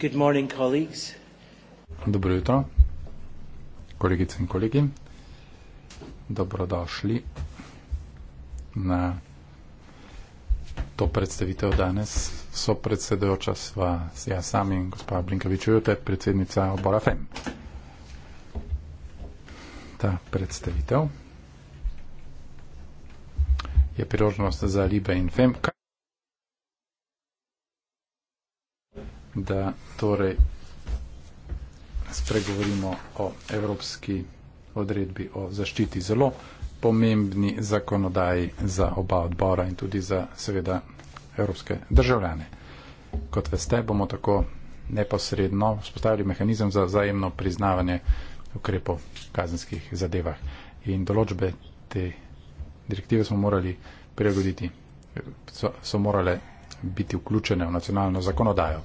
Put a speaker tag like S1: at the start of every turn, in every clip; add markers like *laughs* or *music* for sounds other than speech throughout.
S1: Good morning, colleagues.
S2: Dobro jutro, kolegice in kolegi. Dobrodošli na to predstavitev danes. So predsedujoča sva ja sam in gospa Blinkovič Jute, predsednica obora FEM. Ta predstavitev je priložnost za Libe in FEM. K da torej spregovorimo o evropski odredbi o zaščiti zelo pomembni zakonodaji za oba odbora in tudi za seveda evropske državljane. Kot veste, bomo tako neposredno spostavili mehanizem za zajemno priznavanje ukrepov v kazenskih zadevah. In določbe te direktive smo morali prilagoditi, so, so morale biti vključene v nacionalno zakonodajo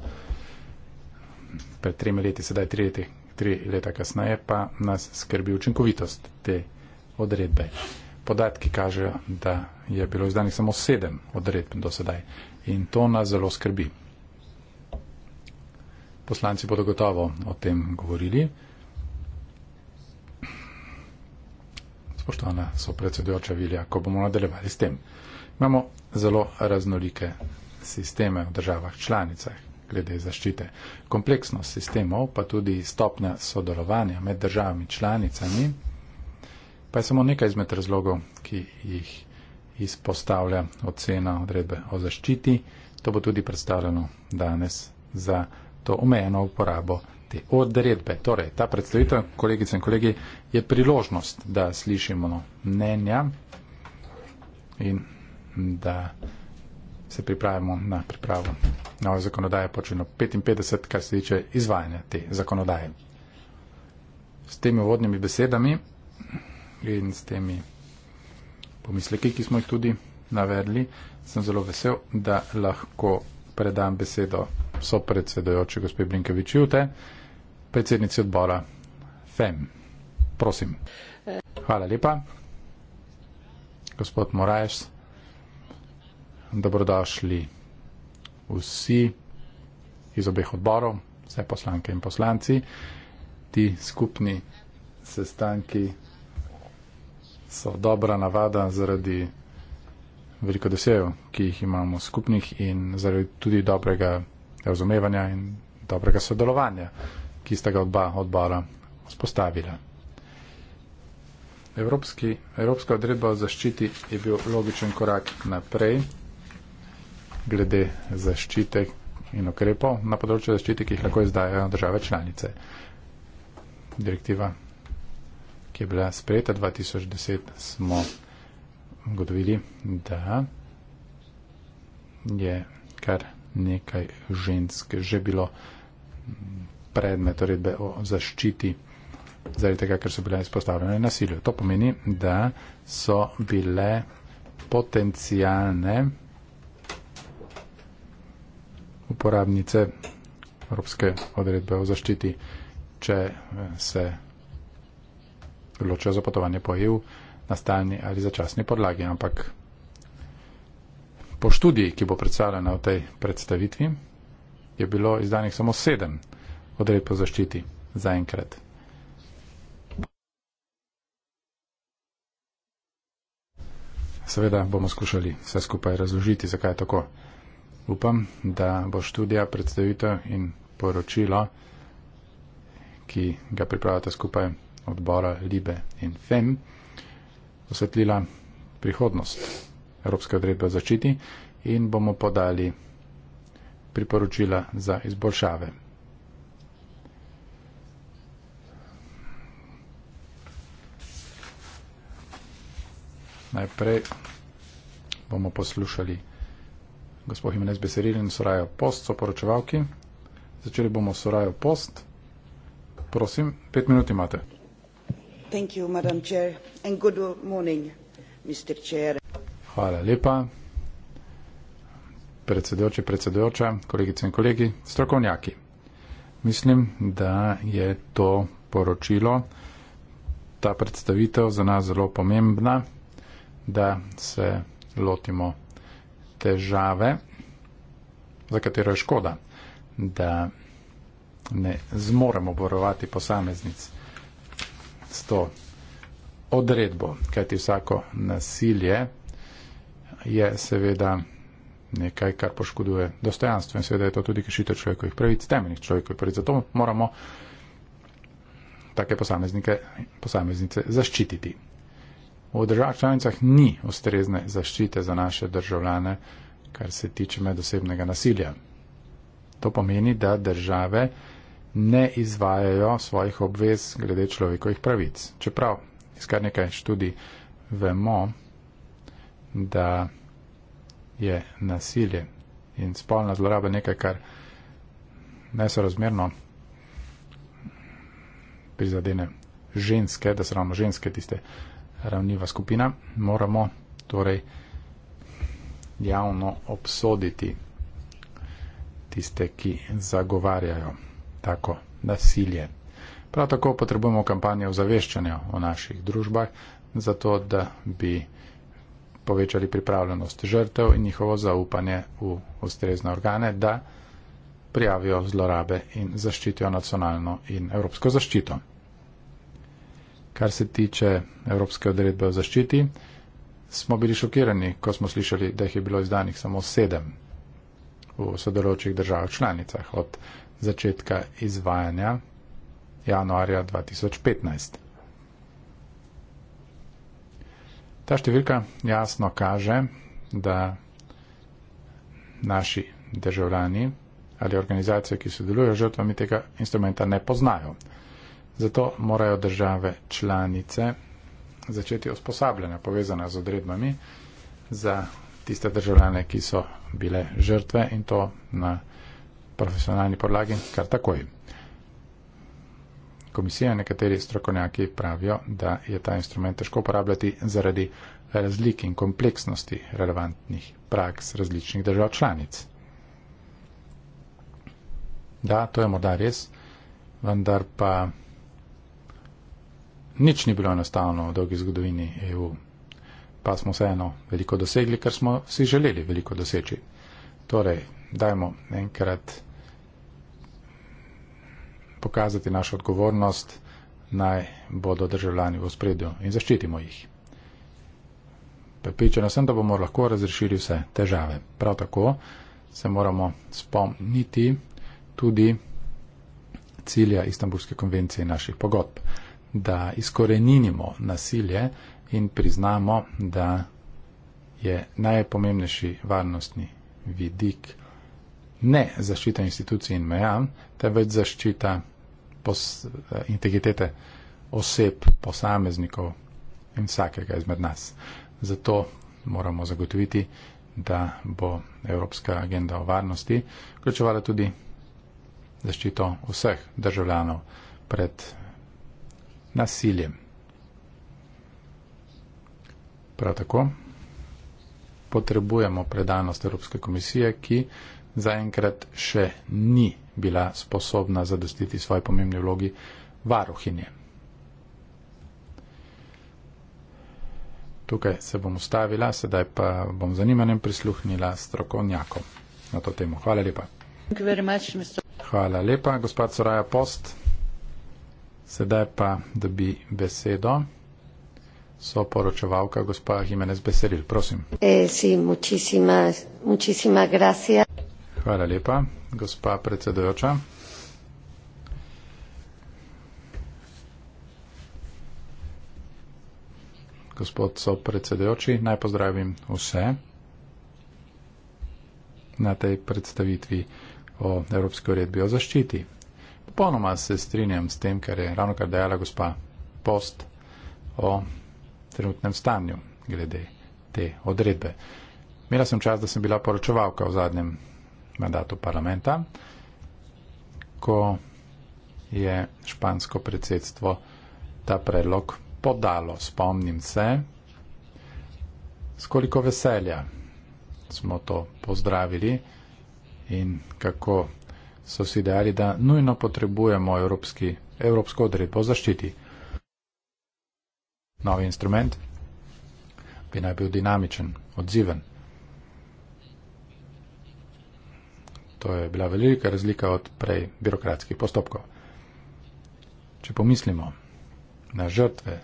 S2: pred tremi leti, sedaj tri, leti, tri leta kasneje, pa nas skrbi učinkovitost te odredbe. Podatki kažejo, da je bilo izdanih samo sedem odredb do sedaj in to nas zelo skrbi. Poslanci bodo gotovo o tem govorili. Spoštovana so predsedujoča Vilja, ko bomo nadaljevali s tem. Imamo zelo raznolike sisteme v državah članicah glede zaščite. Kompleksnost sistemov, pa tudi stopnja sodelovanja med državami članicami, pa je samo nekaj izmed razlogov, ki jih izpostavlja ocena odredbe o zaščiti. To bo tudi predstavljeno danes za to omejeno uporabo te odredbe. Torej, ta predstavitev, kolegice in kolegi, je priložnost, da slišimo mnenja in da se pripravimo na pripravo nove zakonodaje, počino 55, kar se tiče izvajanja te zakonodaje. S temi uvodnimi besedami in s temi pomisleki, ki smo jih tudi navedli, sem zelo vesel, da lahko predam besedo so predsedojoče gospe Blinkeviči Jute, predsednici odbora FEM. Prosim. Hvala lepa. Gospod Morajes dobrodošli vsi iz obeh odborov, vse poslanke in poslanci. Ti skupni sestanki so dobra navada zaradi veliko desejev, ki jih imamo skupnih in zaradi tudi dobrega razumevanja in dobrega sodelovanja, ki sta ga oba odbora spostavila. Evropski, Evropska odredba o zaščiti je bil logičen korak naprej glede zaščite in ukrepov na področju zaščite, ki jih lahko izdajajo države članice. Direktiva, ki je bila sprejeta 2010, smo ugotovili, da je kar nekaj žensk že bilo predmet uredbe o zaščiti zaradi tega, ker so bile izpostavljene nasilju. To pomeni, da so bile potencijalne uporabnice Evropske odredbe o zaščiti, če eh, se odločijo za potovanje po EU na stalni ali začasni podlagi. Ampak po študiji, ki bo predstavljena v tej predstavitvi, je bilo izdanih samo sedem odredb o zaščiti zaenkrat. Seveda bomo skušali vse skupaj razložiti, zakaj je tako. Upam, da bo študija, predstavitev in poročilo, ki ga pripravljate skupaj odbora Libe in FEM, osvetlila prihodnost Evropske odredbe o začiti in bomo podali priporočila za izboljšave. Najprej bomo poslušali gospod Jimenez Beseril in Sorajo Post so poročevalki. Začeli bomo s Sorajo Post. Prosim, pet minut imate. Hvala lepa. Predsedujoči, predsedujoča, kolegice in kolegi, strokovnjaki. Mislim, da je to poročilo, ta predstavitev za nas zelo pomembna, da se lotimo težave, za katero je škoda, da ne zmoremo borovati posameznic s to odredbo, kajti vsako nasilje je seveda nekaj, kar poškoduje dostojanstvo in seveda je to tudi kršitev človekovih pravic, temeljnih človekovih pravic. Zato moramo take posameznike, posameznice zaščititi v državah članicah ni ustrezne zaščite za naše državljane, kar se tiče medosebnega nasilja. To pomeni, da države ne izvajajo svojih obvez glede človekovih pravic. Čeprav iz kar nekaj študij vemo, da je nasilje in spolna zloraba nekaj, kar nesorazmerno prizadene ženske, da so ravno ženske tiste, ravniva skupina, moramo torej javno obsoditi tiste, ki zagovarjajo tako nasilje. Prav tako potrebujemo kampanjo ozaveščanja o naših družbah, zato da bi povečali pripravljenost žrtev in njihovo zaupanje v ustrezne organe, da prijavijo zlorabe in zaščitijo nacionalno in evropsko zaščito. Kar se tiče Evropske odredbe o zaščiti, smo bili šokirani, ko smo slišali, da jih je bilo izdanih samo sedem v sodelujočih državah članicah od začetka izvajanja januarja 2015. Ta številka jasno kaže, da naši državljani ali organizacije, ki sodelujejo z žrtvami tega instrumenta, ne poznajo. Zato morajo države članice začeti usposabljanja, povezana z odredbami, za tiste državljane, ki so bile žrtve in to na profesionalni podlagi, kar takoj. Komisija in nekateri strokovnjaki pravijo, da je ta instrument težko uporabljati zaradi razlik in kompleksnosti relevantnih praks različnih držav članic. Da, to je morda res, vendar pa nič ni bilo enostavno v dolgi zgodovini EU, pa smo vseeno veliko dosegli, ker smo vsi želeli veliko doseči. Torej, dajmo enkrat pokazati našo odgovornost, naj bodo državljani v spredju in zaščitimo jih. Pripričana sem, da bomo lahko razrešili vse težave. Prav tako se moramo spomniti tudi cilja Istanbulske konvencije in naših pogodb da izkoreninimo nasilje in priznamo, da je najpomembnejši varnostni vidik ne zaščita institucij in meja, temveč zaščita eh, integritete oseb, posameznikov in vsakega izmed nas. Zato moramo zagotoviti, da bo Evropska agenda o varnosti vključevala tudi zaščito vseh državljanov pred насилием. Prav tako potrebujemo predanost Evropske komisije, ki zaenkrat še ni bila sposobna zadostiti svoji pomembni vlogi varuhinje. Tukaj se bom ustavila, sedaj pa bom zanimanjem prisluhnila strokovnjakom na to temo. Hvala lepa. Hvala lepa, gospod Soraja Post. Sedaj pa dobi besedo. So poročevalka gospa Jimenez Beseril, prosim.
S3: Eh, si, muchísima, muchísima
S2: Hvala lepa, gospa predsedujoča. Gospod so predsedujoči, naj pozdravim vse na tej predstavitvi o Evropski uredbi o zaščiti popolnoma se strinjam s tem, kar je ravno kar dejala gospa Post o trenutnem stanju glede te odredbe. Imela sem čas, da sem bila poročevalka v zadnjem mandatu parlamenta, ko je špansko predsedstvo ta predlog podalo. Spomnim se, s koliko veselja smo to pozdravili in kako so si dejali, da nujno potrebujemo evropski, evropsko odredbo o zaščiti. Novi instrument bi naj bil dinamičen, odziven. To je bila velika razlika od prej birokratskih postopkov. Če pomislimo na žrtve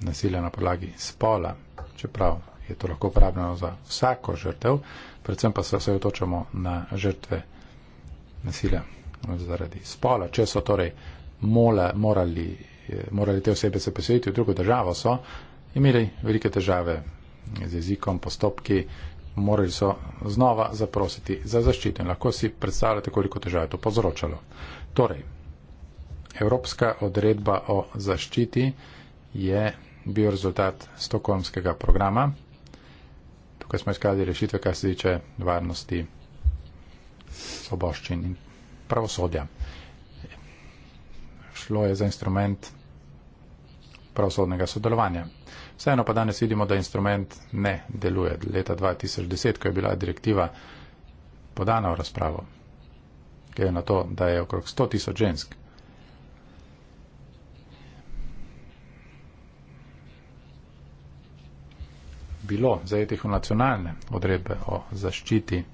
S2: nasilja na podlagi spola, čeprav je to lahko uporabljeno za vsako žrtev, predvsem pa se vse otočamo na žrtve nasilja nasilja zaradi spola. Če so torej mola, morali, morali te osebe se poseliti v drugo državo, so imeli velike težave z jezikom, postopki, morali so znova zaprositi za zaščito in lahko si predstavljate, koliko težav je to povzročalo. Torej, Evropska odredba o zaščiti je bil rezultat stokholmskega programa. Tukaj smo iskali rešitve, kar se tiče varnosti svoboščin in pravosodja. Šlo je za instrument pravosodnega sodelovanja. Vseeno pa danes vidimo, da instrument ne deluje. Leta 2010, ko je bila direktiva podana v razpravo, glede na to, da je okrog 100 tisoč žensk bilo zajetih v nacionalne odredbe o zaščiti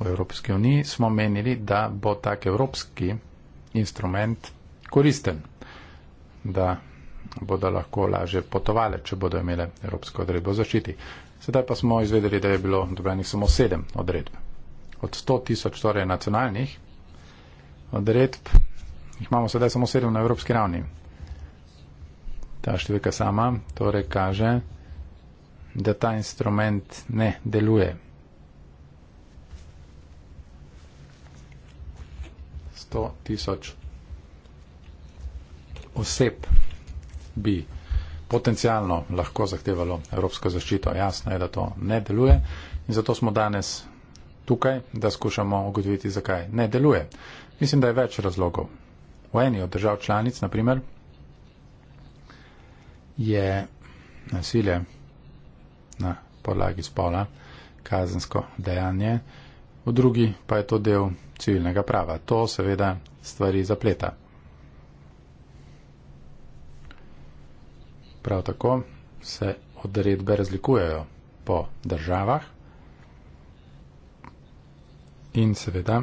S2: v Evropski uniji, smo menili, da bo tak evropski instrument koristen, da bodo lahko lažje potovali, če bodo imele evropsko odredbo zaščiti. Sedaj pa smo izvedeli, da je bilo dobljenih samo sedem odredb. Od 100 tisoč torej nacionalnih odredb jih imamo sedaj samo sedem na evropski ravni. Ta številka sama torej kaže, da ta instrument ne deluje. 200 tisoč oseb bi potencijalno lahko zahtevalo evropsko zaščito. Jasno je, da to ne deluje in zato smo danes tukaj, da skušamo ugotoviti, zakaj ne deluje. Mislim, da je več razlogov. V eni od držav članic, na primer, je nasilje na podlagi spola kazensko dejanje, v drugi pa je to del civilnega prava. To seveda stvari zapleta. Prav tako se odredbe razlikujejo po državah in seveda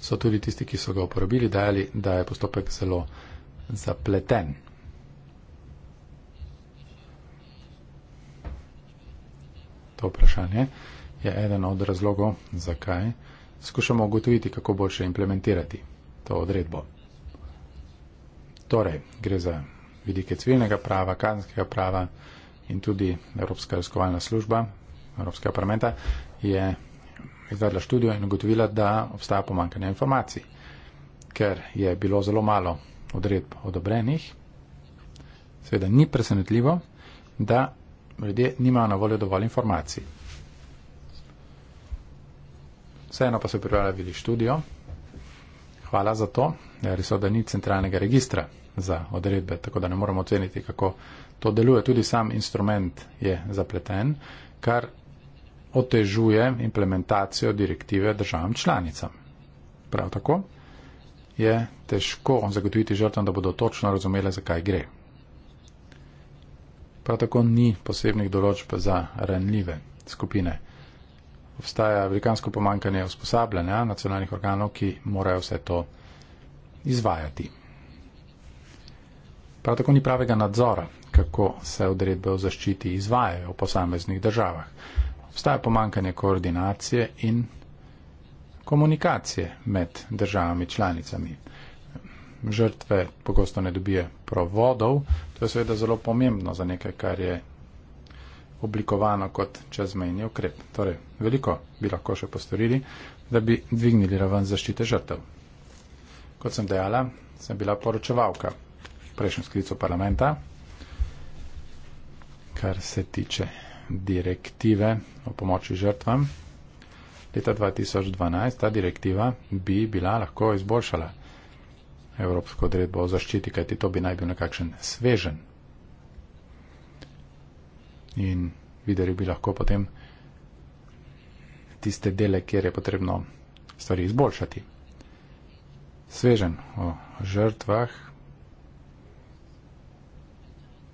S2: so tudi tisti, ki so ga uporabili, dajali, da je postopek zelo zapleten. To vprašanje je eden od razlogov, zakaj skušamo ugotoviti, kako boljše implementirati to odredbo. Torej, gre za vidike civilnega prava, kazenskega prava in tudi Evropska razkovalna služba Evropskega parlamenta je izvedla študijo in ugotovila, da obstaja pomankanje informacij, ker je bilo zelo malo odredb odobrenih. Seveda ni presenetljivo, da ljudje nimajo na voljo dovolj informacij vseeno pa so pripravili študijo. Hvala za to, ker so da ni centralnega registra za odredbe, tako da ne moramo oceniti, kako to deluje. Tudi sam instrument je zapleten, kar otežuje implementacijo direktive državam članicam. Prav tako je težko zagotoviti žrtvam, da bodo točno razumele, zakaj gre. Prav tako ni posebnih določb za ranljive skupine obstaja velikansko pomankanje usposabljanja nacionalnih organov, ki morajo vse to izvajati. Prav tako ni pravega nadzora, kako se odredbe o zaščiti izvajajo v posameznih državah. Obstaja pomankanje koordinacije in komunikacije med državami članicami. Žrtve pogosto ne dobije provodov, to je seveda zelo pomembno za nekaj, kar je oblikovano kot čezmejni ukrep. Torej, veliko bi lahko še postorili, da bi dvignili raven zaščite žrtev. Kot sem dejala, sem bila poročevalka v prejšnjem sklicu parlamenta, kar se tiče direktive o pomoči žrtvam. Leta 2012 ta direktiva bi bila lahko izboljšala Evropsko odredbo o zaščiti, kajti to bi naj bil nekakšen svežen in videli bi lahko potem tiste dele, kjer je potrebno stvari izboljšati. Svežen o žrtvah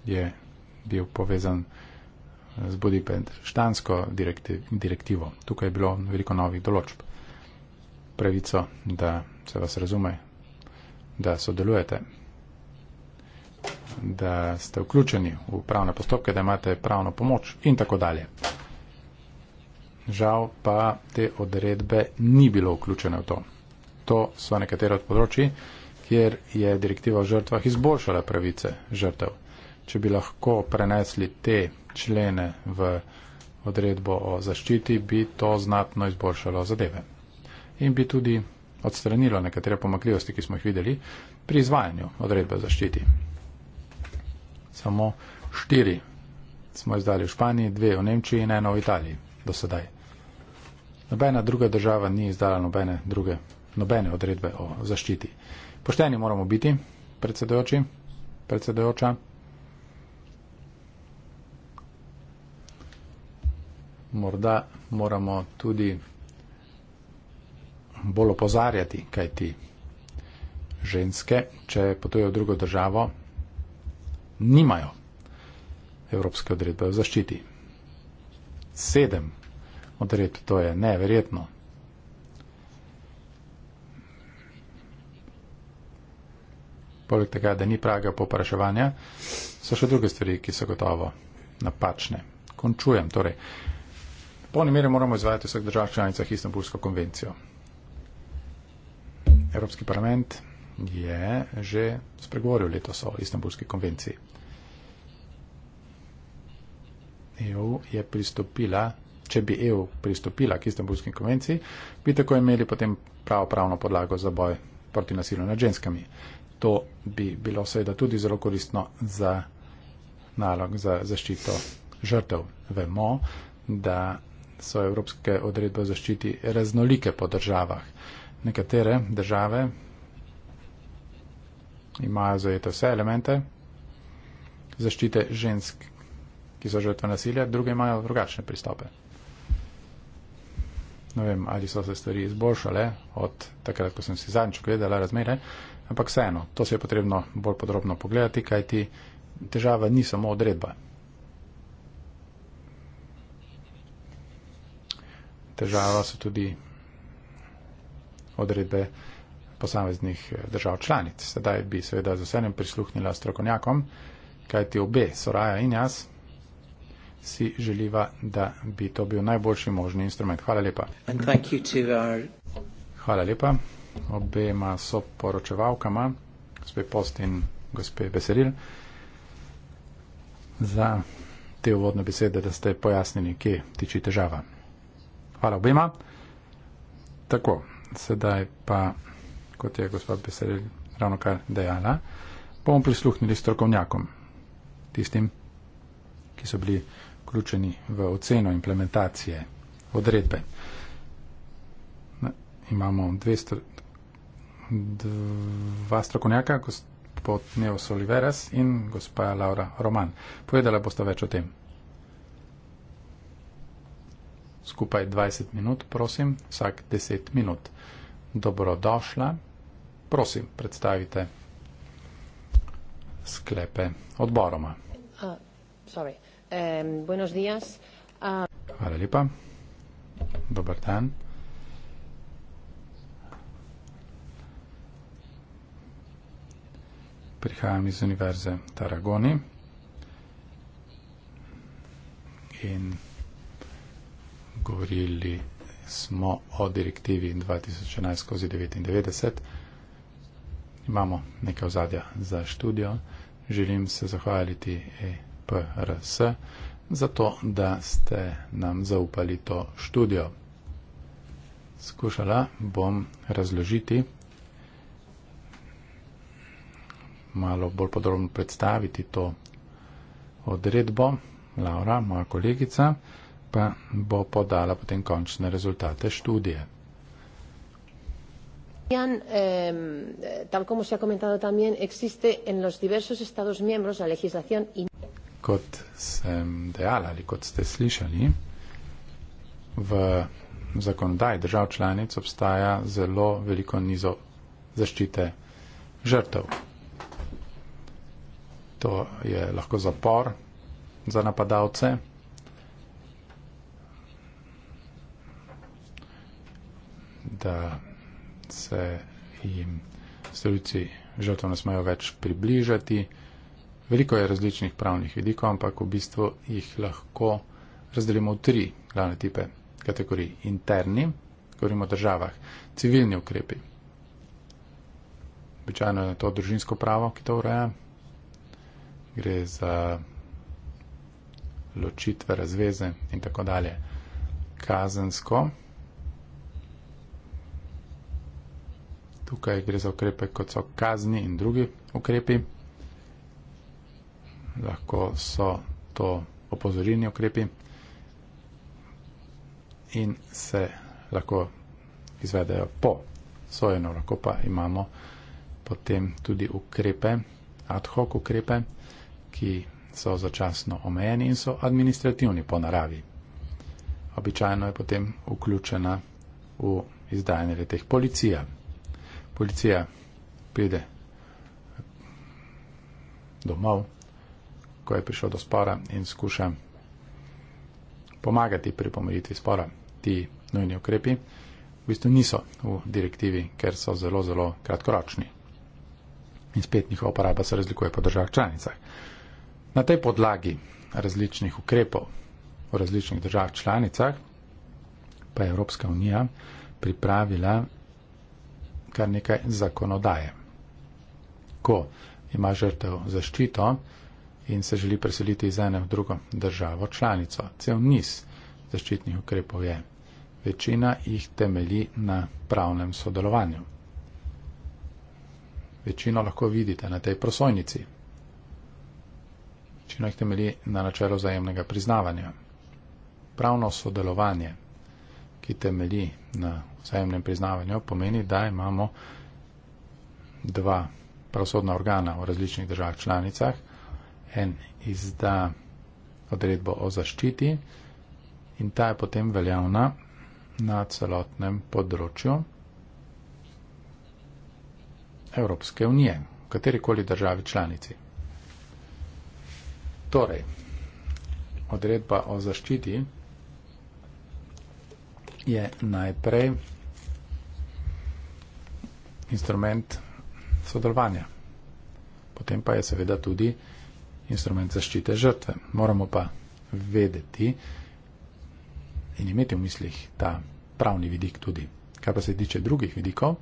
S2: je bil povezan z Budipeštansko direktivo. Tukaj je bilo veliko novih določb. Pravico, da se vas razume, da sodelujete da ste vključeni v pravne postopke, da imate pravno pomoč in tako dalje. Žal pa te odredbe ni bilo vključene v to. To so nekatere od področji, kjer je direktiva o žrtvah izboljšala pravice žrtev. Če bi lahko prenesli te člene v odredbo o zaščiti, bi to znatno izboljšalo zadeve. In bi tudi odstranilo nekatere pomakljivosti, ki smo jih videli pri izvajanju odredbe o zaščiti samo štiri. Smo izdali v Španiji, dve v Nemčiji in eno v Italiji do sedaj. Nobena druga država ni izdala nobene, druge, nobene odredbe o zaščiti. Pošteni moramo biti, predsedojoči, predsedojoča. Morda moramo tudi bolj opozarjati, kaj ti ženske, če potujejo v drugo državo, nimajo evropske odredbe o zaščiti. Sedem odredb, to je neverjetno. Poleg tega, da ni praga popraševanja, so še druge stvari, ki so gotovo napačne. Končujem. Torej, v polni meri moramo izvajati vseh držav članicah Istanbulsko konvencijo. Evropski parlament je že spregovoril letos o Istanbulski konvenciji. EU je pristopila, če bi EU pristopila k Istanbulski konvenciji, bi tako imeli potem pravo pravno podlago za boj proti nasilju nad ženskami. To bi bilo seveda tudi zelo koristno za nalog za zaščito žrtev. Vemo, da so evropske odredbe o zaščiti raznolike po državah. Nekatere države imajo zajete vse elemente zaščite žensk, ki so žrtve nasilja, druge imajo drugačne pristope. Ne vem, ali so se stvari izboljšale od takrat, ko sem si zadnjič pogledala razmere, ampak vseeno, to se je potrebno bolj podrobno pogledati, kajti težava ni samo odredba. Težava so tudi odredbe posameznih eh, držav članic. Sedaj bi seveda z vsem prisluhnila strokovnjakom, kajti obe, Soraja in jaz, si želiva, da bi to bil najboljši možni instrument. Hvala lepa. Our... Hvala lepa obema soporočevalkama, gospe Post in gospe Beseril, za te uvodne besede, da ste pojasnili, kje tiči težava. Hvala obema. Tako, sedaj pa kot je gospod Besaril ravno kar dejala, bomo prisluhnili strokovnjakom, tistim, ki so bili vključeni v oceno implementacije odredbe. Na, imamo stro, dva strokovnjaka, gospod Neos Oliveras in gospa Laura Roman. Povedala bosta več o tem. Skupaj 20 minut, prosim, vsak 10 minut dobrodošla. Prosim, predstavite sklepe odboroma.
S3: Ah, ah.
S2: Hvala lepa. Dobar dan. Prihajam iz Univerze Taragoni in govorili smo o direktivi 2011-99. Imamo nekaj ozadja za študijo. Želim se zahvaliti EPRS za to, da ste nam zaupali to študijo. Skušala bom razložiti, malo bolj podrobno predstaviti to odredbo. Laura, moja kolegica pa bo podala potem končne rezultate študije.
S3: Eh, tal como se ha comentado también, existe en los diversos Estados miembros la legislación. In...
S2: Kot sem dejala ali kot ste slišali, v zakonodaji držav članic obstaja zelo veliko nizo zaščite žrtev. To je lahko zapor za napadalce. da se jim storici žrtvo ne smejo več približati. Veliko je različnih pravnih vidikov, ampak v bistvu jih lahko razdelimo v tri glavne tipe kategorij. Interni, govorimo o državah, civilni ukrepi. Običajno je to družinsko pravo, ki to ureja. Gre za ločitve, razveze in tako dalje. Kazensko. Tukaj gre za ukrepe, kot so kazni in drugi ukrepi. Lahko so to opozorilni ukrepi in se lahko izvedejo po sojeno. Lahko pa imamo potem tudi ukrepe, ad hoc ukrepe, ki so začasno omejeni in so administrativni po naravi. Običajno je potem vključena v izdajanje teh policija policija pride domov, ko je prišel do spora in skuša pomagati pri pomiritvi spora. Ti nujni ukrepi v bistvu niso v direktivi, ker so zelo, zelo kratkoročni. In spet njihova uporaba se razlikuje po državah članicah. Na tej podlagi različnih ukrepov v različnih državah članicah pa je Evropska unija pripravila kar nekaj zakonodaje. Ko ima žrtev zaščito in se želi preseliti iz ene v drugo državo članico, cel niz zaščitnih ukrepov je. Večina jih temelji na pravnem sodelovanju. Večino lahko vidite na tej prosojnici. Večino jih temelji na načelu zajemnega priznavanja. Pravno sodelovanje, ki temelji na vzajemnem priznavanju, pomeni, da imamo dva pravosodna organa v različnih državah članicah. En izda odredbo o zaščiti in ta je potem veljavna na celotnem področju Evropske unije, v katerikoli državi članici. Torej, odredba o zaščiti je najprej instrument sodelovanja, potem pa je seveda tudi instrument zaščite žrtve. Moramo pa vedeti in imeti v mislih ta pravni vidik tudi. Kar pa se tiče drugih vidikov,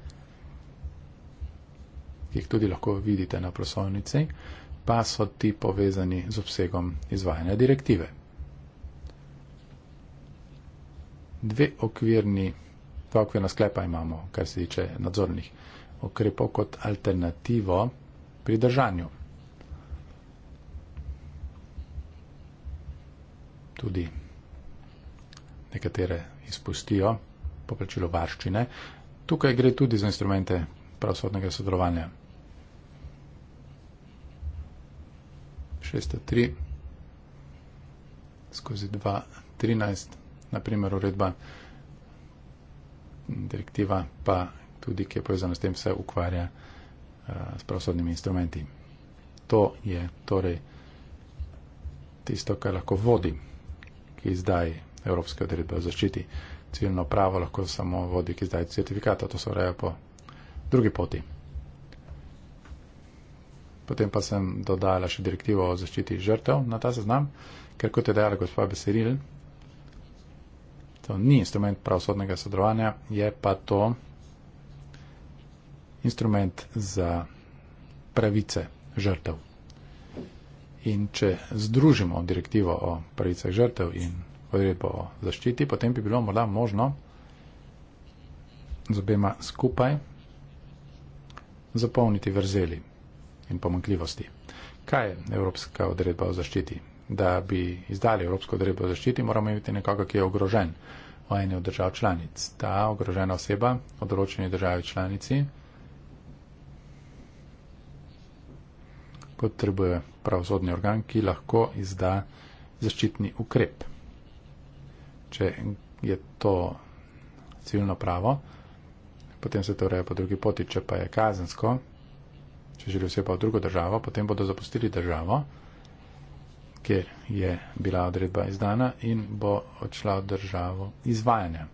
S2: ki jih tudi lahko vidite na prosovnici, pa so ti povezani z obsegom izvajanja direktive. dve okvirni, dva okvirna sklepa imamo, kar se tiče nadzornih ukrepov kot alternativo pri držanju. Tudi nekatere izpustijo poplačilo varščine. Tukaj gre tudi za instrumente pravosodnega sodelovanja. 603 skozi 213 naprimer uredba, direktiva pa tudi, ki je povezana s tem, se ukvarja uh, s pravosodnimi instrumenti. To je torej tisto, kar lahko vodi, ki izdaj Evropske odredbe o zaščiti. Civilno pravo lahko samo vodi, ki izdaj certifikata, to se ureja po drugi poti. Potem pa sem dodala še direktivo o zaščiti žrtev na ta seznam, ker kot je dejala gospod Beseril, To ni instrument pravosodnega sodelovanja, je pa to instrument za pravice žrtev. In če združimo direktivo o pravicah žrtev in odredbo o zaščiti, potem bi bilo morda možno z obema skupaj zapolniti vrzeli in pomankljivosti. Kaj je Evropska odredba o zaščiti? da bi izdali Evropsko odredbo zaščiti, moramo imeti nekoga, ki je ogrožen v eni od držav članic. Ta ogrožena oseba v določeni državi članici potrebuje pravosodni organ, ki lahko izda zaščitni ukrep. Če je to civilno pravo, potem se to reje po drugi poti, če pa je kazensko, če želi oseba v drugo državo, potem bodo zapustili državo kjer je bila odredba izdana in bo odšla v državo izvajanja.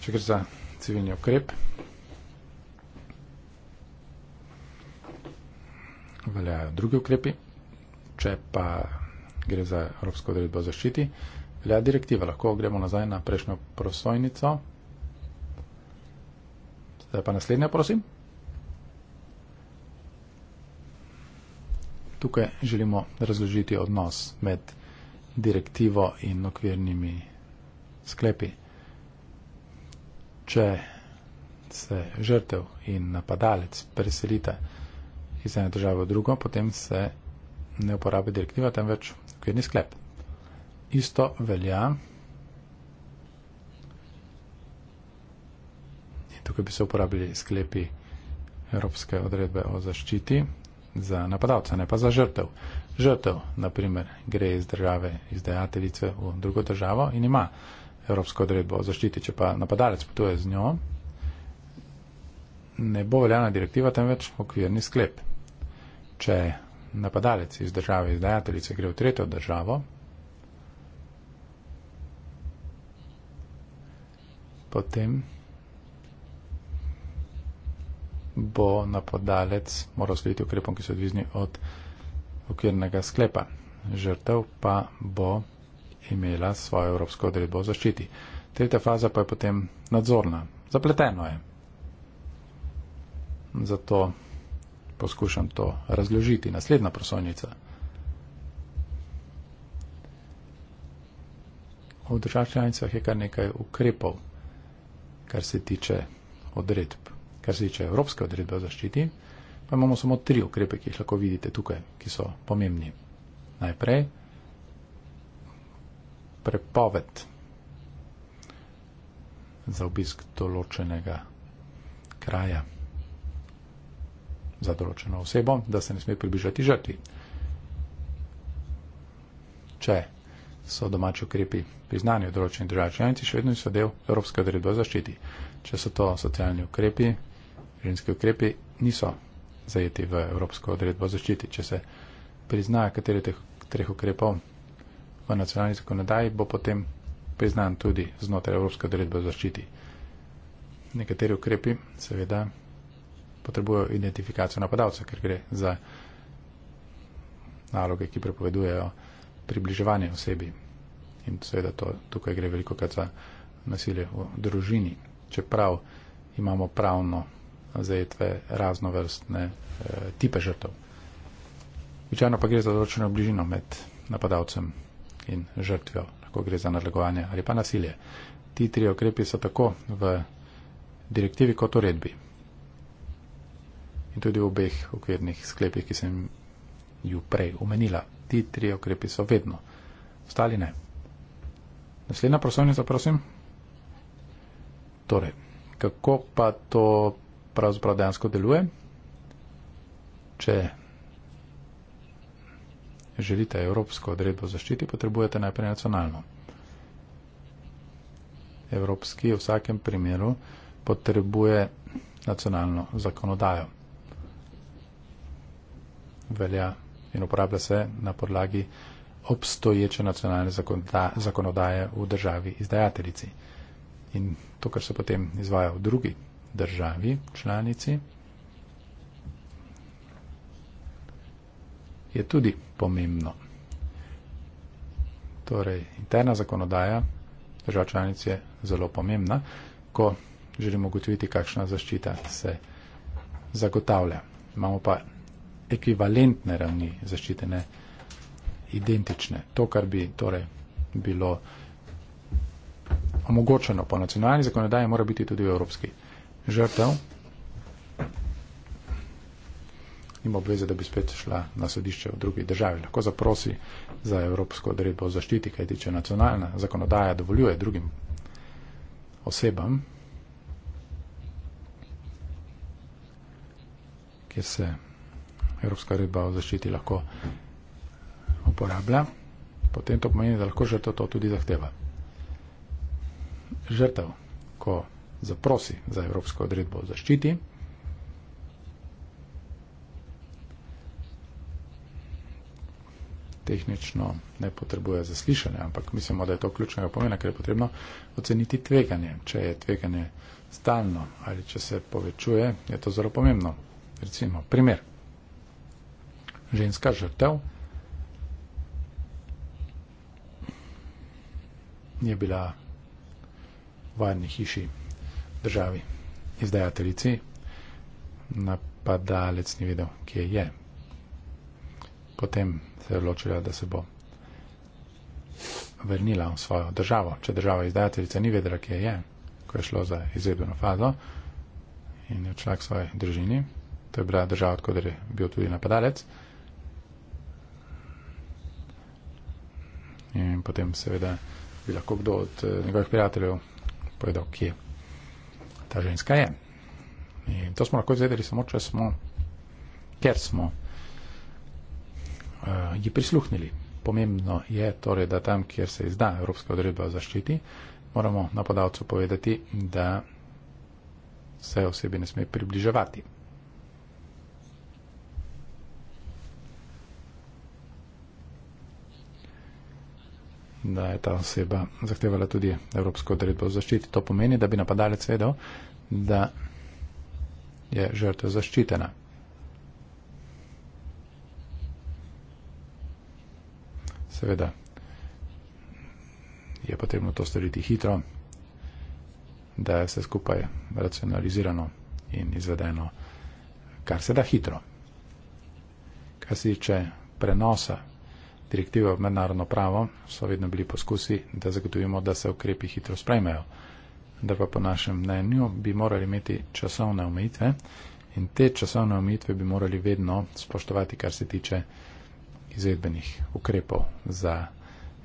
S2: Če gre za civilni okrep, veljajo drugi ukrepi, če pa gre za Evropsko odredbo zaščiti, velja direktiva. Lahko gremo nazaj na prejšnjo prosojnico. Zdaj pa naslednja, prosim. Tukaj želimo razložiti odnos med direktivo in okvirnimi sklepi. Če se žrtev in napadalec preselita iz ene države v drugo, potem se ne uporabi direktiva, temveč okvirni sklep. Isto velja. Tukaj bi se uporabili sklepi Evropske odredbe o zaščiti za napadalca, ne pa za žrtev. Žrtev, naprimer, gre iz države izdajateljice v drugo državo in ima evropsko odredbo o zaščiti, če pa napadalec potuje z njo, ne bo veljavna direktiva, temveč okvirni sklep. Če napadalec iz države izdajateljice gre v tretjo državo, potem bo napadalec moral slediti ukrepom, ki so odvisni od okvirnega sklepa. Žrtev pa bo imela svojo evropsko odredbo o zaščiti. Tretja faza pa je potem nadzorna. Zapleteno je. Zato poskušam to razložiti. Naslednja prosojnica. V državčanicah je kar nekaj ukrepov, kar se tiče odredb kar se tiče evropske odredbe o zaščiti, pa imamo samo tri ukrepe, ki jih lahko vidite tukaj, ki so pomembni. Najprej prepoved za obisk določenega kraja za določeno osebo, da se ne sme približati žrtvi. Če so domači ukrepi priznani v določenih državah članici, še vedno so del Evropske odredbe o zaščiti. Če so to socialni ukrepi, ženske ukrepi niso zajeti v Evropsko odredbo o zaščiti. Če se prizna, kateri teh treh ukrepov v nacionalni zakonodaji bo potem priznan tudi znotraj Evropske odredbe o zaščiti. Nekateri ukrepi seveda potrebujejo identifikacijo napadalca, ker gre za naloge, ki prepovedujejo približevanje osebi. In seveda to, tukaj gre veliko krat za nasilje v družini. Čeprav imamo pravno zajetve raznovrstne e, tipe žrtev. Običajno pa gre za določeno bližino med napadalcem in žrtvijo, lahko gre za nadlegovanje ali pa nasilje. Ti tri okrepi so tako v direktivi kot uredbi in tudi v obeh okvirnih sklepih, ki sem ju prej omenila. Ti tri okrepi so vedno, ostali ne. Naslednja prosovnica, prosim. Torej, kako pa to pravzaprav dejansko deluje. Če želite evropsko odredbo zaščiti, potrebujete najprej nacionalno. Evropski v vsakem primeru potrebuje nacionalno zakonodajo. Velja in uporablja se na podlagi obstoječe nacionalne zakonodaje v državi izdajateljici. In to, kar se potem izvaja v drugi državi, članici, je tudi pomembno. Torej, interna zakonodaja držav članic je zelo pomembna, ko želimo ugotoviti, kakšna zaščita se zagotavlja. Imamo pa ekvivalentne ravni zaščite, ne identične. To, kar bi torej bilo omogočeno po nacionalni zakonodaji, mora biti tudi v evropski žrtev. Nima obveze, da bi spet šla na sodišče v drugi državi. Lahko zaprosi za Evropsko odredbo o zaščiti, kaj tiče nacionalna zakonodaja, dovoljuje drugim osebam, kjer se Evropska odredba o zaščiti lahko uporablja, potem to pomeni, da lahko žrtev to tudi zahteva. Žrtev, ko zaprosi za Evropsko odredbo o zaščiti. Tehnično ne potrebuje zaslišanja, ampak mislimo, da je to ključnega pomena, ker je potrebno oceniti tveganje. Če je tveganje stalno ali če se povečuje, je to zelo pomembno. Recimo, primer. Ženska žrtev je bila v varni hiši državi, izdajateljici, napadalec ni vedel, kje je. Potem se je odločila, da se bo vrnila v svojo državo. Če država izdajateljica ni vedela, kje je, ko je šlo za izvedbeno fazo in je odšla k svoji družini, to je bila država, odkuder je bil tudi napadalec. In potem seveda bi lahko kdo od eh, njegovih prijateljev povedal, kje je ta ženska je. In to smo lahko izvedeli samo, če smo, ker smo uh, ji prisluhnili. Pomembno je torej, da tam, kjer se izda Evropska odredba o zaščiti, moramo napadalcu povedati, da se osebi ne sme približevati. da je ta oseba zahtevala tudi Evropsko odredbo o zaščiti. To pomeni, da bi napadalec vedel, da je žrtev zaščitena. Seveda je potrebno to storiti hitro, da je vse skupaj racionalizirano in izvedeno, kar se da hitro. Kar se tiče prenosa direktive v mednarodno pravo so vedno bili poskusi, da zagotovimo, da se ukrepi hitro sprejmejo. Da pa po našem mnenju bi morali imeti časovne omejitve in te časovne omejitve bi morali vedno spoštovati, kar se tiče izvedbenih ukrepov za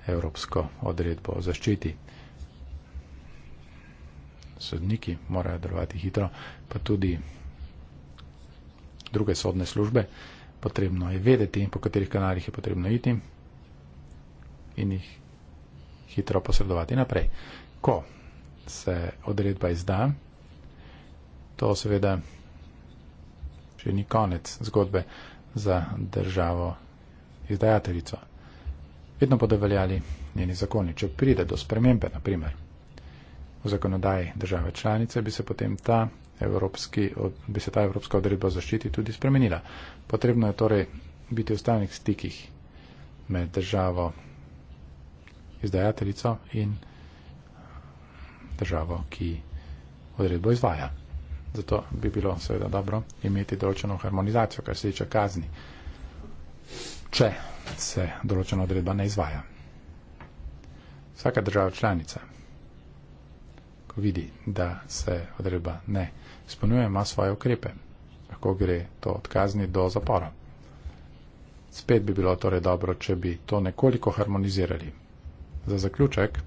S2: evropsko odredbo o zaščiti. Sodniki morajo delovati hitro, pa tudi druge sodne službe. Potrebno je vedeti, po katerih kanalih je potrebno iti, in jih hitro posredovati naprej. Ko se odredba izda, to seveda še ni konec zgodbe za državo izdajateljico. Vedno bodo veljali njeni zakoni. Če pride do spremembe, naprimer, v zakonodaji države članice, bi se potem ta evropski, bi se ta evropska odredba zaščiti tudi spremenila. Potrebno je torej biti v stalnih stikih med državo izdajateljico in državo, ki odredbo izvaja. Zato bi bilo seveda dobro imeti določeno harmonizacijo, kar se tiče kazni, če se določena odredba ne izvaja. Vsaka država članica, ko vidi, da se odredba ne izpolnjuje, ima svoje ukrepe. Lahko gre to od kazni do zapora. Spet bi bilo torej dobro, če bi to nekoliko harmonizirali za zaključek.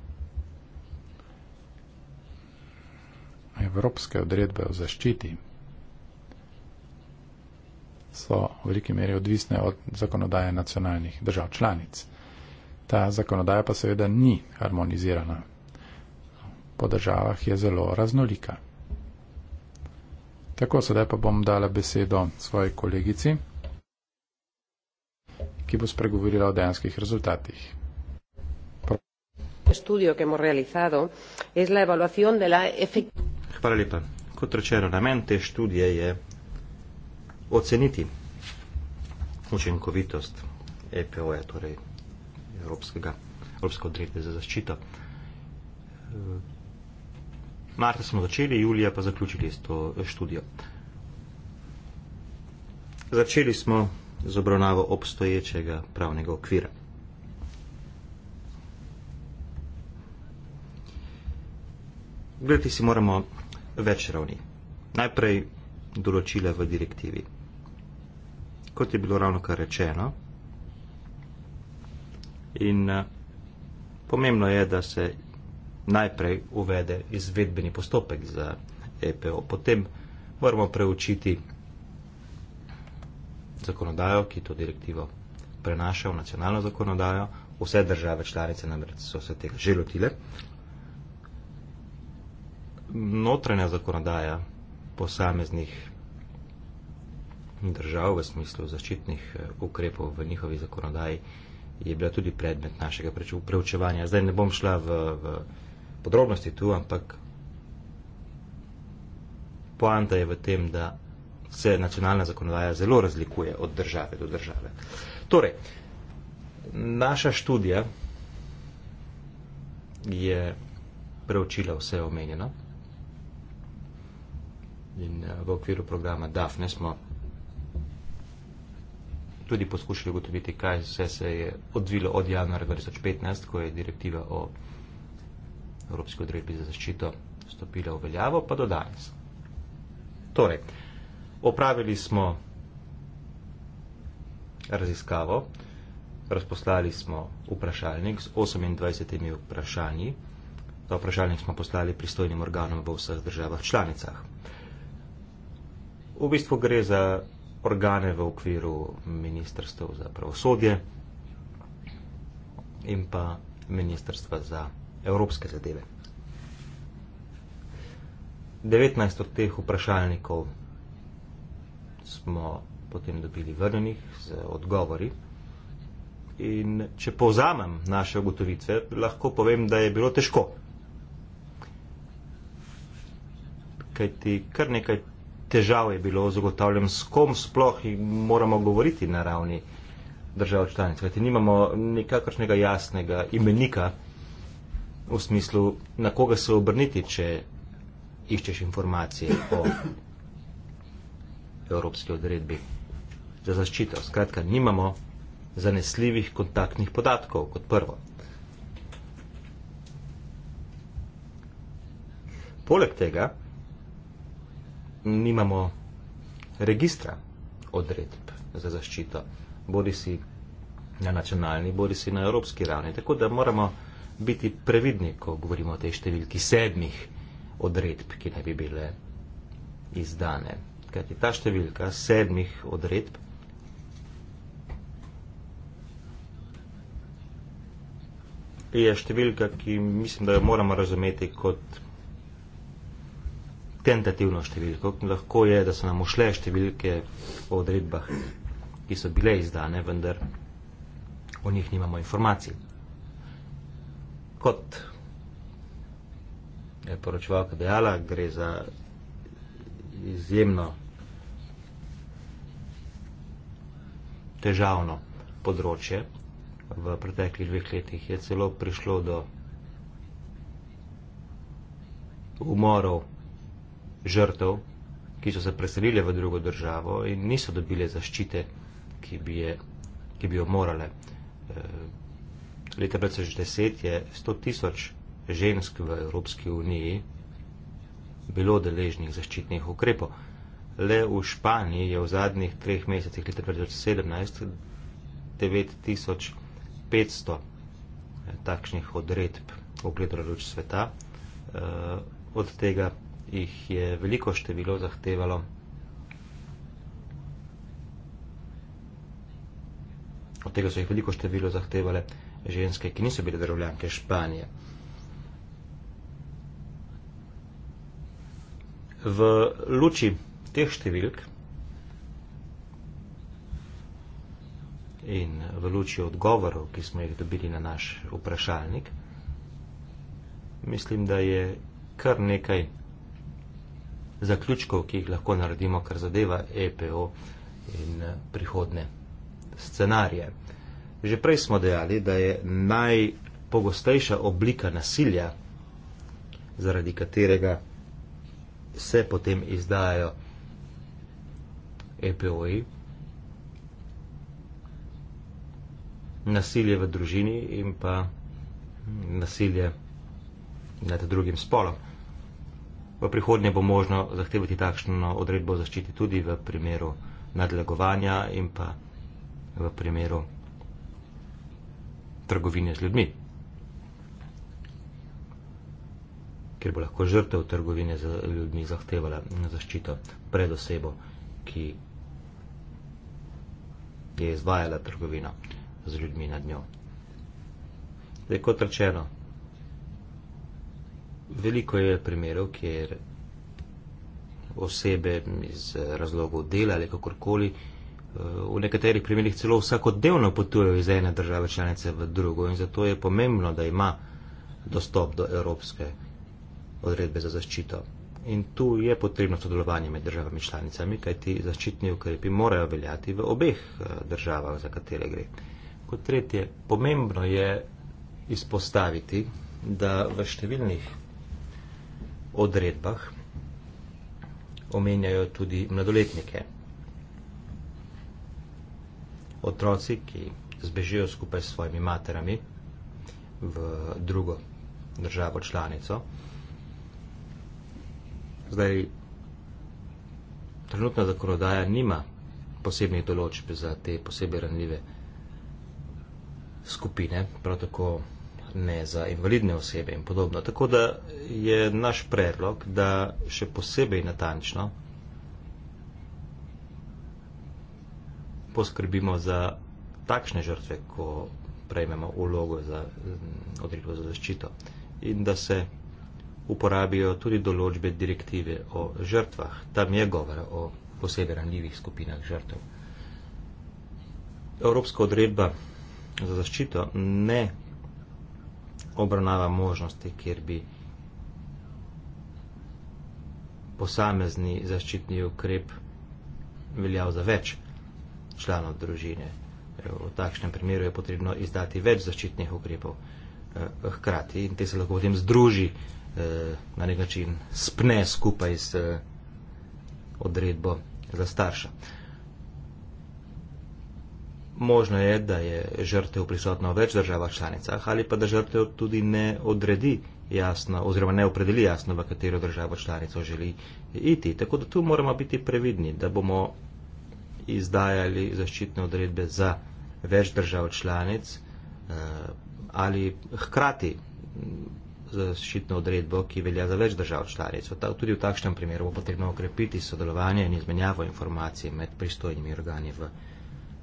S2: Evropske odredbe o zaščiti so v veliki meri odvisne od zakonodaje nacionalnih držav članic. Ta zakonodaja pa seveda ni harmonizirana. Po državah je zelo raznolika. Tako, sedaj pa bom dala besedo svoji kolegici, ki bo spregovorila o dejanskih rezultatih
S3: este estudio que hemos realizado es la evaluación de la
S4: efectividad. učinkovitost EPO-ja, torej Evropskega, Evropske odredbe za zaščito. Marta smo začeli, julija pa zaključili s to študijo. Začeli smo z obravnavo obstoječega pravnega okvira. Gledati si moramo več ravni. Najprej določile v direktivi. Kot je bilo ravno kar rečeno, in eh, pomembno je, da se najprej uvede izvedbeni postopek za EPO, potem moramo preučiti zakonodajo, ki to direktivo prenaša v nacionalno zakonodajo, vse države članice namreč so se tega že lotile, notranja zakonodaja posameznih držav v smislu zaščitnih eh, ukrepov v njihovi zakonodaji je bila tudi predmet našega preučevanja. Zdaj ne bom šla v, v podrobnosti tu, ampak poanta je v tem, da se nacionalna zakonodaja zelo razlikuje od države do države. Torej, naša študija je preučila vse omenjeno. In eh, v okviru programa DAFNE smo tudi poskušali ugotoviti, kaj vse se je odvilo od januarja 2015, ko je direktiva o Evropski odredbi za zaščito stopila v veljavo, pa do danes. Torej, opravili smo raziskavo, razposlali smo vprašalnik z 28 vprašanji. Ta vprašalnik smo poslali pristojnim organom v vseh državah članicah. V bistvu gre za organe v okviru ministrstv za pravosodje in pa ministrstva za evropske zadeve. 19 od teh vprašalnikov smo potem dobili vrnenih z odgovori. In če povzamem naše ugotovitve, lahko povem, da je bilo težko. Kajti kar nekaj težav je bilo zagotavljam, s kom sploh moramo govoriti na ravni držav članic. Kajti nimamo nekakršnega jasnega imenika v smislu, na koga se obrniti, če iščeš informacije o evropski odredbi za zaščito. Skratka, nimamo zanesljivih kontaktnih podatkov kot prvo. Poleg tega, nimamo registra odredb za zaščito, bodi si na nacionalni, bodi si na evropski ravni. Tako da moramo biti previdni, ko govorimo o tej številki sedmih odredb, ki naj bi bile izdane. Kajti ta številka sedmih odredb je številka, ki mislim, da jo moramo razumeti kot tentativno številko. Lahko je, da so nam ušle številke o odredbah, ki so bile izdane, vendar o njih nimamo informacij. Kot je poročevalka dejala, gre za izjemno težavno področje. V preteklih dveh letih je celo prišlo do umorov žrtev, ki so se preselile v drugo državo in niso dobile zaščite, ki bi, je, ki bi jo morale. Eh, leta 2010 je 100 tisoč žensk v Evropski uniji bilo deležnih zaščitnih ukrepov. Le v Španiji je v zadnjih treh mesecih leta 2017 9500 eh, takšnih odredb ogledalo luč sveta, eh, od tega jih je veliko število zahtevalo. Od tega so jih veliko število zahtevale ženske, ki niso bile državljanke Španije. V luči teh številk in v luči odgovorov, ki smo jih dobili na naš vprašalnik, mislim, da je kar nekaj zaključkov, ki jih lahko naredimo, kar zadeva EPO in eh, prihodne scenarije. Že prej smo dejali, da je najpogostejša oblika nasilja, zaradi katerega se potem izdajajo EPO-ji, nasilje v družini in pa hm, nasilje nad drugim spolom. V prihodnje bo možno zahtevati takšno odredbo zaščiti tudi v primeru nadlegovanja in pa v primeru trgovine z ljudmi, ker bo lahko žrtev trgovine z ljudmi zahtevala zaščito pred osebo, ki je izvajala trgovino z ljudmi nad njo. Zdaj, kot rečeno, veliko je primerov, kjer osebe iz eh, razlogov dela ali kakorkoli, eh, v nekaterih primerjih celo vsakodnevno potujejo iz ene države članice v drugo in zato je pomembno, da ima dostop do evropske odredbe za zaščito. In tu je potrebno sodelovanje med državami članicami, kaj ti zaščitni ukrepi morajo veljati v obeh eh, državah, za katere gre. Kot tretje, pomembno je izpostaviti, da v številnih odredbah omenjajo tudi mladoletnike. Otroci, ki zbežijo skupaj s svojimi materami v drugo državo članico. Zdaj, trenutna zakonodaja nima posebnih določb za te posebej ranljive skupine, prav tako ne za invalidne osebe in podobno. Tako da je naš predlog, da še posebej natančno poskrbimo za takšne žrtve, ko prejmemo ulogo za mm, odredbo za zaščito in da se uporabijo tudi določbe direktive o žrtvah. Tam je govora o posebej ranljivih skupinah žrtev. Evropska odredba za zaščito ne obravnava možnosti, kjer bi posamezni zaščitni ukrep veljal za več članov družine. E, v takšnem primeru je potrebno izdati več zaščitnih ukrepov eh, hkrati in te se lahko potem združi, eh, na nek način spne skupaj s eh, odredbo za starša. Eh, Možno je, da je žrtev prisotna v več državah članicah ali pa da žrtev tudi ne odredi jasno oziroma ne opredeli jasno, v katero državo članico želi iti. Tako da tu moramo biti previdni, da bomo izdajali zaščitne odredbe za več držav članic eh, ali hkrati zaščitno odredbo, ki velja za več držav članic. Tudi v takšnem primeru bo potrebno okrepiti sodelovanje in izmenjavo informacij med pristojnimi organi v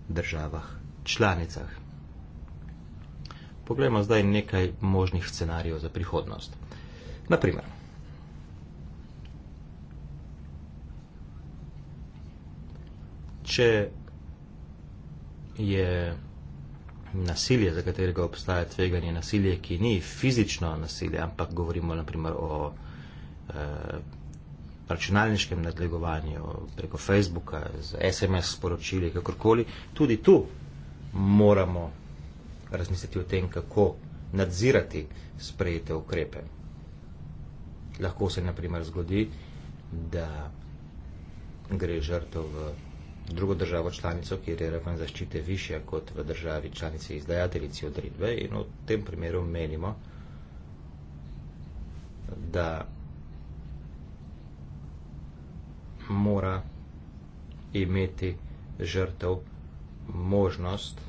S4: državah članicah. Poglejmo zdaj nekaj možnih scenarijev za prihodnost. Naprimer, če je nasilje, za katerega obstaja tveganje, nasilje, ki ni fizično nasilje, ampak govorimo naprimer o eh, računalniškem nadlegovanju, preko Facebooka, z SMS sporočili, kakorkoli, tudi tu moramo razmisliti o tem, kako nadzirati sprejete ukrepe. Lahko se naprimer zgodi, da gre žrtov v drugo državo članico, kjer je raven zaščite višja kot v državi članici izdajateljici odredbe in v tem primeru menimo, da mora imeti žrtev možnost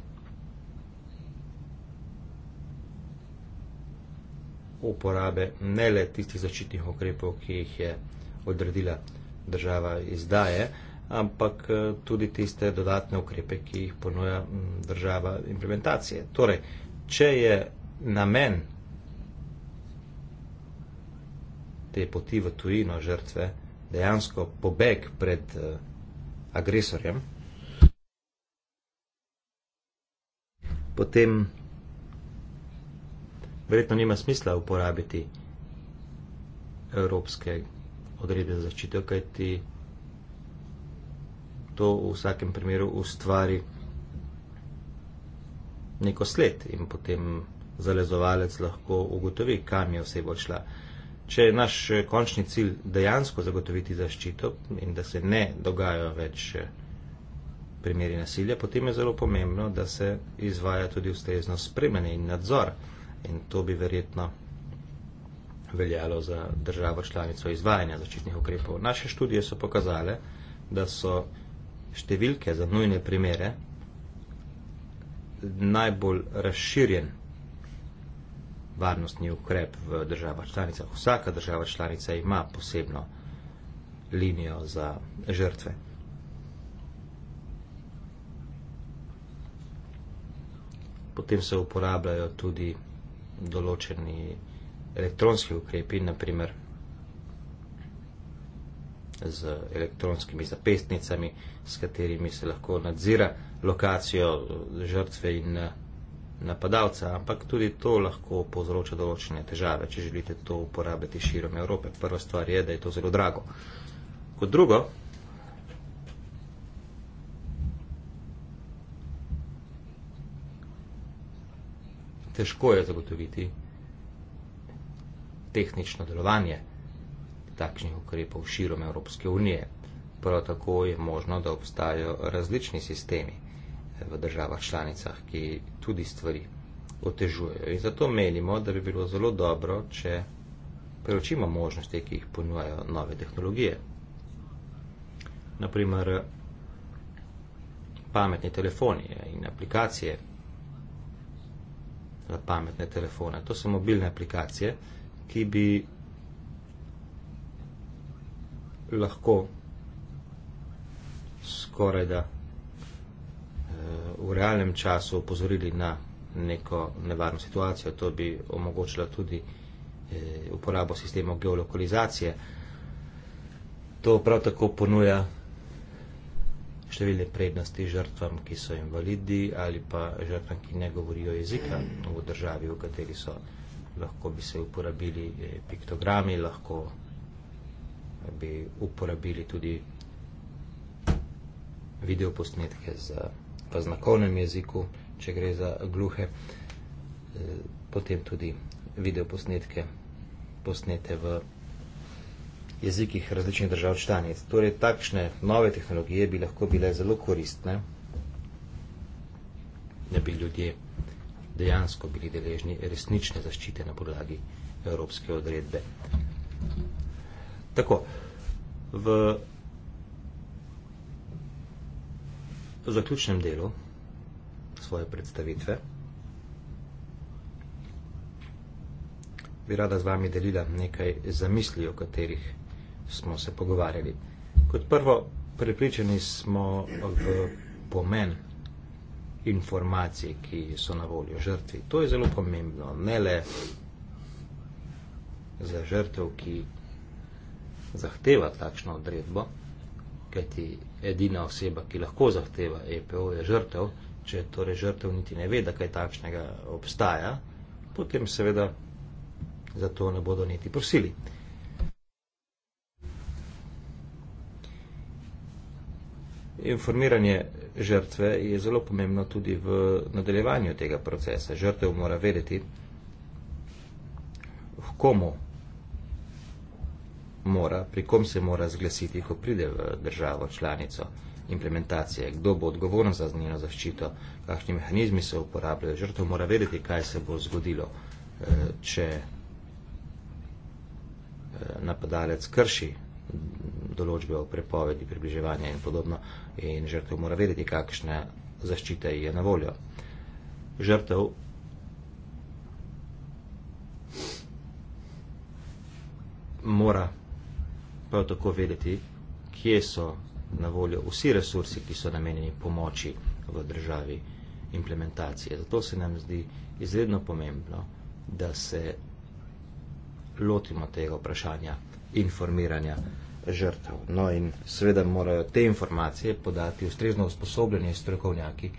S4: uporabe ne le tistih začitnih ukrepov, ki jih je odredila država izdaje, ampak eh, tudi tiste dodatne ukrepe, ki jih ponuja država implementacije. Torej, če je namen te poti v tujino žrtve, dejansko pobeg pred eh, agresorjem, potem verjetno nima smisla uporabiti evropske odrede za zaščito, kajti to v vsakem primeru ustvari neko sled in potem zalezovalec lahko ugotovi, kam je osebo šla. Če je naš eh, končni cilj dejansko zagotoviti zaščito in da se ne dogajajo več eh, primeri nasilja, potem je zelo pomembno, da se izvaja tudi ustrezno spremljanje in nadzor. In to bi verjetno veljalo za državo članico izvajanja začetnih ukrepov. Naše študije so pokazale, da so številke za nujne primere najbolj razširjen varnostni ukrep v državah članicah. Vsaka država članica ima posebno linijo za žrtve. Potem se uporabljajo tudi določeni elektronski ukrepi, naprimer z elektronskimi zapestnicami, s katerimi se lahko nadzira lokacijo žrtve in žrtve eh, napadalca, ampak tudi to lahko povzroča določene težave, če želite to uporabiti širom Evrope. Prva stvar je, da je to zelo drago. Kot drugo, težko je zagotoviti tehnično delovanje takšnih ukrepov širom Evropske unije. Prav tako je možno, da obstajajo različni sistemi v državah članicah, ki tudi stvari otežujejo. In zato menimo, da bi bilo zelo dobro, če preučimo možnosti, ki jih ponujajo nove tehnologije. Naprimer, pametni telefoni in aplikacije za pametne telefone. To so mobilne aplikacije, ki bi lahko skoraj da v realnem času opozorili na neko nevarno situacijo. To bi omogočilo tudi eh, uporabo sistemov geolokalizacije. To prav tako ponuja številne prednosti žrtvam, ki so invalidi ali pa žrtvam, ki ne govorijo jezika v državi, v kateri so. Lahko bi se uporabili eh, piktogrami, lahko bi uporabili tudi videoposnetke za pa znakovnem jeziku, če gre za gluhe, eh, potem tudi videoposnetke posnete v jezikih različnih držav članic. Torej, takšne nove tehnologije bi lahko bile zelo koristne, da bi ljudje dejansko bili deležni resnične zaščite na podlagi Evropske odredbe. Tako, v v zaključnem delu svoje predstavitve bi rada z vami delila nekaj zamisli, o katerih smo se pogovarjali. Kot prvo, pripričani smo v pomen informacij, ki so na voljo žrtvi. To je zelo pomembno, ne le za žrtev, ki zahteva takšno odredbo, kajti edina oseba, ki lahko zahteva EPO, je žrtev, če torej žrtev niti ne ve, da kaj takšnega obstaja, potem seveda za to ne bodo niti prosili. Informiranje žrtve je zelo pomembno tudi v nadaljevanju tega procesa. Žrtev mora vedeti, komu mora, pri kom se mora zglasiti, ko pride v državo članico implementacije, kdo bo odgovoren za njeno zaščito, kakšni mehanizmi se uporabljajo. Žrtev mora vedeti, kaj se bo zgodilo, eh, če eh, napadalec krši določbe o prepovedi približevanja in podobno in žrtev mora vedeti, kakšna zaščita je na voljo. Žrtev mora prav tako vedeti, kje so na voljo vsi resursi, ki so namenjeni pomoči v državi implementacije. Zato se nam zdi izredno pomembno, da se lotimo tega vprašanja informiranja žrtev. No in seveda morajo te informacije podati ustrezno usposobljeni strokovnjaki,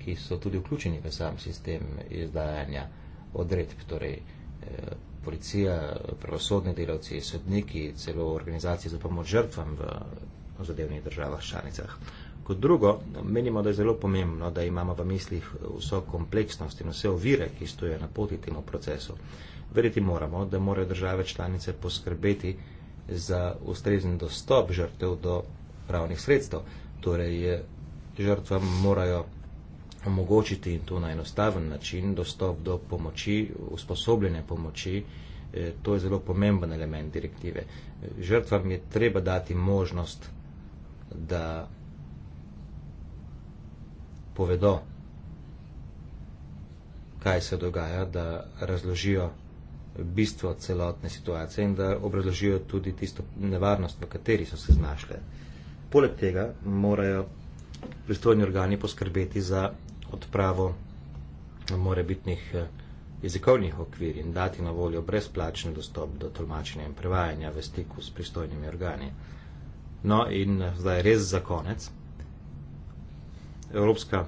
S4: ki so tudi vključeni v sam sistem izdajanja odredb, torej eh, policija, pravosodni delavci, sodniki, celo organizacije za pomoč žrtvam v zadevnih državah članicah. Kot drugo, menimo, da je zelo pomembno, da imamo v mislih vso kompleksnost in vse ovire, ki stojijo na poti temu procesu. Verjeti moramo, da morajo države članice poskrbeti za ustrezen dostop žrtev do pravnih sredstev. Torej, žrtvam morajo omogočiti in to na enostaven način dostop do pomoči, usposobljene pomoči, eh, to je zelo pomemben element direktive. Eh, žrtvam je treba dati možnost, da povedo, kaj se dogaja, da razložijo bistvo celotne situacije in da obrazložijo tudi tisto nevarnost, v kateri so se znašle. Poleg tega morajo pristojni organi poskrbeti za odpravo morebitnih eh, jezikovnih okvir in dati na voljo brezplačen dostop do tolmačenja in prevajanja v stiku s pristojnimi organi. No in eh, zdaj res za konec. Evropska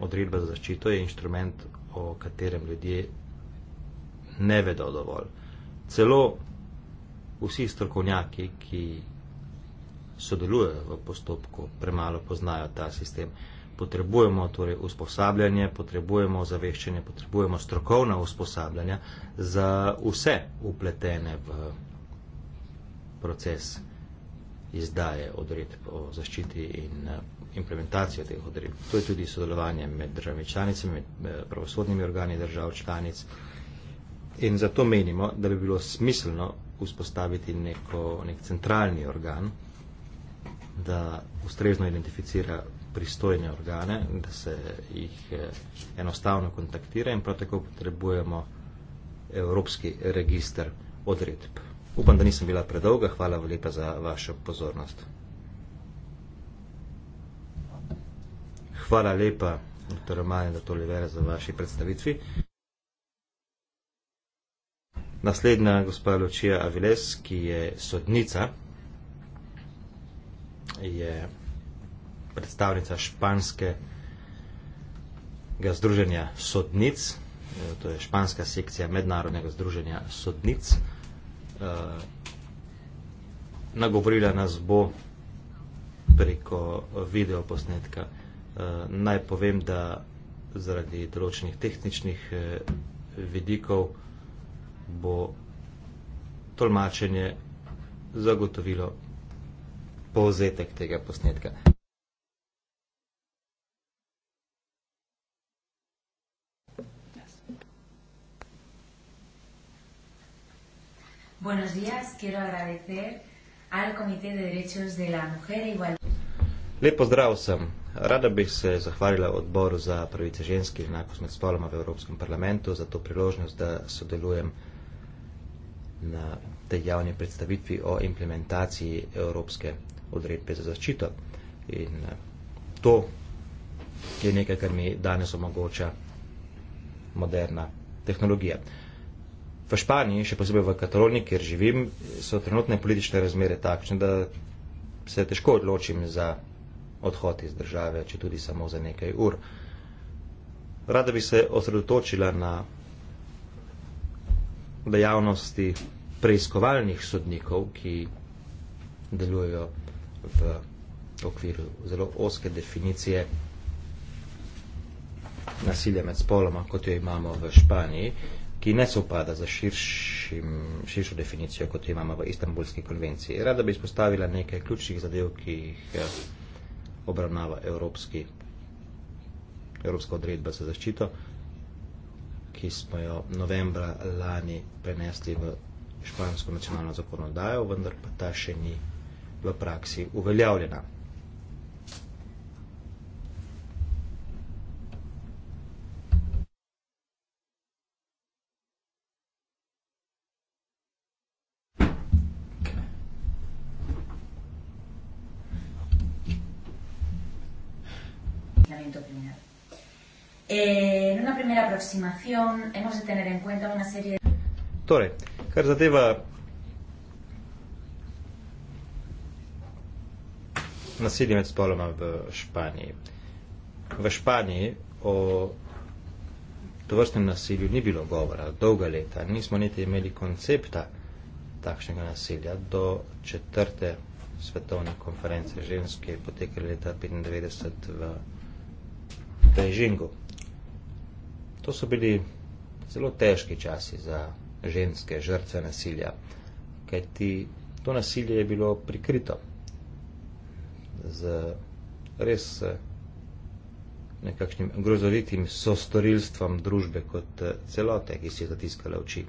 S4: odredba za zaščito je inštrument, o katerem ljudje ne vedo dovolj. Celo vsi strokovnjaki, ki sodelujejo v postopku, premalo poznajo ta sistem potrebujemo torej usposabljanje, potrebujemo zaveščanje, potrebujemo strokovna usposabljanja za vse upletene v proces izdaje odredb o zaščiti in eh, implementacijo teh odredb. To je tudi sodelovanje med državami članicami, med eh, pravosodnimi organi držav članic. In zato menimo, da bi bilo smiselno vzpostaviti neko, nek centralni organ, da ustrezno identificira pristojne organe, da se jih eh, enostavno kontaktira in prav tako potrebujemo Evropski registr odredb. Upam, da nisem bila predolga. Hvala lepa za vašo pozornost. Hvala lepa, dr. Romani, da tole vera za vaši predstavitvi. Naslednja gospa Lučija Aviles, ki je sodnica, je predstavnica Španskega združenja sodnic, e, to je Španska sekcija Mednarodnega združenja sodnic, e, nagovorila nas bo preko videoposnetka. E, naj povem, da zaradi določenih tehničnih vidikov bo tolmačenje zagotovilo povzetek tega posnetka.
S3: Buenos días, quiero agradecer al Comité de Derechos de la Mujer e Igualdad.
S4: Lepo zdrav sem. Rada bih se zahvalila odboru za pravice ženske in enakost med spoloma v Evropskem parlamentu za to priložnost, da sodelujem na tej javni predstavitvi o implementaciji Evropske odredbe za zaščito. In eh, to je nekaj, kar mi danes omogoča moderna tehnologija. V Španiji, še posebej v Kataloniji, kjer živim, so trenutne politične razmere takšne, da se težko odločim za odhod iz države, če tudi samo za nekaj ur. Rada bi se osredotočila na dejavnosti preiskovalnih sodnikov, ki delujejo v okviru zelo oske definicije nasilja med spoloma, kot jo imamo v Španiji ki ne sopada za širšim, širšo definicijo, kot jo imamo v Istanbulski konvenciji. Rada bi izpostavila nekaj ključnih zadev, ki jih eh, obravnava evropski, evropska odredba za zaščito, ki smo jo novembra lani prenesli v špansko nacionalno zakonodajo, vendar pa ta še ni v praksi uveljavljena.
S3: Eh, en una primera aproximación hemos de tener en cuenta una serie de...
S4: Torej, kar zadeva nasilje med spoloma v Španiji. V Španiji o tovrstnem nasilju ni bilo govora dolga leta. Nismo niti imeli koncepta takšnega nasilja do četrte svetovne konference ženske, potekale leta 1995 v Beijingu. To so bili zelo težki časi za ženske žrtve nasilja, kajti to nasilje je bilo prikrito z res eh, nekakšnim grozovitim sostorilstvom družbe kot eh, celote, ki si je zatiskala oči.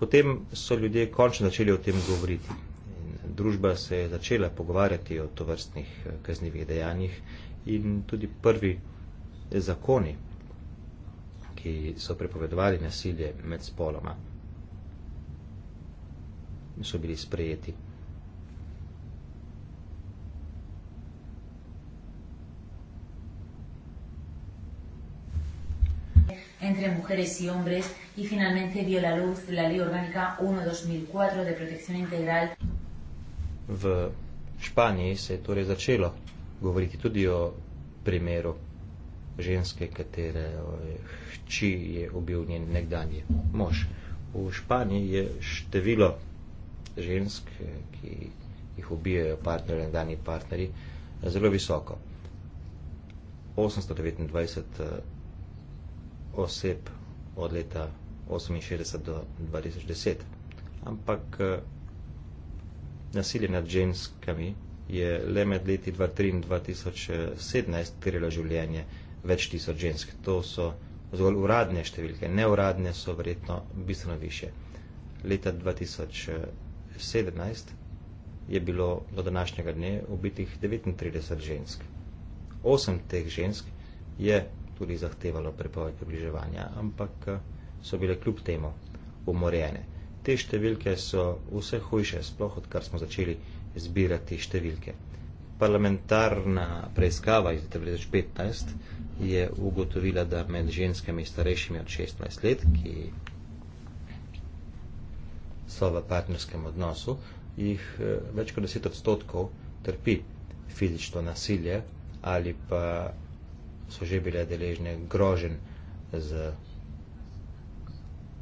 S4: Potem so ljudje končno začeli o tem govoriti. In družba se je začela pogovarjati o tovrstnih eh, kaznivih dejanjih in tudi prvi zakoni ki so prepovedovali nasilje med spoloma, so bili sprejeti.
S3: entre mujeres y hombres y finalmente vio la luz la ley orgánica 1-2004 de protección integral.
S4: V Španiji se je torej začelo govoriti tudi o primeru ženske, katere eh, hči je ubil njen nekdanji mož. V Španiji je število žensk, eh, ki jih ubijajo partner, nekdanji partneri, eh, zelo visoko. 829 oseb od leta 68 do 2010. Ampak nasilje nad ženskami je le med leti 2003 in 2017 trilo življenje več tisoč žensk. To so zgolj uradne številke, neuradne so verjetno bistveno više. Leta 2017 je bilo do današnjega dne ubitih 39 žensk. Osem teh žensk je tudi zahtevalo prepoved približevanja, ampak eh, so bile kljub temu umorjene. Te številke so vse hujše, sploh odkar smo začeli zbirati številke parlamentarna preiskava iz 2015 je ugotovila, da med ženskami starejšimi od 16 let, ki so v partnerskem odnosu, jih eh, več kot 10 odstotkov trpi fizično nasilje ali pa so že bile deležne grožen z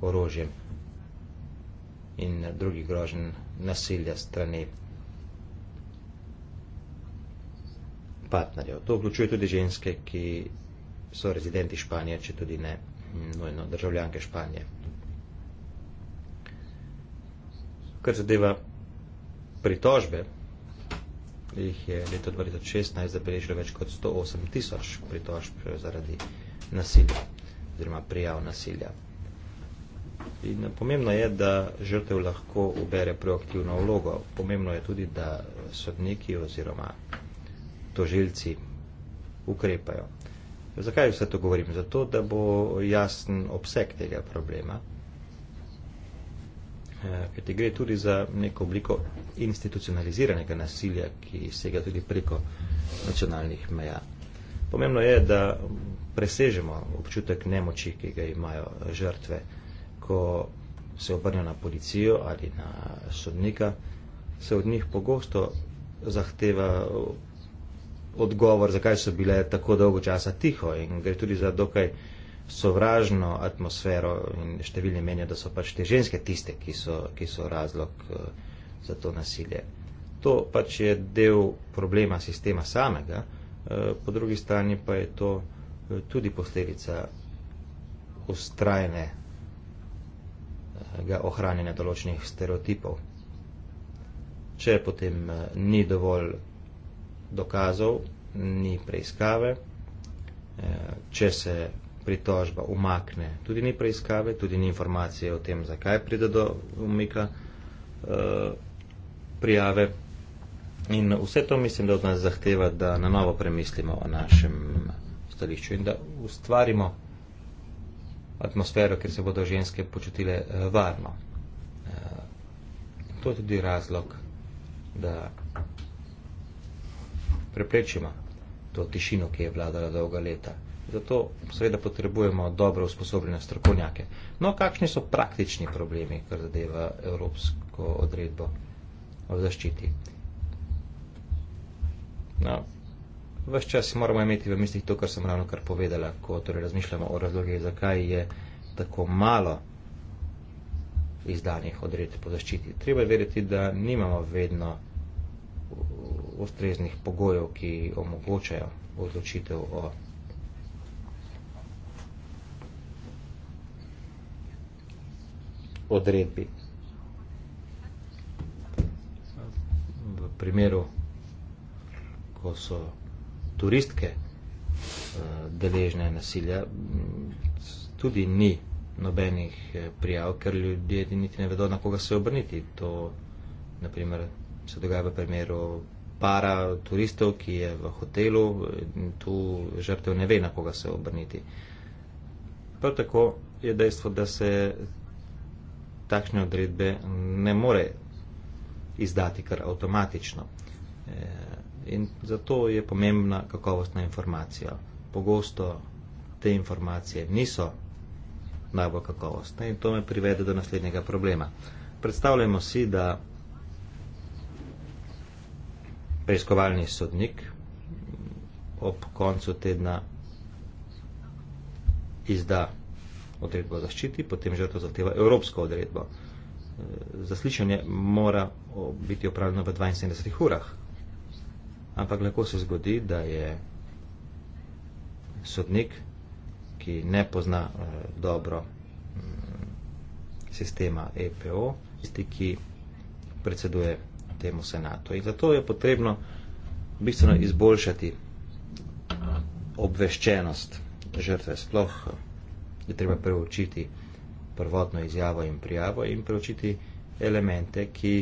S4: orožjem in drugi grožen nasilja strani partnerjev. To vključuje tudi ženske, ki so rezidenti Španije, če tudi ne nujno državljanke Španije. Kar zadeva pritožbe, jih je leto 2016 zabeležilo več kot 108 tisoč pritožb zaradi nasilja oziroma prijav nasilja. In pomembno je, da žrtev lahko ubere proaktivno vlogo. Pomembno je tudi, da sodniki oziroma tožilci ukrepajo. Zakaj vse to govorim? Zato, da bo jasen obseg tega problema. Eh, Ker ti gre tudi za neko obliko institucionaliziranega nasilja, ki sega tudi preko nacionalnih meja. Pomembno je, da presežemo občutek nemoči, ki ga imajo žrtve, ko se obrnijo na policijo ali na sodnika, se od njih pogosto zahteva odgovor, zakaj so bile tako dolgo časa tiho in gre tudi za dokaj sovražno atmosfero in številni menijo, da so pač te ženske tiste, ki so, ki so razlog eh, za to nasilje. To pač je del problema sistema samega, eh, po drugi strani pa je to eh, tudi posledica ustrajnega ohranjanja določenih stereotipov. Če potem ni dovolj dokazov, ni preiskave. Eh, če se pritožba umakne, tudi ni preiskave, tudi ni informacije o tem, zakaj pride do umika eh, prijave. In vse to mislim, da od nas zahteva, da na novo premislimo o našem stališču in da ustvarimo atmosfero, kjer se bodo ženske počutile eh, varno. To je tudi razlog, da preprečimo to tišino, ki je vladala dolga leta. Zato seveda potrebujemo dobro usposobljene strokovnjake. No, kakšni so praktični problemi, kar zadeva Evropsko odredbo o zaščiti? No, Ves čas moramo imeti v mislih to, kar sem ravno kar povedala, ko torej razmišljamo o razlogih, zakaj je tako malo izdanih odredb o zaščiti. Treba je vedeti, da nimamo vedno ustreznih pogojev, ki omogočajo odločitev o odredbi.
S5: V primeru,
S4: ko so turistke eh, deležne nasilja, tudi ni nobenih eh, prijav, ker ljudje niti ne vedo, na koga se obrniti. To, na primer, se dogaja v primeru para turistov, ki je v hotelu in tu žrtev ne ve, na koga se obrniti. Prav tako je dejstvo, da se takšne odredbe ne more izdati kar avtomatično. E, in zato je pomembna kakovostna informacija. Pogosto te informacije niso najbolj kakovostne in to me privede do naslednjega problema. Predstavljamo si, da preiskovalni sodnik ob koncu tedna izda odredbo o zaščiti, potem žrtva zahteva evropsko odredbo. Eh, zaslišanje mora biti opravljeno v 72 urah, ampak lahko se zgodi, da je sodnik, ki ne pozna eh, dobro mm, sistema EPO, tisti, ki predseduje temu senatu. In zato je potrebno bistveno izboljšati obveščenost žrtve. Sploh je treba preučiti prvotno izjavo in prijavo in preučiti elemente, ki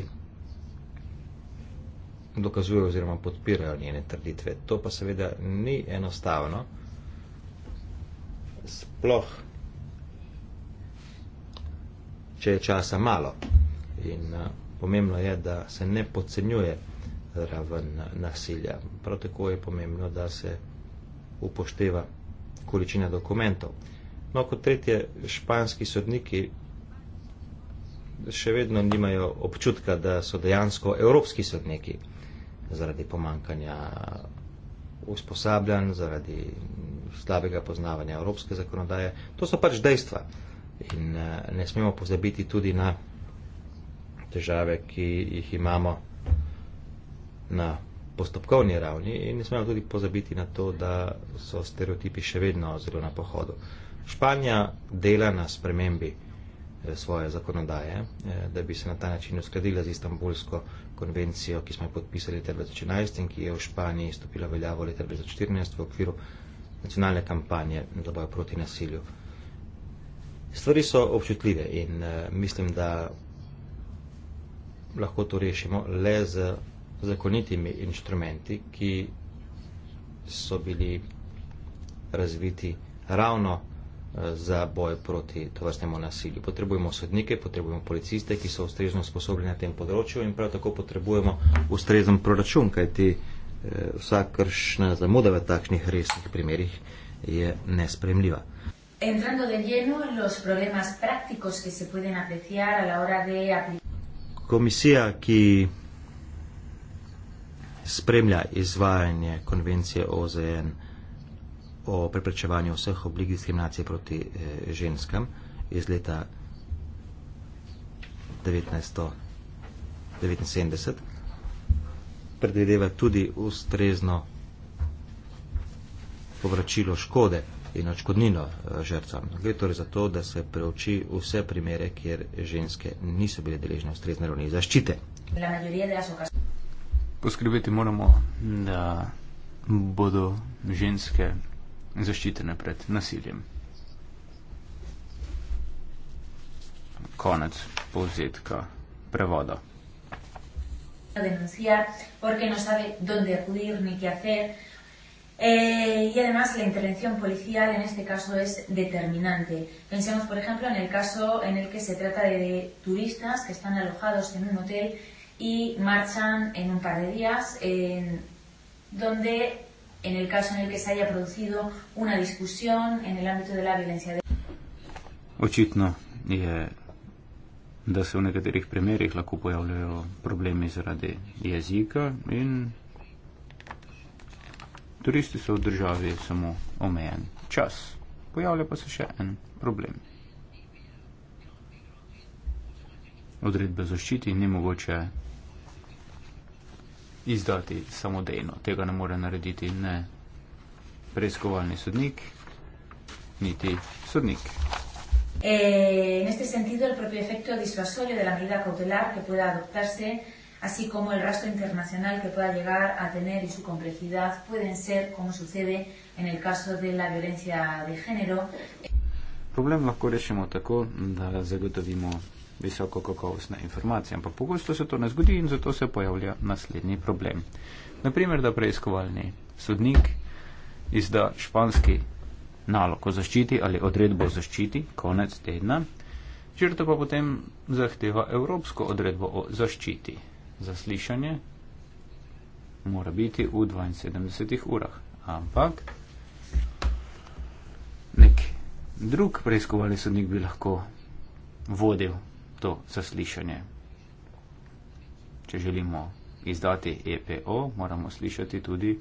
S4: dokazujejo oziroma podpirajo njene trditve. To pa seveda ni enostavno. Sploh, če je časa malo in uh, pomembno je, da se ne podcenjuje raven nasilja. Prav tako je pomembno, da se upošteva količina dokumentov. No, kot tretje, španski sodniki še vedno nimajo občutka, da so dejansko evropski sodniki zaradi pomankanja usposabljanj, zaradi slabega poznavanja evropske zakonodaje. To so pač dejstva in eh, ne smemo pozabiti tudi na težave, ki jih imamo na postopkovni ravni in ne smemo tudi pozabiti na to, da so stereotipi še vedno zelo na pohodu. Španija dela na spremembi eh, svoje zakonodaje, eh, da bi se na ta način uskladila z Istanbulsko konvencijo, ki smo jo podpisali leta 2011 in ki je v Španiji stopila v veljavo leta 2014 v okviru nacionalne kampanje za boj proti nasilju. Stvari so občutljive in eh, mislim, da lahko to rešimo le z zakonitimi inštrumenti, ki so bili razviti ravno eh, za boj proti tovrstnemu nasilju. Potrebujemo sodnike, potrebujemo policiste, ki so ustrezno sposobljeni na tem področju in prav tako potrebujemo ustrezen proračun, kajti eh, vsakršna zamuda v takšnih resnih primerih je nespremljiva.
S3: Entrando de lleno, los problemas prácticos que se pueden apreciar a la hora de aplicar
S4: komisija, ki spremlja izvajanje konvencije OZN o preprečevanju vseh oblik diskriminacije proti eh, ženskam iz leta 1979, predvideva tudi ustrezno povračilo škode in očkodnino eh, žrtvam. Gre torej za to, da se preuči vse primere, kjer ženske niso bile deležne ustrezne ravni zaščite.
S5: Poskrbeti moramo, da bodo ženske zaščitene pred nasiljem. Konec povzetka prevoda.
S3: denunciar porque no sabe dónde acudir ni qué hacer Eh, y además la intervención policial en este caso es determinante. Pensemos, por ejemplo, en el caso en el que se trata de turistas que están alojados en un hotel y marchan en un par de días, en donde en el caso en el que se haya producido una discusión en el ámbito de la violencia de.
S5: Očitno je, da se v nekaterih primerih lahko pojavljajo problemi zaradi jezika in turisti so v državi samo omejen čas. Pojavlja pa se še en problem. Odredbe zaščiti ni mogoče izdati samodejno. Tega ne more narediti ne preiskovalni sodnik, niti sodnik.
S3: Eh, en este sentido, el propio efecto disuasorio de la medida cautelar que pueda adoptarse así como el rastro internacional que pueda llegar a tener y su complejidad pueden ser, como sucede en el caso de la violencia de género.
S5: Problem lahko rešimo tako, da zagotovimo visoko kakovostne informacije, ampak pogosto se to ne zgodi in zato se pojavlja naslednji problem. Naprimer, da preiskovalni sodnik izda španski nalog o zaščiti ali odredbo o zaščiti konec tedna, žrtva pa potem zahteva evropsko odredbo o zaščiti zaslišanje mora biti v 72 urah. Ampak nek drug preiskovalni sodnik bi lahko vodil to zaslišanje. Če želimo izdati EPO, moramo slišati tudi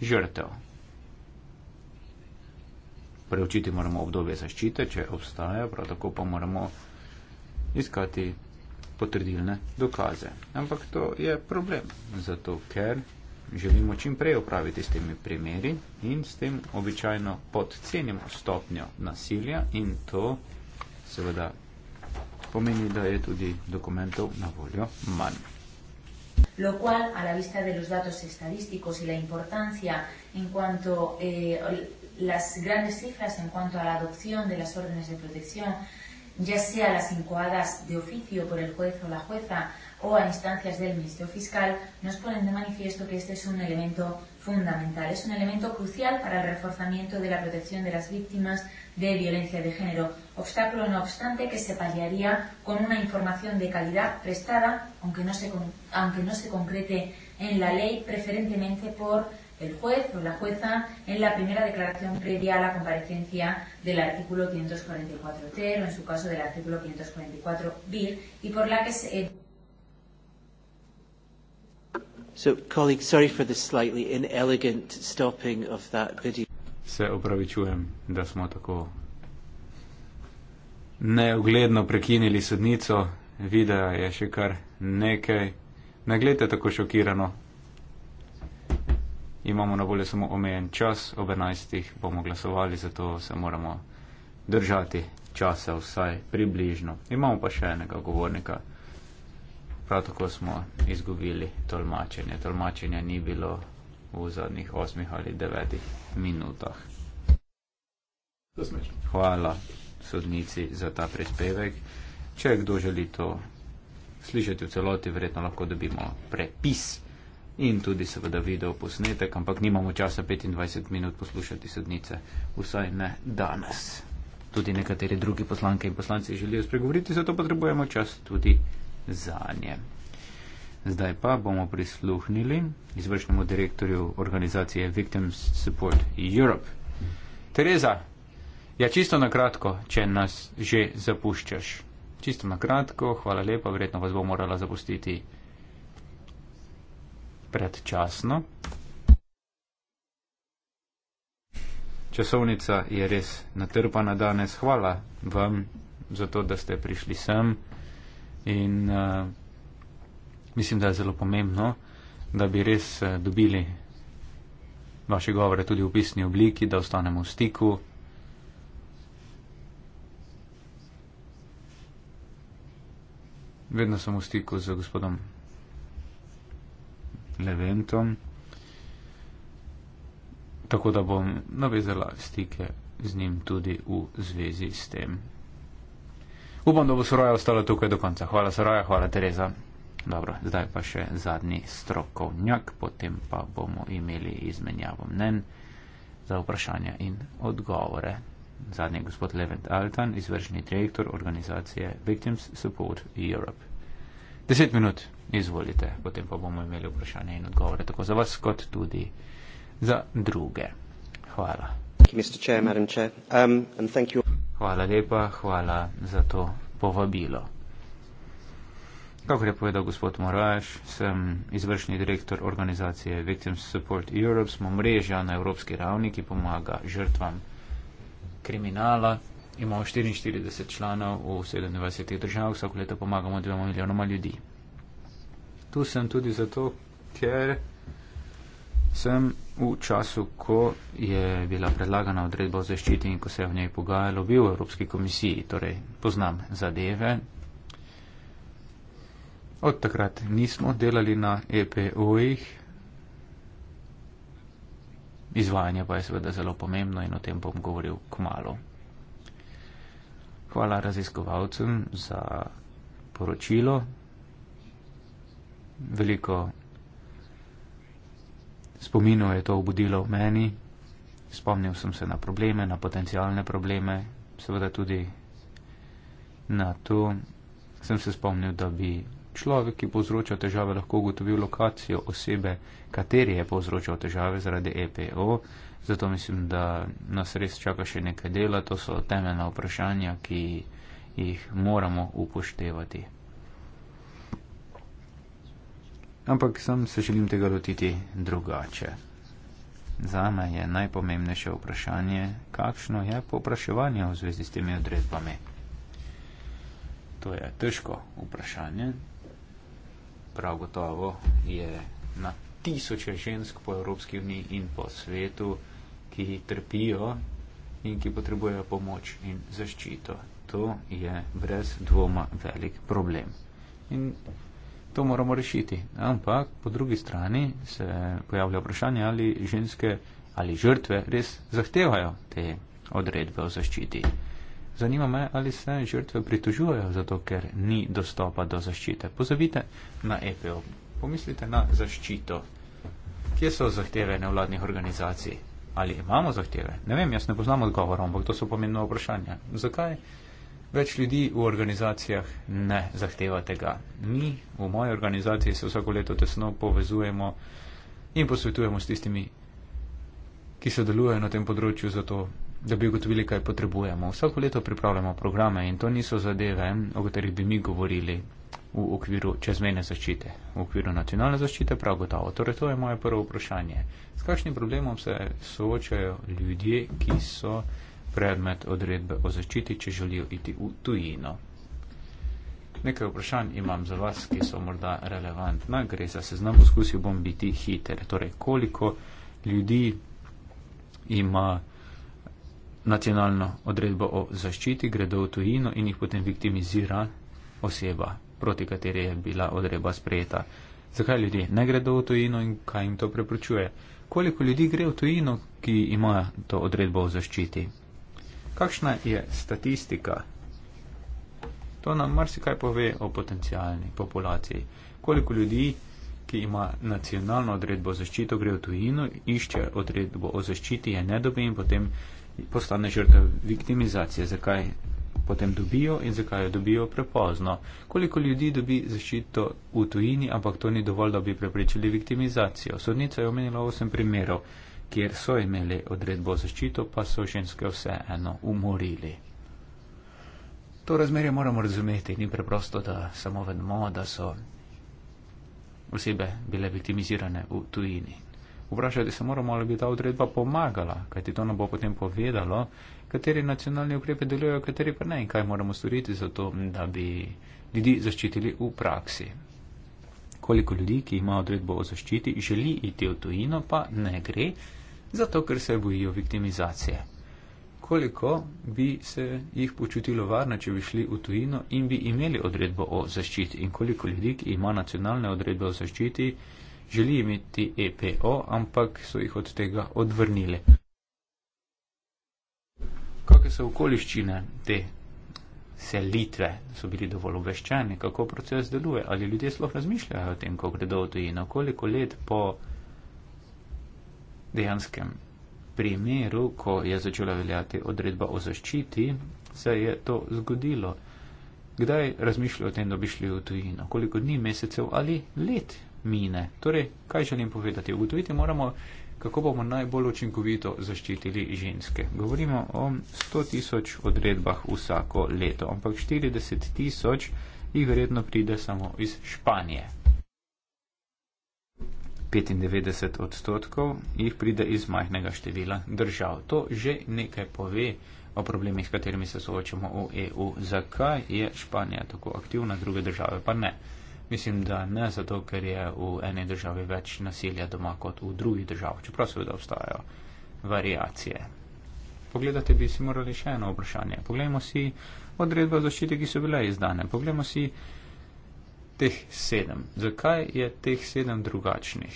S5: žrtev. Preučiti moramo obdobje zaščite, če obstaja, prav tako pa moramo iskati potrdilne dokaze. Ampak to je problem. Zato, ker želimo čim prej upraviti s temi primeri in s tem običajno podcenimo stopnjo nasilja in to seveda pomeni, da je tudi dokumentov na voljo manj.
S3: Lo cual, a la vista de los datos estadísticos y la importancia en cuanto eh, las grandes cifras en cuanto a la adopción de las órdenes de protección, ya sea las incoadas de oficio por el juez o la jueza o a instancias del Ministerio Fiscal, nos ponen de manifiesto que este es un elemento fundamental, es un elemento crucial para el reforzamiento de la protección de las víctimas de violencia de género, obstáculo no obstante que se paliaría con una información de calidad prestada, aunque no se, aunque no se concrete en la ley, preferentemente por el juez o la jueza en la primera declaración previa a la comparecencia del artículo 544-T o en su caso del artículo 544-BIR y por la que se... Eh,
S1: so, colleagues, sorry for the slightly inelegant stopping of that video.
S5: Se opravičujem, da smo tako neugledno prekinili sodnico. Videa je še kar nekaj. Ne gledajte tako šokirano, imamo na voljo samo omejen čas, ob 11. bomo glasovali, zato se moramo držati časa vsaj približno. Imamo pa še enega govornika. Prav tako smo izgubili tolmačenje. Tolmačenja ni bilo v zadnjih osmih ali devetih minutah. Hvala sodnici za ta prispevek. Če kdo želi to slišati v celoti, verjetno lahko dobimo prepis in tudi seveda video posnetek, ampak nimamo časa 25 minut poslušati sodnice, vsaj ne danes. Tudi nekateri drugi poslanke in poslanci želijo spregovoriti, zato potrebujemo čas tudi za nje. Zdaj pa bomo prisluhnili izvršnemu direktorju organizacije Victims Support Europe. Tereza, ja čisto na kratko, če nas že zapuščaš. Čisto na kratko, hvala lepa, verjetno vas bo morala zapustiti predčasno. Časovnica je res natrpana danes. Hvala vam za to, da ste prišli sem. In uh, mislim, da je zelo pomembno, da bi res eh, dobili vaše govore tudi v pisni obliki, da ostanemo v stiku. Vedno sem v stiku z gospodom Leventom. Tako da bom navezala stike z njim tudi v zvezi s tem. Upam, da bo Soraja ostala tukaj do konca. Hvala Soraja, hvala Tereza. Dobro, zdaj pa še zadnji strokovnjak, potem pa bomo imeli izmenjavo mnen za vprašanja in odgovore. Zadnji je gospod Levent Altan, izvršni direktor organizacije Victims Support Europe. Deset minut. Izvolite, potem pa bomo imeli vprašanje in odgovore, tako za vas, kot tudi za druge. Hvala. Um, hvala lepa, hvala za to povabilo. Kako je povedal gospod Moraš, sem izvršni direktor organizacije Victims Support Europe, smo mreža na evropski ravni, ki pomaga žrtvam kriminala. Imamo 44 članov v 27 državah, vsako leto pomagamo 2 milijonoma ljudi tu sem tudi zato, ker sem v času, ko je bila predlagana odredba o zaščiti in ko se je v njej pogajalo, bil v Evropski komisiji, torej poznam zadeve. Od takrat nismo delali na EPO-jih. Izvajanje pa je seveda zelo pomembno in o tem bom govoril k malu. Hvala raziskovalcem za poročilo veliko spominov je to obudilo v meni. Spomnil sem se na probleme, na potencijalne probleme, seveda tudi na to. Sem se spomnil, da bi človek, ki povzroča težave, lahko ugotovil lokacijo osebe, kateri je povzročal težave zaradi EPO. Zato mislim, da nas res čaka še nekaj dela. To so temeljna vprašanja, ki jih moramo upoštevati. ampak sem se želim tega lotiti drugače. Za me je najpomembnejše vprašanje, kakšno je povpraševanje v zvezi s temi odredbami. To je težko vprašanje. Prav gotovo je na tisoče žensk po Evropski uniji in po svetu, ki trpijo in ki potrebujejo pomoč in zaščito. To je brez dvoma velik problem. In to moramo rešiti. Ampak po drugi strani se pojavlja vprašanje, ali ženske ali žrtve res zahtevajo te odredbe o zaščiti. Zanima me, ali se žrtve pritožujejo zato, ker ni dostopa do zaščite. Pozovite na EPO, pomislite na zaščito. Kje so zahteve nevladnih organizacij? Ali imamo zahteve? Ne vem, jaz ne poznam odgovorov, ampak to so pomembno vprašanje. Zakaj Več ljudi v organizacijah ne zahteva tega. Mi v moji organizaciji se vsako leto tesno povezujemo in posvetujemo s tistimi, ki se delujejo na tem področju, zato da bi ugotovili, kaj potrebujemo. Vsako leto pripravljamo programe in to niso zadeve, o katerih bi mi govorili v okviru čezmejne zaščite, v okviru nacionalne zaščite prav gotovo. Torej, to je moje prvo vprašanje. S kakšnim problemom se soočajo ljudje, ki so predmet odredbe o zaščiti, če želijo iti v tujino. Nekaj vprašanj imam za vas, ki so morda relevantna. Gre za seznam, poskusil bom biti hiter. Torej, koliko ljudi ima nacionalno odredbo o zaščiti, gredo v tujino in jih potem viktimizira oseba, proti kateri je bila odredba sprejeta. Zakaj ljudje ne gredo v tujino in kaj jim to preprečuje? Koliko ljudi gre v tujino, ki ima to odredbo o zaščiti? Kakšna je statistika? To nam marsikaj pove o potencijalni populaciji. Koliko ljudi, ki ima nacionalno odredbo o zaščito, gre v tujino, išče odredbo o zaščiti, je nedobi in potem postane žrtev viktimizacije. Zakaj potem dobijo in zakaj jo dobijo prepozno? Koliko ljudi dobi zaščito v tujini, ampak to ni dovolj, da bi preprečili viktimizacijo? Sodnica je omenila 8 primerov kjer so imeli odredbo o zaščito, pa so ženske vseeno umorili. To razmerje moramo razumeti. Ni preprosto, da samo vemo, da so osebe bile viktimizirane v tujini. Vprašati se moramo, ali bi ta odredba pomagala, kajti to nam bo potem povedalo, kateri nacionalni ukrepe delujejo, kateri pa ne in kaj moramo storiti za to, da bi ljudi zaščitili v praksi. Koliko ljudi, ki ima odredbo o zaščiti, želi iti v tujino, pa ne gre, zato ker se bojijo viktimizacije. Koliko bi se jih počutilo varno, če bi šli v tujino in bi imeli odredbo o zaščiti in koliko ljudi, ki ima nacionalne odredbe o zaščiti, želi imeti EPO, ampak so jih od tega odvrnili. Kakšne so okoliščine te selitve? So bili dovolj obveščeni, kako proces deluje? Ali ljudje sploh razmišljajo o tem, ko gredo v tujino? Koliko let po dejanskem primeru, ko je začela veljati odredba o zaščiti, se je to zgodilo. Kdaj razmišljajo o tem, da bi šli v tujino? Koliko dni, mesecev ali let mine? Torej, kaj želim povedati? Ugotoviti moramo, kako bomo najbolj učinkovito zaščitili ženske. Govorimo o 100 tisoč odredbah vsako leto, ampak 40 tisoč jih verjetno pride samo iz Španije. 95 odstotkov jih pride iz majhnega števila držav. To že nekaj pove o problemih, s katerimi se soočamo v EU. Zakaj je Španija tako aktivna, druge države pa ne? Mislim, da ne zato, ker je v eni državi več nasilja doma kot v drugih državah, čeprav seveda obstajajo variacije. Pogledate bi si morali še eno vprašanje. Poglejmo si odredbe o zaščiti, ki so bile izdane. Poglejmo si teh sedem. Zakaj je teh sedem drugačnih?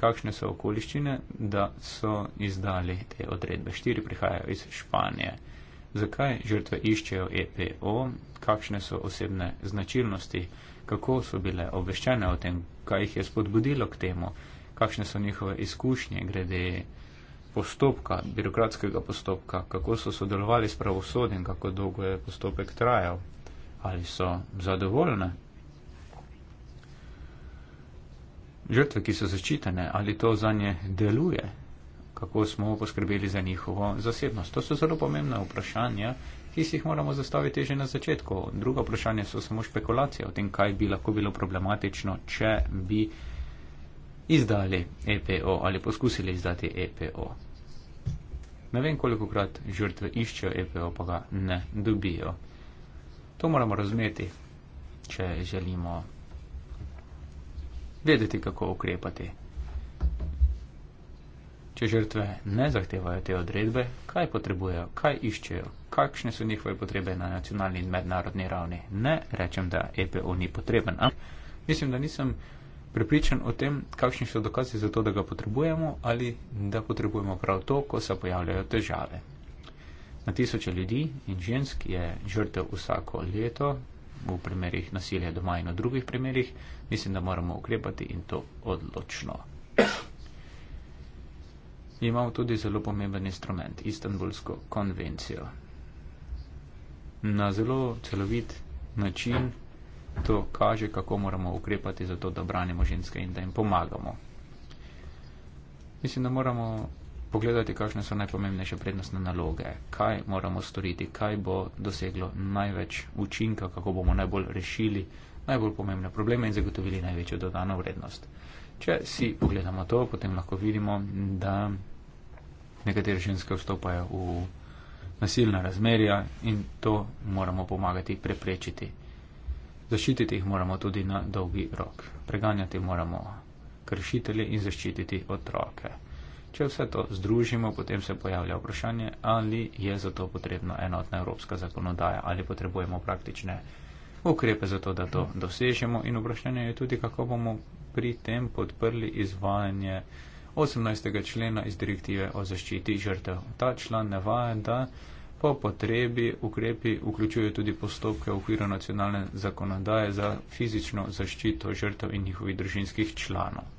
S5: Kakšne so okoliščine, da so izdali te odredbe? Štiri prihajajo iz Španije. Zakaj žrtve iščejo EPO? Kakšne so osebne značilnosti? Kako so bile obveščene o tem? Kaj jih je spodbudilo k temu? Kakšne so njihove izkušnje glede postopka, birokratskega postopka? Kako so sodelovali s pravosodjem? Kako dolgo je postopek trajal? Ali so zadovoljne žrtve, ki so zaščitene, ali to za nje deluje, kako smo poskrbeli za njihovo zasebnost. To so zelo pomembna vprašanja, ki si jih moramo zastaviti že na začetku. Druga vprašanja so samo špekulacije o tem, kaj bi lahko bilo problematično, če bi izdali EPO ali poskusili izdati EPO. Ne vem, koliko krat žrtve iščejo EPO, pa ga ne dobijo. To moramo razumeti, če želimo vedeti, kako ukrepati. Če žrtve ne zahtevajo te odredbe, kaj potrebujejo, kaj iščejo, kakšne so njihove potrebe na nacionalni in mednarodni ravni. Ne rečem, da EPO ni potreben, ampak mislim, da nisem prepričan o tem, kakšni so dokazi za to, da ga potrebujemo ali da potrebujemo prav to, ko se pojavljajo težave. Na tisoče ljudi in žensk je žrtev vsako leto, v primerih nasilja doma in v drugih primerih, mislim, da moramo ukrepati in to odločno. Imamo tudi zelo pomemben instrument, Istanbulsko konvencijo. Na zelo celovit način to kaže, kako moramo ukrepati za to, da branimo ženske in da jim pomagamo. Mislim, da moramo pogledati, kakšne so najpomembnejše prednostne naloge, kaj moramo storiti, kaj bo doseglo največ učinka, kako bomo najbolj rešili najbolj pomembne probleme in zagotovili največjo dodano vrednost. Če si pogledamo to, potem lahko vidimo, da nekatere ženske vstopajo v nasilna razmerja in to moramo pomagati preprečiti. Zaščititi jih moramo tudi na dolgi rok. Preganjati moramo kršitelje in zaščititi otroke. Če vse to združimo, potem se pojavlja vprašanje, ali je za to potrebna enotna evropska zakonodaja, ali potrebujemo praktične ukrepe za to, da to dosežemo. In vprašanje je tudi, kako bomo pri tem podprli izvajanje 18. člena iz direktive o zaščiti žrtev. Ta član navaja, da po potrebi ukrepi vključuje tudi postopke v okviru nacionalne zakonodaje za fizično zaščito žrtev in njihovih družinskih članov.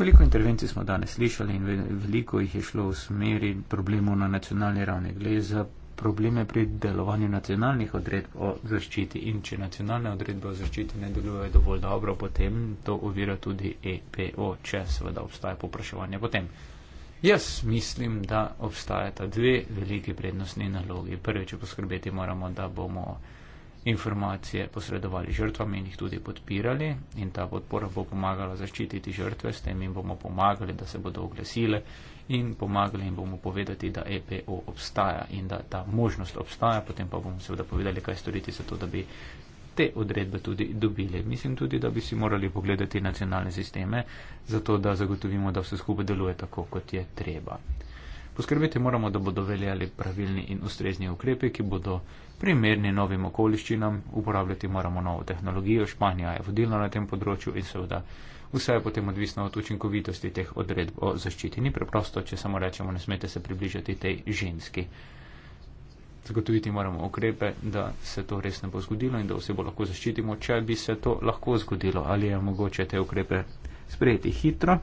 S5: Veliko intervencij smo danes slišali in veliko jih je šlo v smeri problemov na nacionalni ravni. Gre za probleme pri delovanju nacionalnih odredb o zaščiti in če nacionalne odredbe o zaščiti ne delujejo dovolj dobro, potem to ovira tudi EPO, če seveda obstaja popraševanje potem. Jaz mislim, da obstajata dve veliki prednostni nalogi. Prvič, poskrbeti moramo, da bomo informacije posredovali žrtvam in jih tudi podpirali in ta podpora bo pomagala zaščititi žrtve, s tem jim bomo pomagali, da se bodo oglesile in pomagali jim bomo povedati, da EPO obstaja in da ta možnost obstaja, potem pa bomo seveda povedali, kaj storiti za to, da bi te odredbe tudi dobili. Mislim tudi, da bi si morali pogledati nacionalne sisteme, zato da zagotovimo, da vse skupaj deluje tako, kot je treba. Poskrbeti moramo, da bodo veljali pravilni in ustrezni ukrepi, ki bodo primerni novim okoliščinam, uporabljati moramo novo tehnologijo, Španija je vodilna na tem področju in seveda vse je potem odvisno od učinkovitosti teh odredb o zaščiti. Ni preprosto, če samo rečemo, ne smete se približati tej ženski. Zagotoviti moramo ukrepe, da se to res ne bo zgodilo in da vse bo lahko zaščitimo, če bi se to lahko zgodilo. Ali je mogoče te ukrepe sprejeti hitro,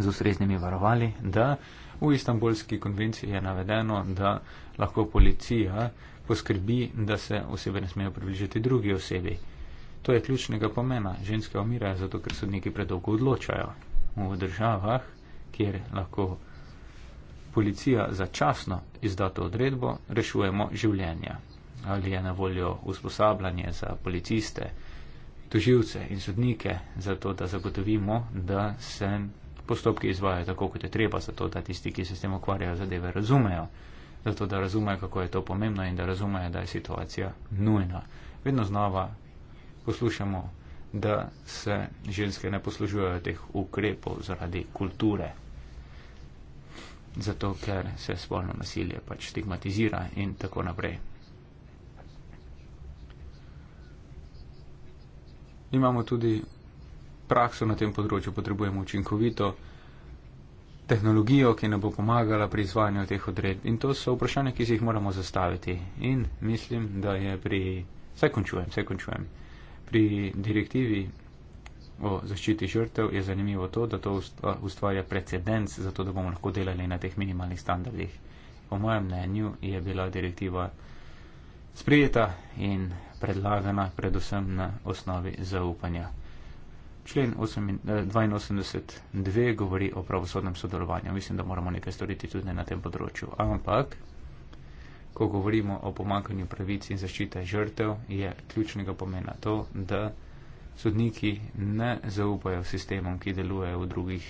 S5: z ustreznimi varovali, da v Istanbulski konvenciji je navedeno, da lahko policija poskrbi, da se osebe ne smejo približiti drugi osebi. To je ključnega pomena. Ženske umirajo zato, ker sodniki predolgo odločajo. V državah, kjer lahko policija začasno izda to odredbo, rešujemo življenja. Ali je na voljo usposabljanje za policiste, tožilce in sodnike, zato da zagotovimo, da se postopki izvajo tako, kot je treba, zato da tisti, ki se s tem ukvarjajo, zadeve razumejo zato da razumejo, kako je to pomembno in da razumejo, da je situacija nujna. Vedno znova poslušamo, da se ženske ne poslužujejo teh ukrepov zaradi kulture, zato ker se spolno nasilje pač stigmatizira in tako naprej. Imamo tudi prakso na tem področju, potrebujemo učinkovito tehnologijo, ki nam bo pomagala pri izvajanju teh odredb. In to so vprašanja, ki si jih moramo zastaviti. In mislim, da je pri, vse končujem, vse končujem, pri direktivi o zaščiti žrtev je zanimivo to, da to ustvarja precedens za to, da bomo lahko delali na teh minimalnih standardih. Po mojem mnenju je bila direktiva sprijeta in predlagana predvsem na osnovi zaupanja člen 82.2 eh, govori o pravosodnem sodelovanju. Mislim, da moramo nekaj storiti tudi na tem področju. Ampak, ko govorimo o pomankanju pravic in zaščite žrtev, je ključnega pomena to, da sodniki ne zaupajo sistemom, ki delujejo v drugih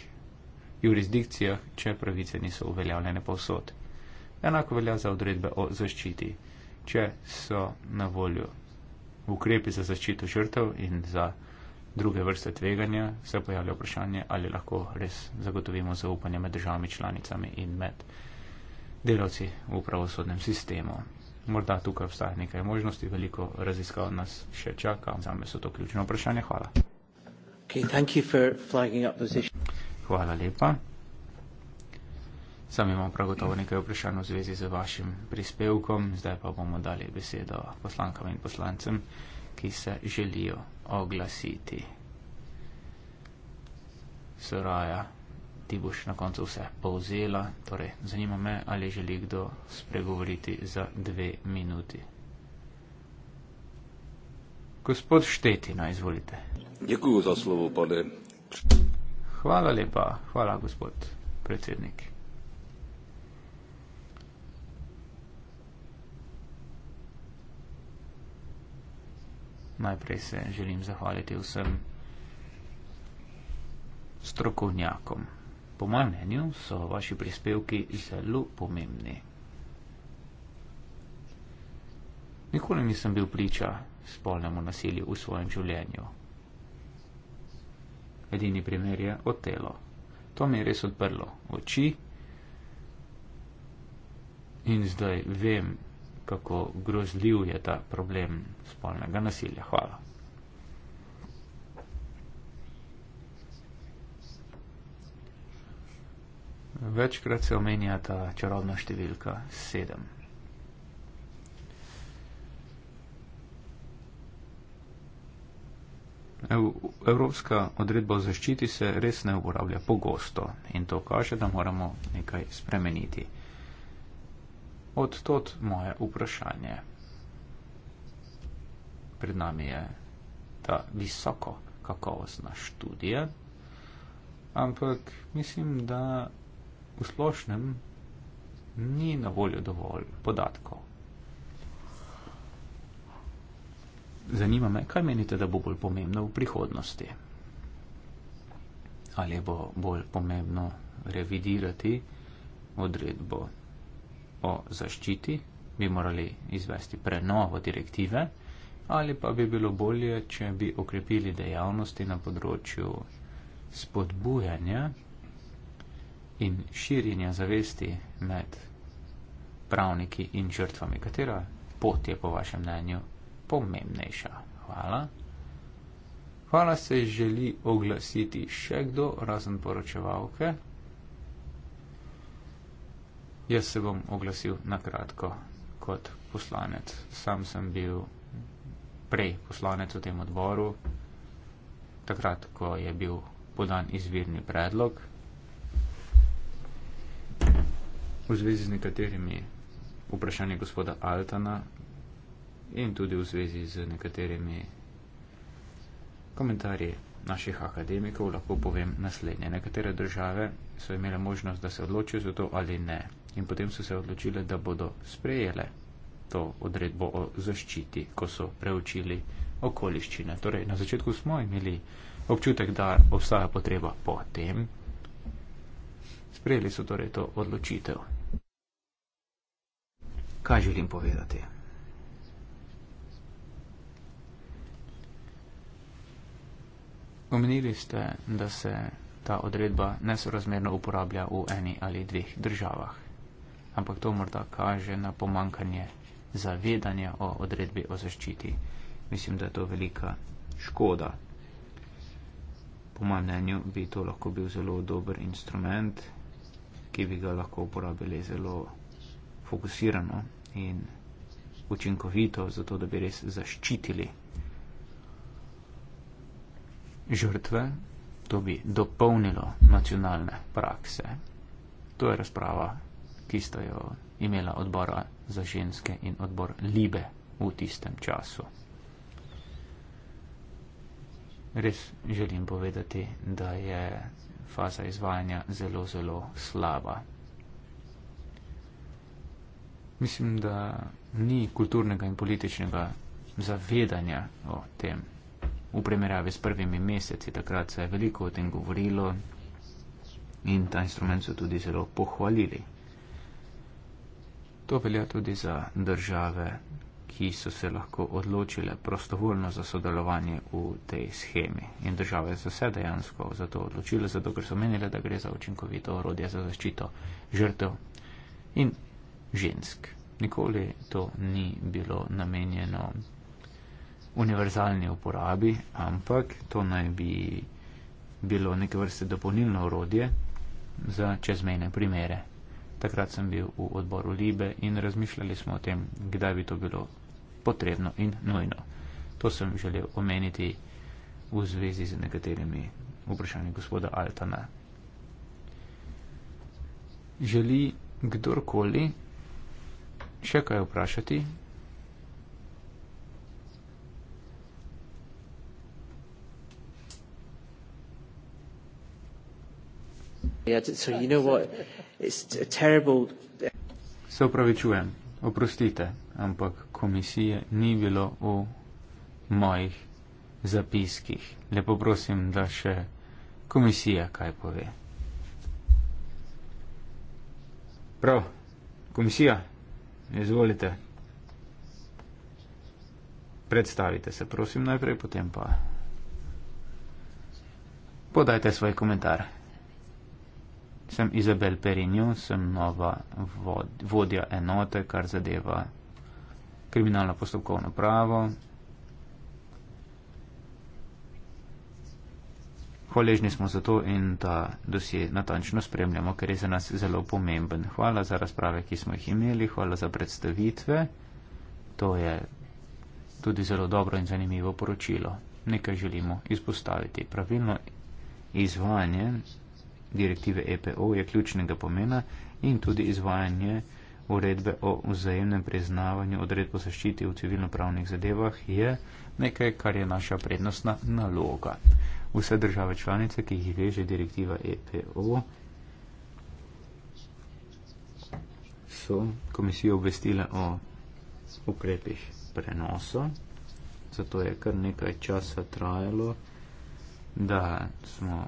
S5: jurisdikcijah, če pravice niso uveljavljene povsod. Enako velja za odredbe o zaščiti. Če so na voljo ukrepi za zaščito žrtev in za druge vrste tveganja, se pojavlja vprašanje, ali lahko res zagotovimo zaupanje med državami članicami in med delavci v pravosodnem sistemu. Morda tukaj obstaja nekaj možnosti, veliko raziskav nas še čaka. Za me so to ključno vprašanje. Hvala.
S1: Okay,
S5: Hvala lepa. Sam imam prav gotovo nekaj vprašanj v zvezi z vašim prispevkom, zdaj pa bomo dali besedo poslankam in poslancem ki se želijo oglasiti. Soraja, ti boš na koncu vse povzela, torej zanima me, ali želi kdo spregovoriti za dve minuti. Gospod Štetina, izvolite. Hvala lepa, hvala gospod predsednik. najprej se želim zahvaliti vsem strokovnjakom. Po mojem mnenju so vaši prispevki zelo pomembni. Nikoli nisem bil priča spolnemu nasilju v svojem življenju. Edini primer je otelo. To mi je res odprlo oči in zdaj vem, kako grozljiv je ta problem spolnega nasilja. Hvala. Večkrat se omenja ta čarobna številka 7. Evropska odredba o zaščiti se res ne uporablja pogosto in to kaže, da moramo nekaj spremeniti. Od tod moje vprašanje pred nami je ta visoko kakovostna študija, ampak mislim, da v splošnem ni na voljo dovolj podatkov. Zanima me, kaj menite, da bo bolj pomembno v prihodnosti? Ali bo bolj pomembno revidirati odredbo o zaščiti, bi morali izvesti prenovo direktive? ali pa bi bilo bolje, če bi okrepili dejavnosti na področju spodbujanja in širjenja zavesti med pravniki in žrtvami. Katera pot je po vašem mnenju pomembnejša? Hvala. Hvala se želi oglasiti še kdo razen poročevalke. Jaz se bom oglasil na kratko kot poslanec. Sam sem bil prej poslanec v tem odboru, takrat, ko je bil podan izvirni predlog v zvezi z nekaterimi vprašanji gospoda Altana in tudi v zvezi z nekaterimi komentarji naših akademikov, lahko povem naslednje. Nekatere države so imele možnost, da se odločijo za to ali ne. In potem so se odločile, da bodo sprejele to odredbo o zaščiti, ko so preučili okoliščine. Torej, na začetku smo imeli občutek, da obstaja potreba po tem. Sprejeli so torej to odločitev. Kaj želim povedati? Omenili ste, da se ta odredba nesorazmerno uporablja v eni ali dveh državah. Ampak to morda kaže na pomankanje zavedanje o odredbi o zaščiti. Mislim, da je to velika škoda. Po mojem mnenju bi to lahko bil zelo dober instrument, ki bi ga lahko uporabili zelo fokusirano in učinkovito, zato da bi res zaščitili žrtve. To bi dopolnilo nacionalne prakse. To je razprava, ki sta jo imela odbora za ženske in odbor Libe v tistem času. Res želim povedati, da je faza izvajanja zelo, zelo slaba. Mislim, da ni kulturnega in političnega zavedanja o tem. V primerjavi s prvimi meseci takrat se je veliko o tem govorilo in ta instrument so tudi zelo pohvalili. To velja tudi za države, ki so se lahko odločile prostovoljno za sodelovanje v tej schemi. In države so se dejansko za to odločile, zato ker so menile, da gre za učinkovito orodje za zaščito žrtev in žensk. Nikoli to ni bilo namenjeno univerzalni uporabi, ampak to naj bi bilo neke vrste dopolnilno orodje za čezmejne primere takrat sem bil v odboru Libe in razmišljali smo o tem, kdaj bi to bilo potrebno in nujno. To sem želel omeniti v zvezi z nekaterimi vprašanji gospoda Altana. Želi kdorkoli še kaj vprašati?
S1: Yeah, so you know what?
S5: Se upravičujem, oprostite, ampak komisije ni bilo v mojih zapiskih. Lepo prosim, da še komisija kaj pove. Prav, komisija, izvolite. Predstavite se, prosim, najprej, potem pa podajte svoj komentar sem Izabel Perinju, sem nova vod, vodja enote, kar zadeva kriminalno postopkovno pravo. Hvaležni smo za to in da dosje natančno spremljamo, ker je za nas zelo pomemben. Hvala za razprave, ki smo jih imeli, hvala za predstavitve. To je tudi zelo dobro in zanimivo poročilo. Nekaj želimo izpostaviti. Pravilno izvajanje direktive EPO je ključnega pomena in tudi izvajanje uredbe o vzajemnem priznavanju odredbo zaščiti v civilnopravnih zadevah je nekaj, kar je naša prednostna naloga. Vse države članice, ki jih veže direktiva EPO, so komisijo obvestile o ukrepih prenosa, zato je kar nekaj časa trajalo, da smo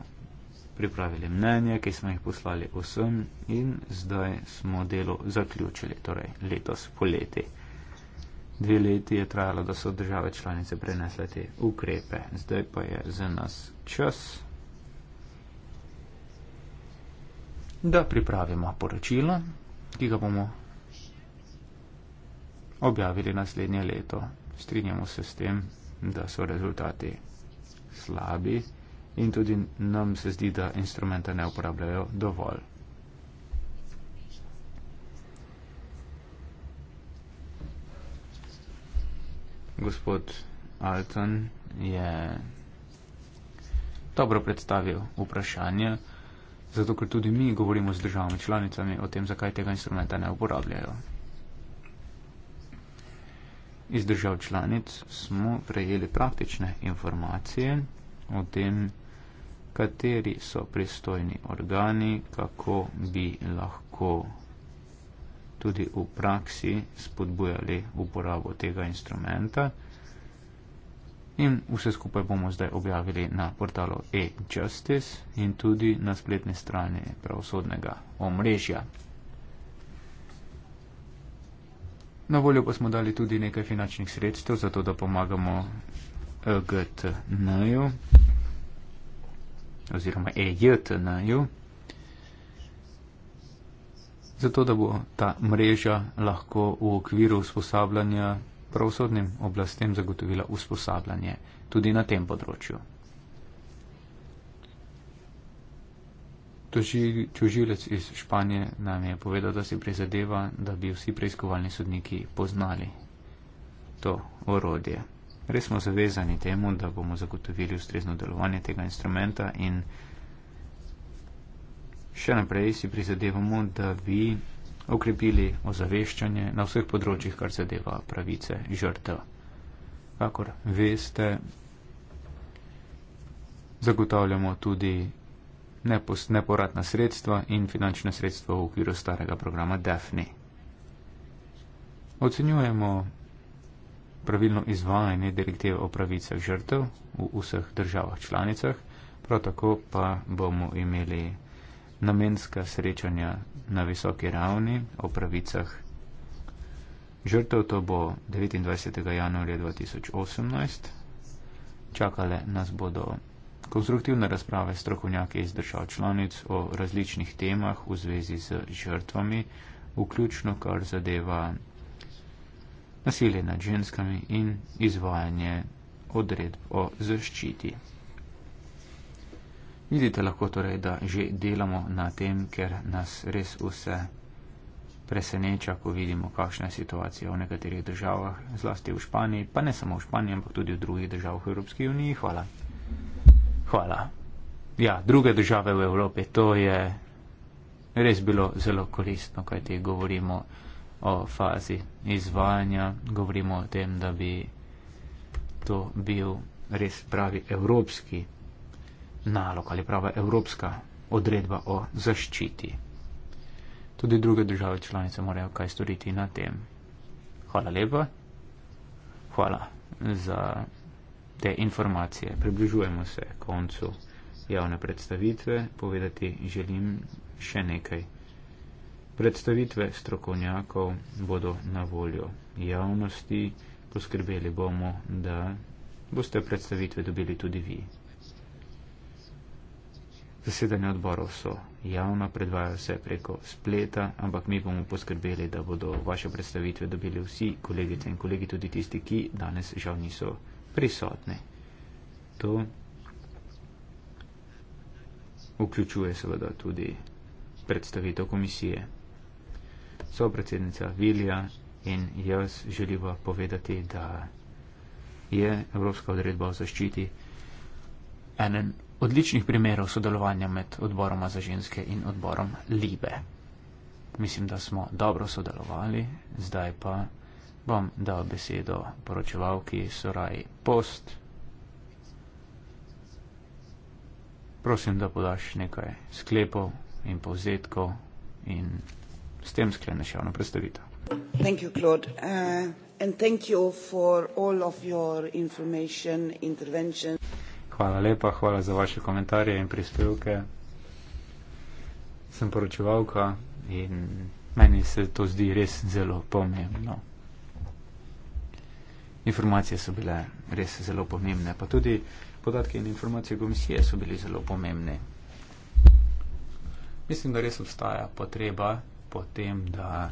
S5: pripravili mnenje, ki smo jih poslali vsem in zdaj smo delo zaključili, torej letos poleti. Dve leti je trajalo, da so države članice prenesle te ukrepe, zdaj pa je za nas čas, da pripravimo poročilo, ki ga bomo objavili naslednje leto. Strinjamo se s tem, da so rezultati slabi in tudi nam se zdi, da instrumente ne uporabljajo dovolj. Gospod Alton je dobro predstavil vprašanje, zato ker tudi mi govorimo z državami članicami o tem, zakaj tega instrumenta ne uporabljajo. Iz držav članic smo prejeli praktične informacije o tem, kateri so pristojni organi, kako bi lahko tudi v praksi spodbujali uporabo tega instrumenta. In vse skupaj bomo zdaj objavili na portalu e-justice in tudi na spletni strani pravosodnega omrežja. Na voljo pa smo dali tudi nekaj finančnih sredstev, zato da pomagamo EGTN-ju, oziroma EJTN-ju, zato da bo ta mreža lahko v okviru usposabljanja pravosodnim oblastem zagotovila usposabljanje tudi na tem področju. Čužilec iz Španije nam je povedal, da si prizadeva, da bi vsi preiskovalni sodniki poznali to orodje. Res smo zavezani temu, da bomo zagotovili ustrezno delovanje tega instrumenta in še naprej si prizadevamo, da bi okrepili ozaveščanje na vseh področjih, kar zadeva pravice žrtev. Kakor veste, zagotavljamo tudi neporatna sredstva in finančna sredstva v okviru starega programa DEFNI. Ocenjujemo pravilno izvajanje direktive o pravicah žrtev v vseh državah članicah, prav tako pa bomo imeli namenska srečanja na visoki ravni o pravicah žrtev. To bo 29. januarja 2018. Čakale nas bodo konstruktivne razprave strokovnjake iz držav članic o različnih temah v zvezi z žrtvami, vključno kar zadeva nasilje nad ženskami in izvajanje odredb o zaščiti. Vidite lahko torej, da že delamo na tem, ker nas res vse preseneča, ko vidimo, kakšna je situacija v nekaterih državah, zlasti v Španiji, pa ne samo v Španiji, ampak tudi v drugih državah v Evropski uniji. Hvala. Hvala. Ja, druge države v Evropi, to je res bilo zelo koristno, kaj ti govorimo o fazi izvajanja, govorimo o tem, da bi to bil res pravi evropski nalog ali prava evropska odredba o zaščiti. Tudi druge države članice morajo kaj storiti na tem. Hvala lepa. Hvala za te informacije. Približujemo se koncu javne predstavitve. Povedati želim še nekaj. Predstavitve strokovnjakov bodo na voljo javnosti, poskrbeli bomo, da boste predstavitve dobili tudi vi. Zasedanje odborov so javna, predvajajo se preko spleta, ampak mi bomo poskrbeli, da bodo vaše predstavitve dobili vsi kolegice in kolegi, tudi tisti, ki danes žal niso prisotni. To vključuje seveda tudi predstavitev komisije sopredsednica Vilja in jaz želiva povedati, da je Evropska odredba o zaščiti enen odličnih primerov sodelovanja med odboroma za ženske in odborom Libe. Mislim, da smo dobro sodelovali, zdaj pa bom dal besedo poročevalki Soraj Post. Prosim, da podaš nekaj sklepov in povzetkov in S tem skleneš javno predstavitev. Thank you, Claude. Uh, and thank you for all of your information, intervention. Hvala lepa, hvala za vaše komentarje in prispevke. Sem poročevalka in meni se to zdi res zelo pomembno. Informacije so bile res zelo pomembne, pa tudi podatke in informacije komisije so bili zelo pomembni. Mislim, da res obstaja potreba potem, da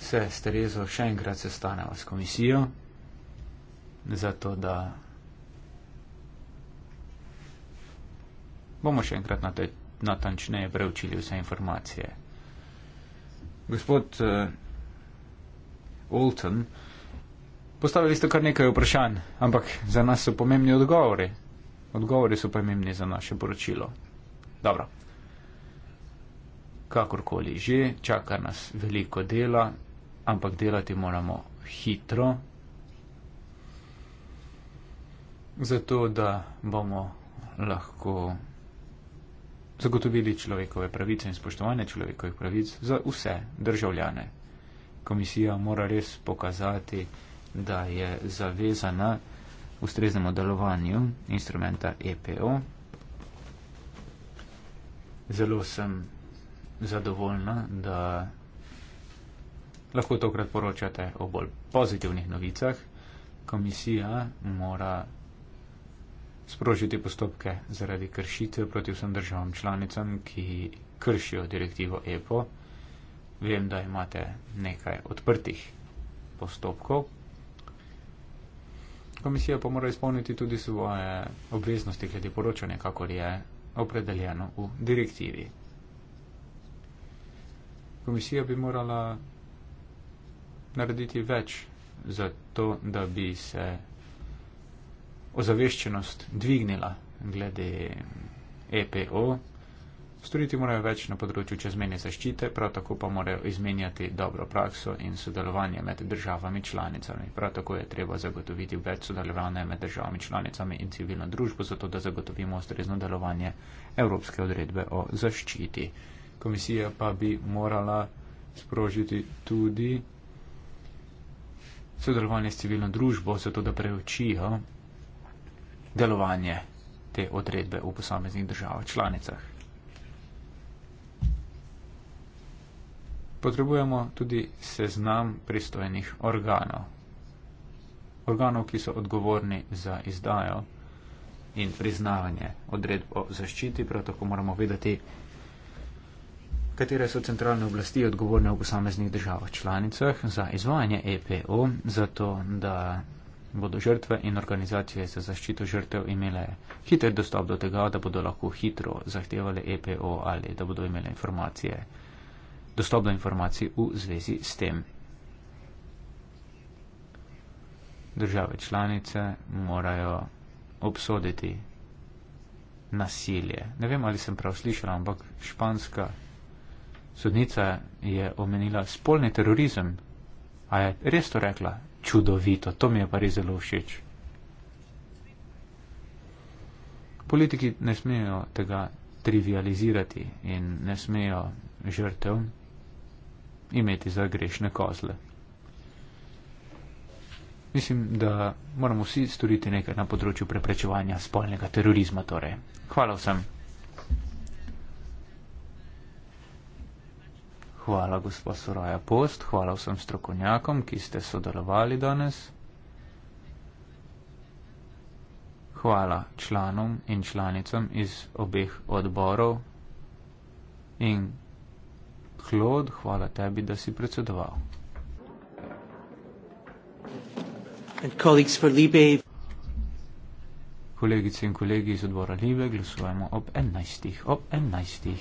S5: se s Terezo še enkrat sestaneva s komisijo, zato da bomo še enkrat na te, natančneje preučili vse informacije. Gospod uh, eh, Olton, postavili ste kar nekaj vprašanj, ampak za nas so pomembni odgovori. Odgovori so pomembni za naše poročilo. Dobro kakorkoli že, čaka nas veliko dela, ampak delati moramo hitro, zato da bomo lahko zagotovili človekove pravice in spoštovanje človekovih pravic za vse državljane. Komisija mora res pokazati, da je zavezana ustreznemu delovanju instrumenta EPO. Zelo sem zadovoljna, da lahko tokrat poročate o bolj pozitivnih novicah. Komisija mora sprožiti postopke zaradi kršitev proti vsem državam članicam, ki kršijo direktivo EPO. Vem, da imate nekaj odprtih postopkov. Komisija pa mora izpolniti tudi svoje obveznosti glede poročanja, kakor je opredeljeno v direktivi. Komisija bi morala narediti več za to, da bi se ozaveščenost dvignila glede EPO. Storiti morajo več na področju čezmene zaščite, prav tako pa morajo izmenjati dobro prakso in sodelovanje med državami članicami. Prav tako je treba zagotoviti več sodelovanja med državami članicami in civilno družbo, zato da zagotovimo ustrezno delovanje Evropske odredbe o zaščiti komisija pa bi morala sprožiti tudi sodelovanje s civilno družbo, zato da preučijo delovanje te odredbe v posameznih državah članicah. Potrebujemo tudi seznam pristojenih organov. Organov, ki so odgovorni za izdajo in priznavanje odredb o zaščiti, prav tako moramo vedeti, katere so centralne oblasti odgovorne v posameznih državah članicah za izvajanje EPO, zato da bodo žrtve in organizacije za zaščito žrtev imele hiter dostop do tega, da bodo lahko hitro zahtevali EPO ali da bodo imele informacije, dostop do informacij v zvezi s tem. Države članice morajo obsoditi nasilje. Ne vem, ali sem prav slišala, ampak španska Sodnica je omenila spolni terorizem. A je res to rekla? Čudovito, to mi je pa res zelo všeč. Politiki ne smejo tega trivializirati in ne smejo žrtev imeti za grešne kozle. Mislim, da moramo vsi storiti nekaj na področju preprečevanja spolnega terorizma. Torej. Hvala vsem. Hvala, gospod Soraja Post, hvala vsem strokovnjakom, ki ste sodelovali danes. Hvala članom in članicam iz obeh odborov. In Klod, hvala tebi, da si predsedoval. Kolegice in kolegi iz odbora Libe, glasujemo ob 11. Ob 11.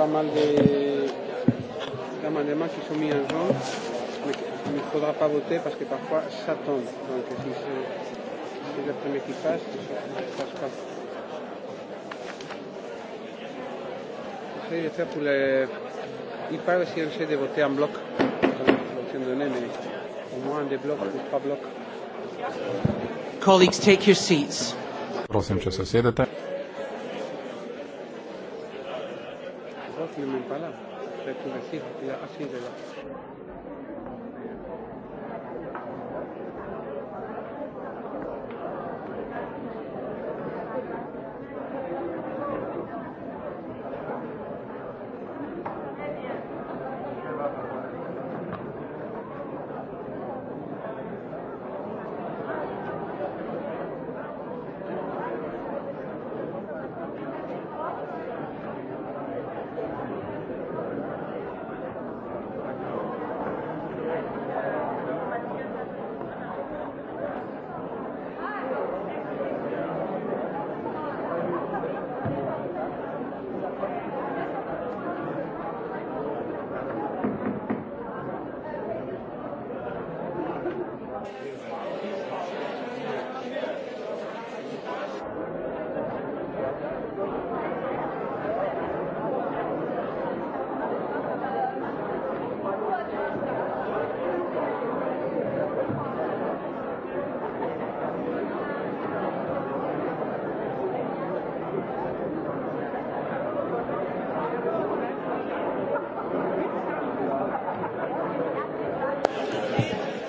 S5: pas mal des gamins des mains qui sont mis en ¿no? jaune, mais il ne faudra pas voter parce que parfois ça tombe. Donc si c'est si le premier qui
S2: passe, ça ne passe pas.
S5: J'essaie de faire pour les. Il parle si j'essaie de voter en bloc, l'option donnée, mais au moins des blocs ou trois blocs.
S2: Colleagues, take your seats. Prosim, če se sedete.
S5: palabra, de tu decir, así de la.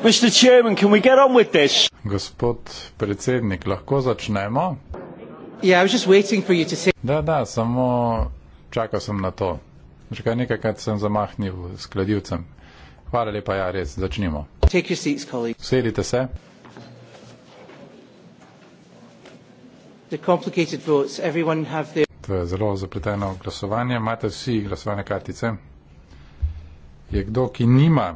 S2: Mr. Chairman, can we get on with this? Gospod predsednik, lahko začnemo? Yeah, I was just waiting for you to say. Da, da, samo čakal sem na to. Že kaj nekaj, kad sem zamahnil s kladivcem. Hvala lepa, ja, res, začnimo. Take your seats, colleagues. Sedite se. The complicated votes, everyone have their... To je zelo zapleteno glasovanje. Imate vsi glasovane kartice? Je kdo, ki nima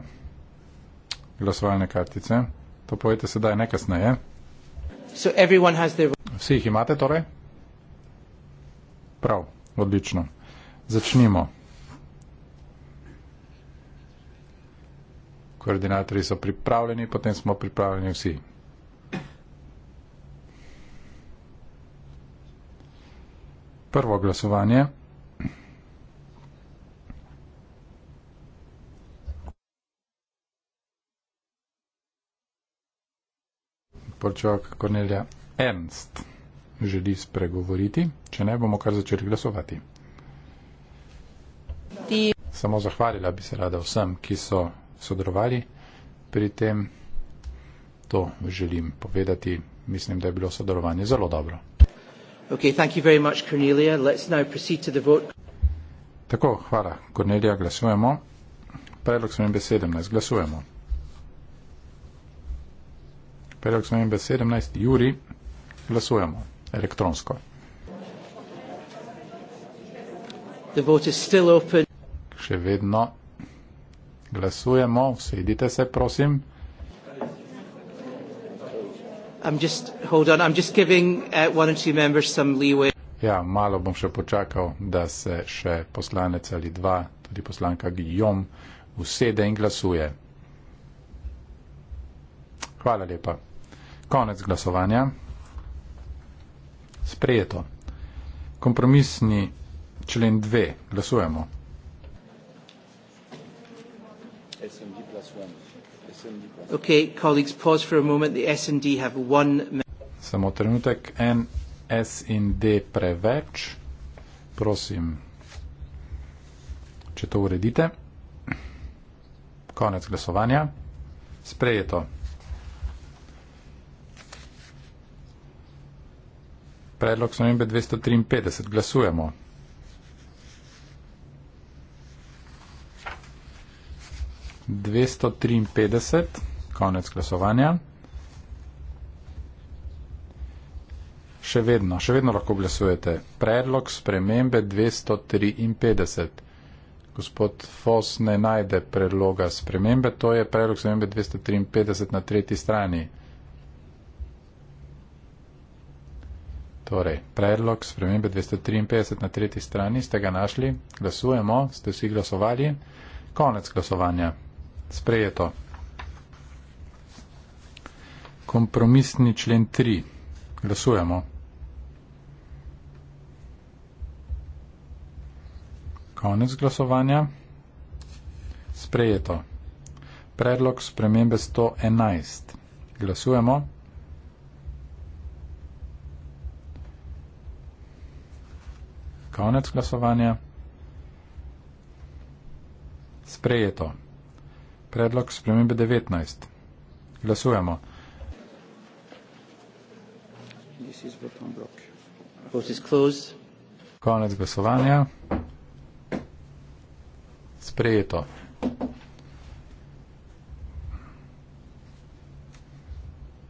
S2: glasovalne kartice. To povete sedaj, ne kasneje. Vsi jih imate torej? Prav, odlično. Začnimo. Koordinatorji so pripravljeni, potem smo pripravljeni vsi. Prvo glasovanje. Polčak Kornelija Ernst želi spregovoriti, če ne bomo kar začeli glasovati. Ti. Samo zahvalila bi se rada vsem, ki so sodelovali pri tem. To želim povedati. Mislim, da je bilo sodelovanje zelo dobro.
S1: Okay, much,
S2: Tako, hvala. Kornelija, glasujemo. Predlog sem besede, glasujemo predlog spremembe 17. juri, glasujemo elektronsko. Še vedno glasujemo, sedite se, prosim. Uh, ja, malo bom še počakal, da se še poslanec ali dva, tudi poslanka Gijom, usede in glasuje. Hvala lepa. Konec glasovanja. Sprejeto. Kompromisni člen 2. Glasujemo.
S1: Okay, colleagues, pause for a moment. The SND have one.
S2: Samo trenutek. N, S in D preveč. Prosim, če to uredite. Konec glasovanja. Sprejeto. predlog samembe 253. Glasujemo. Dvesto triinpetdeset, konec glasovanja. Še vedno, še vedno lahko glasujete. Predlog spremembe dvesto triinpetdeset. Gospod Fos ne najde predloga spremembe, to je predlog spremembe dvesto triinpetdeset na tretji strani. Torej, predlog spremembe 253 na tretji strani ste ga našli, glasujemo, ste vsi glasovali, konec glasovanja, sprejeto. Kompromisni člen 3, glasujemo. Konec glasovanja, sprejeto. Predlog spremembe 111, glasujemo. Konec glasovanja. Sprejeto. Predlog spremembe 19. Glasujemo. Konec glasovanja. Sprejeto.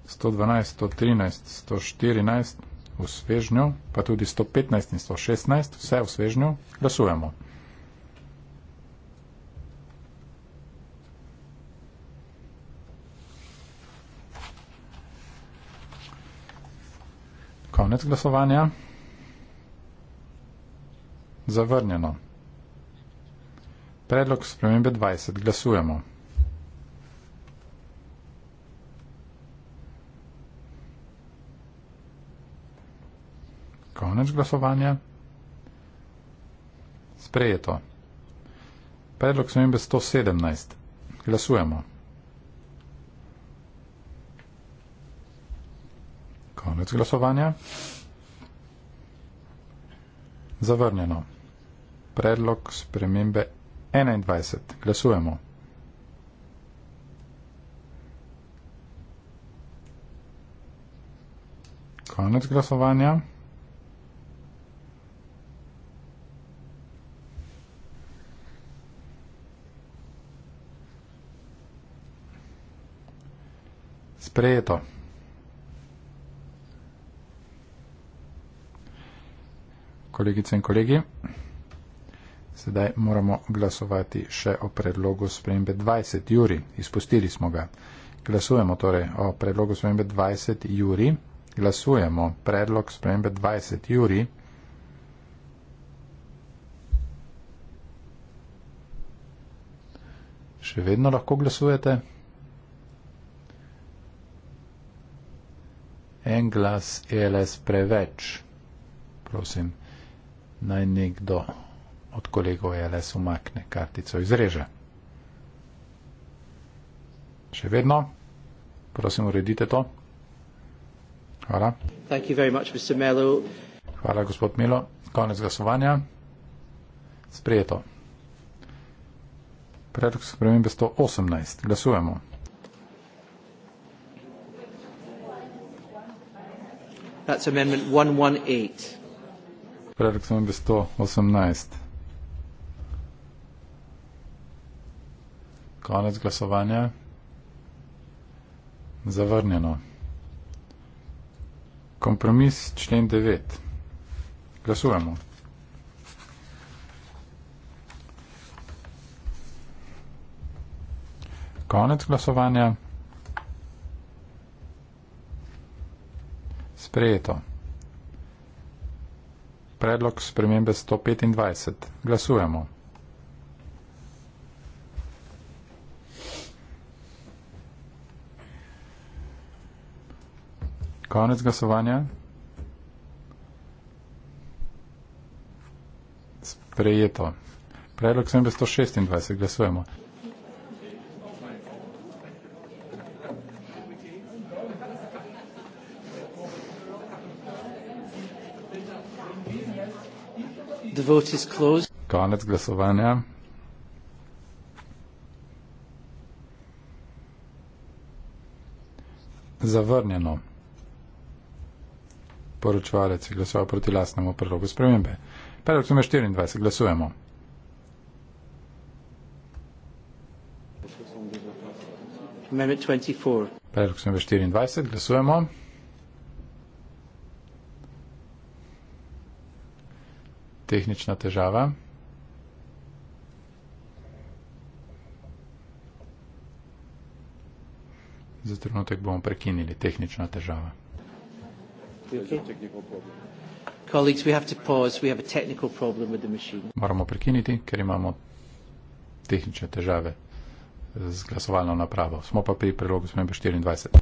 S2: Сто дванадцать, сто тринадцать, сто четырнадцать v svežnju, pa tudi 115 in 116, vse v svežnju, glasujemo. Konec glasovanja. Zavrnjeno. Predlog spremembe 20. Glasujemo. konec glasovanja. Sprejeto. Predlog smembe 117. Glasujemo. Konec glasovanja. Zavrnjeno. Predlog spremembe 21. Glasujemo. Konec glasovanja. sprejeto. Kolegice in kolegi, sedaj moramo glasovati še o predlogu spremembe 20. Juri, izpustili smo ga. Glasujemo torej o predlogu spremembe 20. Juri. Glasujemo predlog spremembe 20. Juri. Še vedno lahko glasujete. en glas ELS preveč. Prosim, naj nekdo od kolegov ELS umakne kartico iz reže. Še vedno, prosim, uredite to. Hvala. Much, Hvala, gospod Milo. Konec glasovanja. Sprejeto. Predlog spremembe 118. Glasujemo.
S1: That's amendment 118.
S2: Predlog sem bi 118. Konec glasovanja. Zavrnjeno. Kompromis člen 9. Glasujemo. Konec glasovanja. sprejeto. Predlog spremembe 125. Glasujemo. Konec glasovanja. Sprejeto. Predlog sem 126. Glasujemo. Konec glasovanja. Zavrnjeno. Poročevalec je glasoval proti lastnemu predlogu spremembe. Predlog sume 24. Glasujemo. Predlog sume 24. Glasujemo. tehnična težava. Za trenutek bomo prekinili tehnično težavo. Moramo prekiniti, ker imamo tehnične težave z glasovalno napravo. Smo pa pri prilogu smembe 24.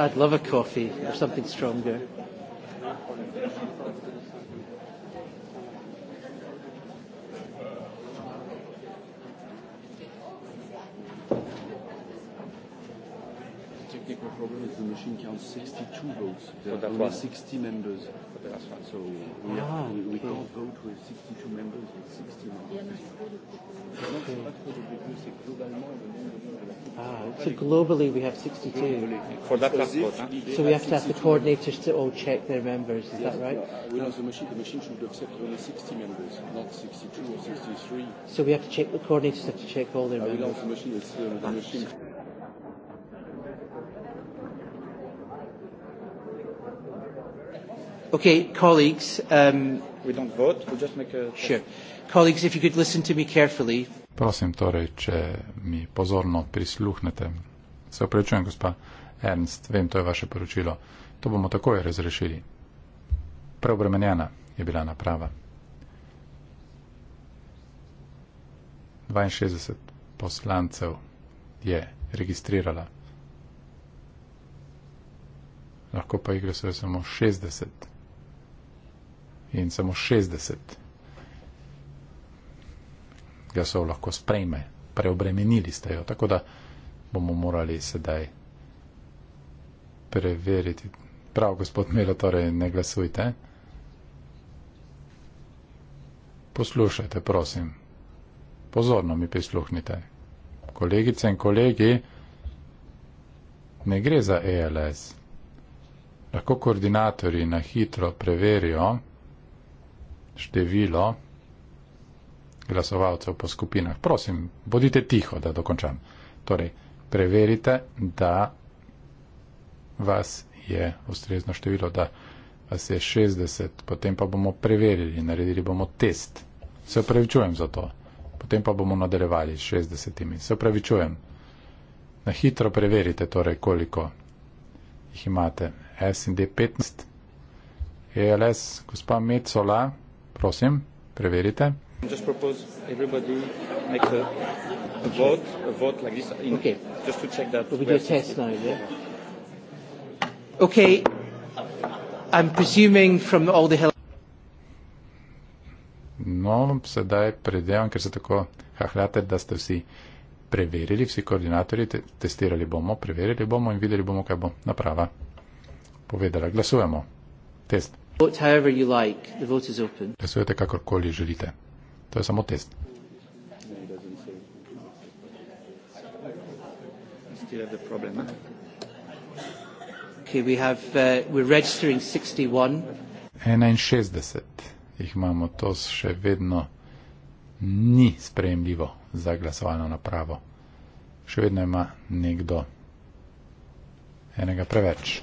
S1: I'd love a coffee or something stronger.
S6: 62 votes yeah. for that only 60 members for that one. So we, ah, we, we can't vote with 62 members, with 60 members. No, ah, so
S1: globally we have 62. For that passport. So we have to have the coordinators to all check their members, is yes, that right? No,
S6: uh, no. The, machine, the machine should accept only 60 members, not 62 or 63.
S1: So we have to check, the coordinators have to check all their members. Uh, we know the machine
S6: is, uh, the ah. machine.
S1: Okay, colleagues. Um, we don't vote, we just make a. Vote. Sure. Colleagues, if you could listen to me carefully.
S2: Prosim torej, če mi pozorno prisluhnete. Se oprečujem, gospa Ernst, vem, to je vaše poročilo. To bomo takoj razrešili. Preobremenjena je bila naprava. 62 poslancev je registrirala. Lahko pa igra se samo 60 in samo 60 glasov lahko sprejme. Preobremenili ste jo, tako da bomo morali sedaj preveriti. Prav, gospod Mila, torej ne glasujte. Poslušajte, prosim. Pozorno mi prisluhnite. Kolegice in kolegi, ne gre za ELS. Lahko koordinatori na hitro preverijo, število glasovalcev po skupinah. Prosim, bodite tiho, da dokončam. Torej, preverite, da vas je ustrezno število, da vas je 60, potem pa bomo preverili, naredili bomo test. Se upravičujem za to. Potem pa bomo nadaljevali s 60. Se upravičujem. Na hitro preverite, torej, koliko jih imate. S in D15, ELS, gospa Mecola, prosim, preverite. No, sedaj predevam, ker se tako hahljate, da ste vsi preverili, vsi koordinatorji, te, testirali bomo, preverili bomo in videli bomo, kaj bo naprava povedala. Glasujemo. Test. Glasujete kakorkoli želite. To je samo test.
S1: Okay, we have, uh, we're registering 61
S2: jih imamo, to še vedno ni sprejemljivo za glasovalno napravo. Še vedno ima nekdo enega preveč.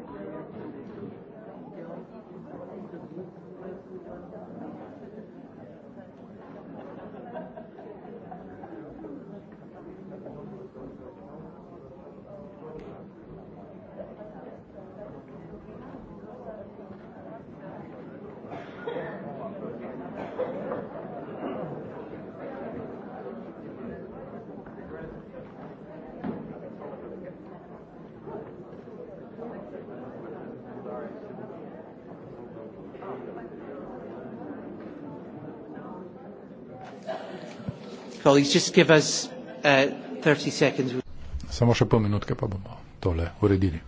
S1: Please give us, uh, 30
S2: Samo še pol minutke, pa bomo tole uredili.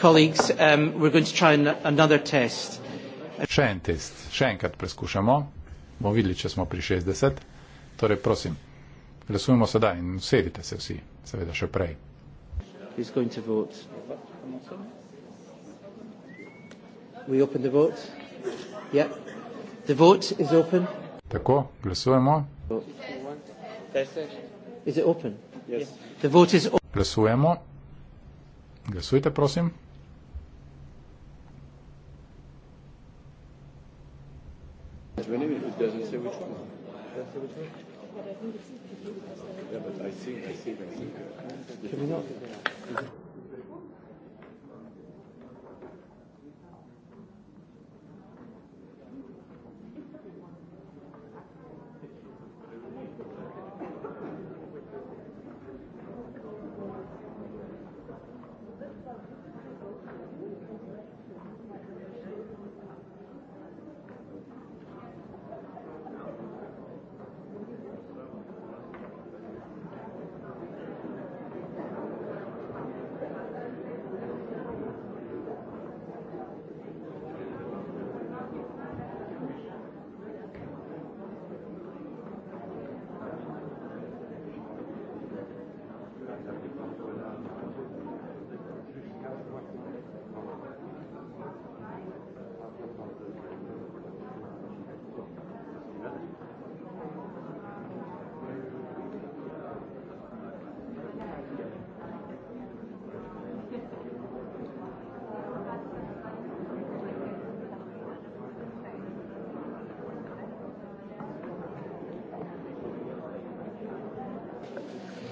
S2: colleagues, um, we're going to try an, another test. Še en test, še enkrat preskušamo. Bomo videli, če smo pri 60. Torej, prosim, glasujemo sedaj in sedite se vsi, seveda še prej. Tako, glasujemo. Glasujemo. Glasujte, prosim.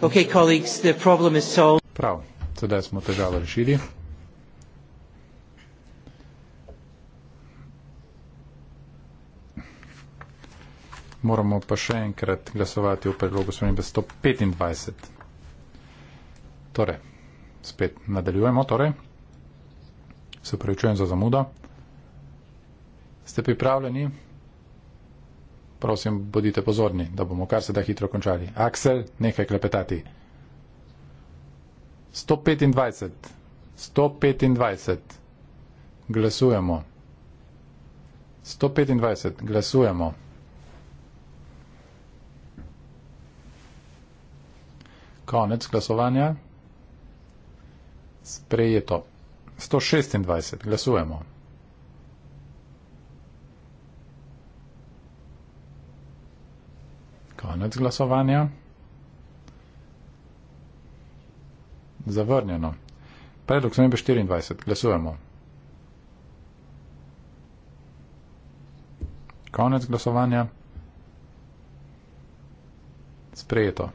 S1: Okay, colleagues, the problem is solved. Prav, sedaj
S2: smo težavo rešili. Moramo pa še enkrat glasovati v predlogu spremembe 125. Torej, spet nadaljujemo, torej. Se upravičujem za zamudo. Ste pripravljeni? prosim, bodite pozorni, da bomo kar se da hitro končali. Aksel, nekaj klepetati. 125, 125, glasujemo. 125, glasujemo. Konec glasovanja. Sprejeto. 126, glasujemo. Konec glasovanja. Zavrnjeno. Predlog sem 24. Glasujemo. Konec glasovanja. Sprejeto.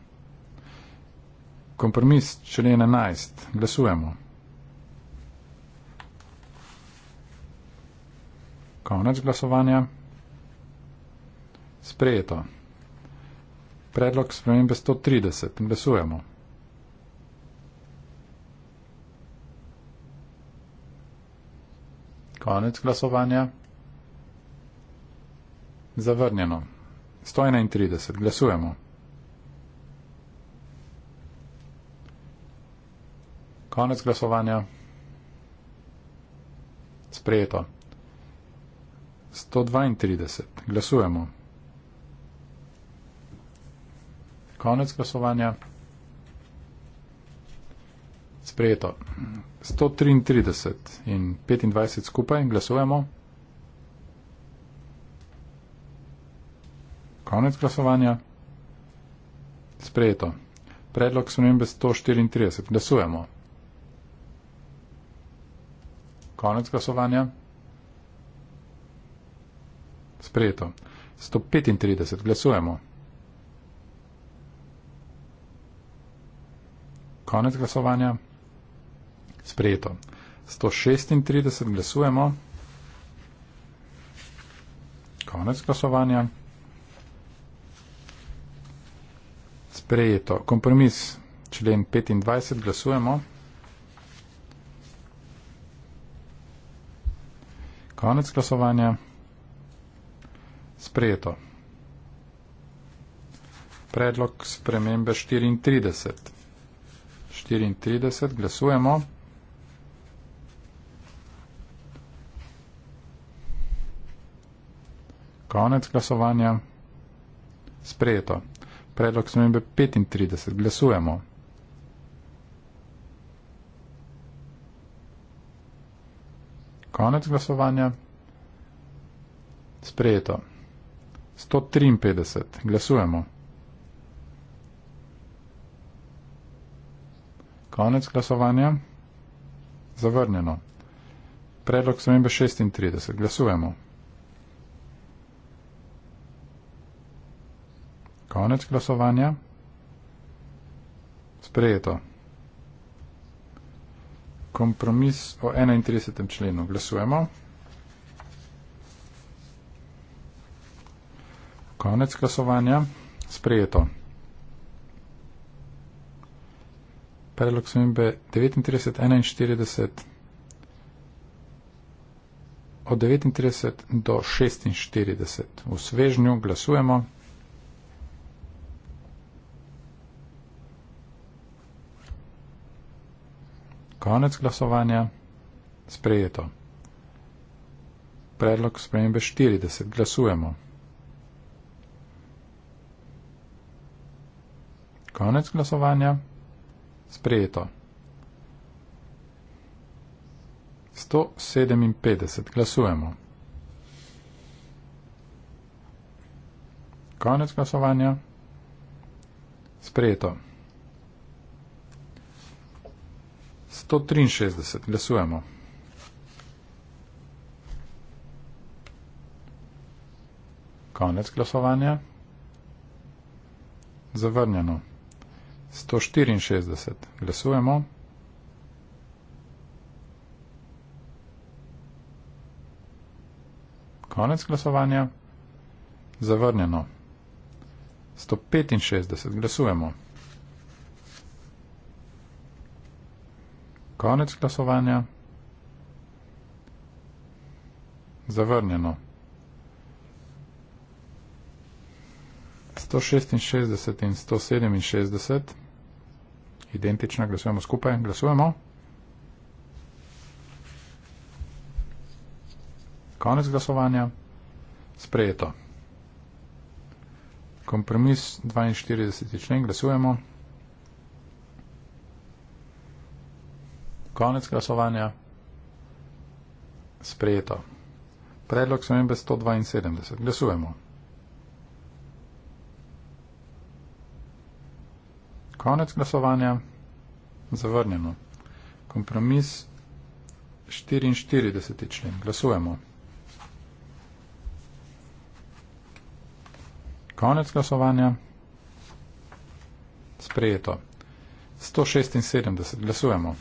S2: Kompromis člen 11. Glasujemo. Konec glasovanja. Sprejeto predlog spremembe 130. Glasujemo. Konec glasovanja. Zavrnjeno. 131. Glasujemo. Konec glasovanja. Sprejeto. 132. Glasujemo. Konec glasovanja. Sprejeto. 133 in 25 skupaj glasujemo. Konec glasovanja. Sprejeto. Predlog spremembe 134. Glasujemo. Konec glasovanja. Sprejeto. 135. Glasujemo. konec glasovanja. Sprejeto. 136 glasujemo. Konec glasovanja. Sprejeto. Kompromis. Člen 25 glasujemo. Konec glasovanja. Sprejeto. Predlog spremembe 34. 34, glasujemo. Konec glasovanja. Sprejeto. Predlog sem 35, glasujemo. Konec glasovanja. Sprejeto. 153, glasujemo. Konec glasovanja. Zavrnjeno. Predlog spremembe 36. Glasujemo. Konec glasovanja. Sprejeto. Kompromis o 31. členu. Glasujemo. Konec glasovanja. Sprejeto. predlog spremembe 39, 41, od 39 do 46. V svežnju glasujemo. Konec glasovanja. Sprejeto. Predlog spremembe 40. Glasujemo. Konec glasovanja. Sprejeto. 157. Glasujemo. Konec glasovanja. Sprejeto. 163. Glasujemo. Konec glasovanja. Zavrnjeno. 164. Glasujemo. Konec glasovanja. Zavrnjeno. 165. Glasujemo. Konec glasovanja. Zavrnjeno. 166 in 167 identična, glasujemo skupaj, glasujemo. Konec glasovanja, sprejeto. Kompromis 42. člen, glasujemo. Konec glasovanja, sprejeto. Predlog sem 172, glasujemo. konec glasovanja. Zavrnjeno. Kompromis 44. člen. Glasujemo. Konec glasovanja. Sprejeto. 176. Glasujemo.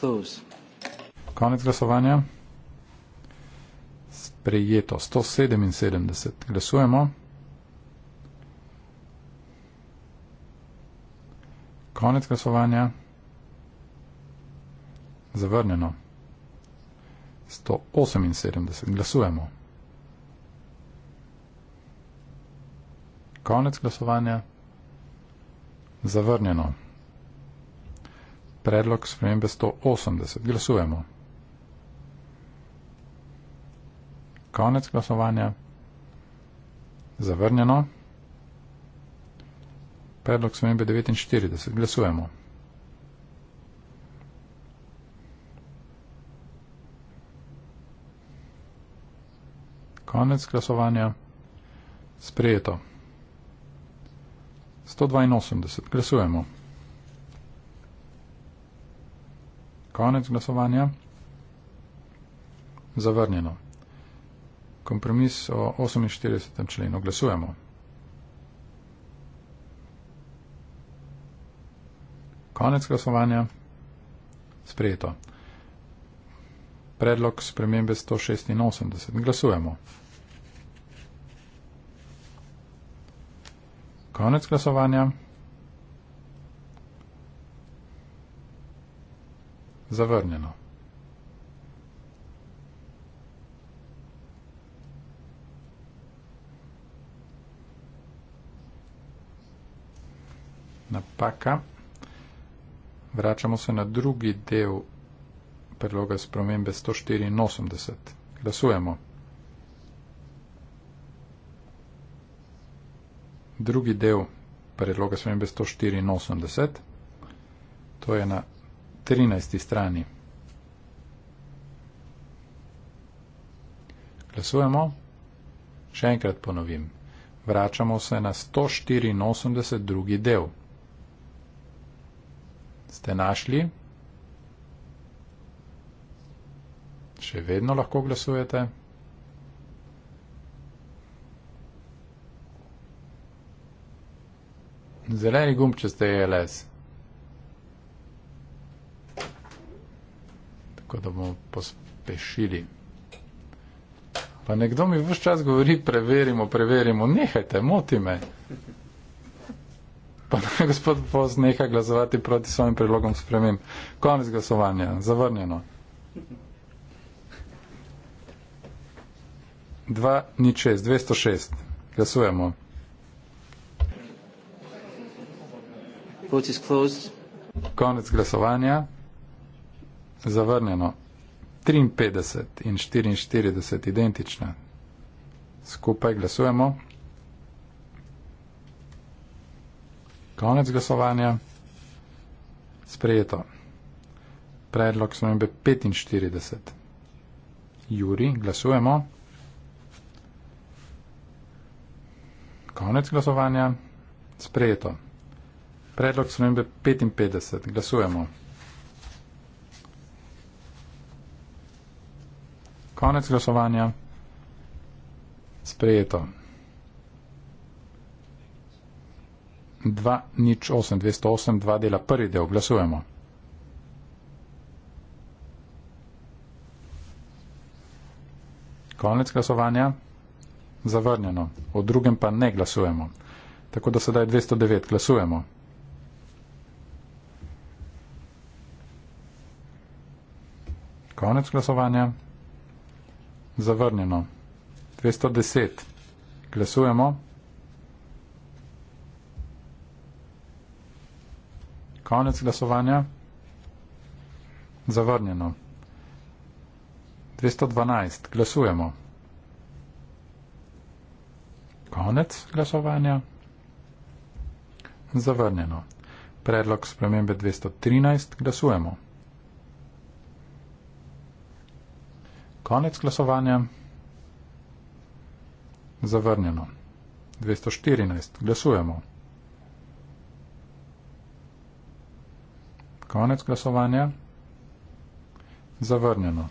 S2: Close. Konec glasovanja. Sprejeto. 177. Glasujemo. Konec glasovanja. Zavrnjeno. 178. Glasujemo. Konec glasovanja. Zavrnjeno. Predlog spremembe 180. Glasujemo. Konec glasovanja. Zavrnjeno predlog smembe 49. Glasujemo. Konec glasovanja. Sprejeto. 182. Glasujemo. Konec glasovanja. Zavrnjeno. Kompromis o 48. členu. Glasujemo. Konec glasovanja. Sprejeto. Predlog spremembe 186. Glasujemo. Konec glasovanja. Zavrnjeno. Napaka. Vračamo se na drugi del predloga spremembe 184. Glasujemo. Drugi del predloga spremembe 184. To je na 13. strani. Glasujemo. Še enkrat ponovim. Vračamo se na 184. drugi del ste našli. Še vedno lahko glasujete. Zeleni gumb, če ste ELS. Tako da bomo pospešili. Pa nekdo mi vse čas govori, preverimo, preverimo. Nehajte, moti me pa naj *laughs* gospod Voz neha glasovati proti svojim predlogom spremem. Konec glasovanja, zavrnjeno. Dva, nič šest, dvesto šest. Glasujemo. Konec glasovanja, zavrnjeno. 53 in 44, identična. Skupaj glasujemo. Konec glasovanja. Sprejeto. Predlog smo imeli 45. Juri, glasujemo. Konec glasovanja. Sprejeto. Predlog smo imeli 55. Glasujemo. Konec glasovanja. Sprejeto. 208 208 2 dela prvi del glasujemo. Konec glasovanja. Zavrnjeno. O drugem pa ne glasujemo. Tako da sedaj 209 glasujemo. Konec glasovanja. Zavrnjeno. 210 glasujemo. Konec glasovanja. Zavrnjeno. 212. Glasujemo. Konec glasovanja. Zavrnjeno. Predlog spremembe 213. Glasujemo. Konec glasovanja. Zavrnjeno. 214. Glasujemo. Konec glasovanja. Zavrnjeno.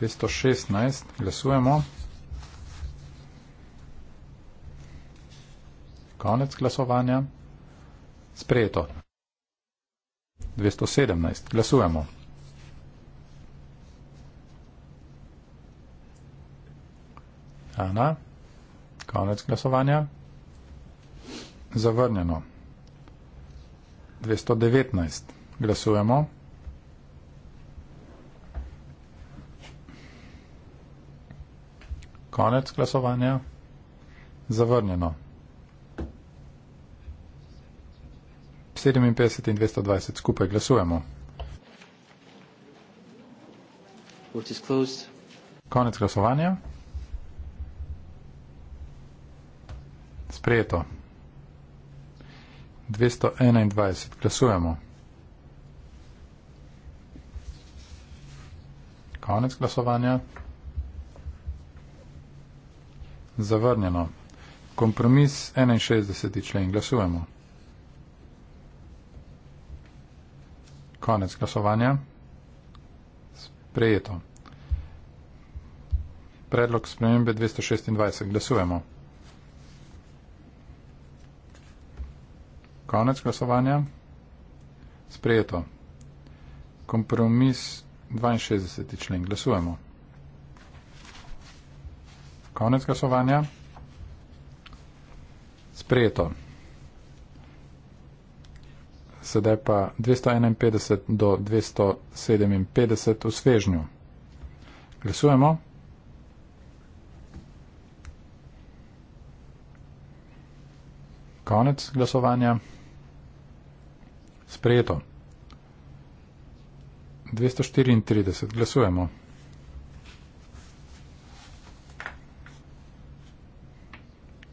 S2: 216. Glasujemo. Konec glasovanja. Sprejeto. 217. Glasujemo. Ana. Konec glasovanja. Zavrnjeno. 219. Glasujemo. Konec glasovanja. Zavrnjeno. 57 in 220 skupaj glasujemo. Konec glasovanja. Sprejeto. 221. Glasujemo. Konec glasovanja. Zavrnjeno. Kompromis 61. člen. Glasujemo. Konec glasovanja. Sprejeto. Predlog spremembe 226. Glasujemo. Konec glasovanja. Sprejeto. Kompromis 62. člen. Glasujemo. Konec glasovanja. Sprejeto. Sedaj pa 251 do 257 v svežnju. Glasujemo. Konec glasovanja. Sprejeto. 234. Glasujemo.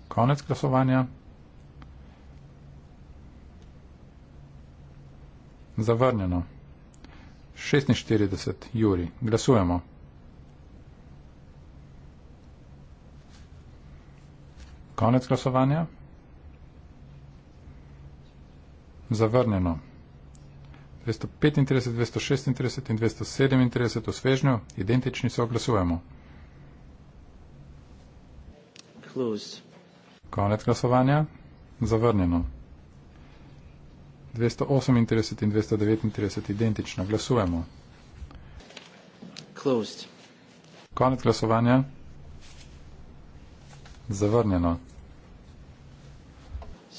S2: Konec glasovanja. Zavrnjeno. 46. Juri. Glasujemo. Konec glasovanja. zavrnjeno. 235, 236 in 237 v svežnju, identični so, glasujemo. Closed. Konec glasovanja, zavrnjeno. 238 in 239 identično, glasujemo. Closed. Konec glasovanja, zavrnjeno.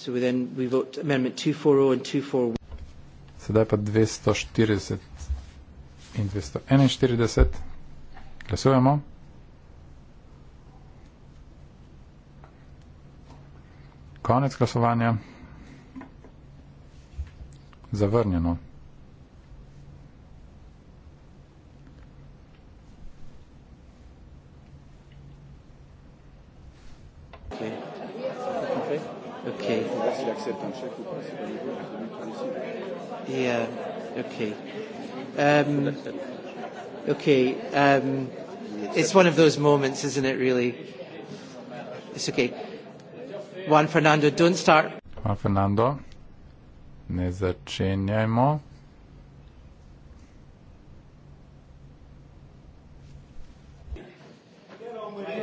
S1: So we then we vote amendment 240 and 241.
S2: Sedaj pa 240 in 241. Glasujemo. Konec glasovanja. Zavrnjeno.
S1: Um, okay. Um, it's one of those moments, isn't it, really? It's okay. Juan Fernando, don't start.
S2: Juan Fernando, ne začenjajmo.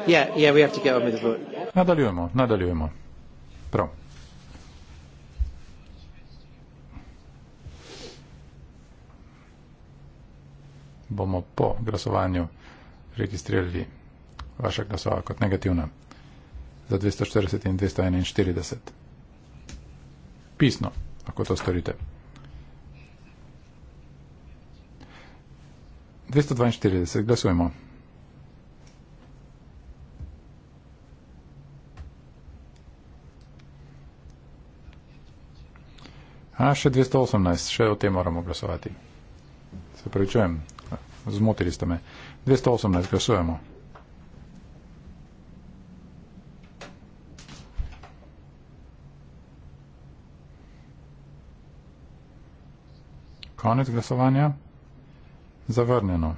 S1: Yeah, yeah, we have to get on with the vote.
S2: Nadaljujemo, nadaljujemo. Prav. bomo po glasovanju registrirali vaše glasova kot negativna za 240 in 241. Pisno, ako to storite. 242, glasujemo. A še 218, še o tem moramo glasovati. Se pravi, čujem, Zmotili ste me. 218, glasujemo. Konec glasovanja. Zavrnjeno.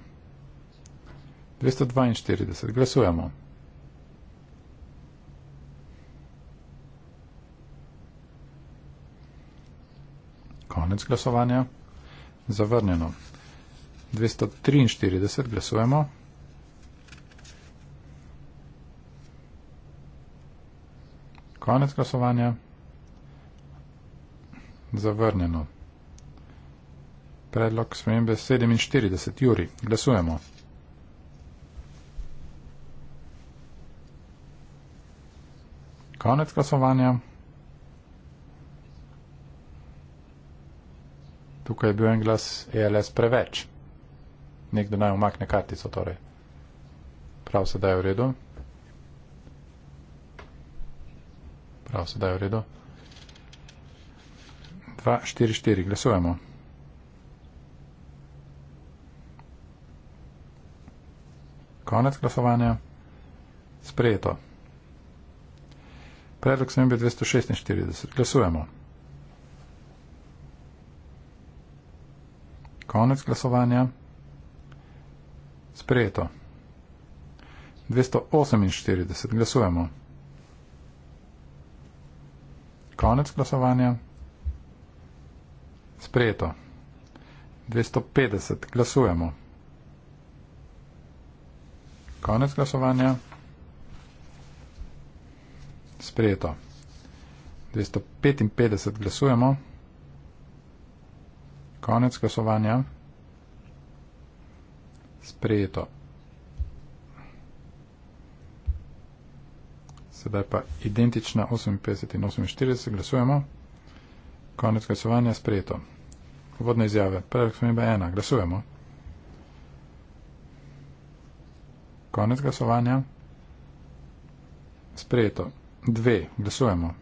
S2: 242, glasujemo. Konec glasovanja. Zavrnjeno. 243 glasujemo. Konec glasovanja. Zavrnjeno. Predlog spremembe 47. Juri. Glasujemo. Konec glasovanja. Tukaj je bil en glas ELS preveč nekdo naj omakne kartico. Torej. Prav se da je v redu. Prav se da je v redu. 2-4-4, glasujemo. Konec glasovanja. Sprejeto. Predlog sem bil 246. Glasujemo. Konec glasovanja. Sprejeto. 248. Glasujemo. Konec glasovanja. Sprejeto. 250. Glasujemo. Konec glasovanja. Sprejeto. 255. Glasujemo. Konec glasovanja sprejeto. Sedaj pa identična 58 in 48 glasujemo. Konec glasovanja sprejeto. Vodne izjave. Predlog smo imeli ena. Glasujemo. Konec glasovanja. Sprejeto. Dve. Glasujemo.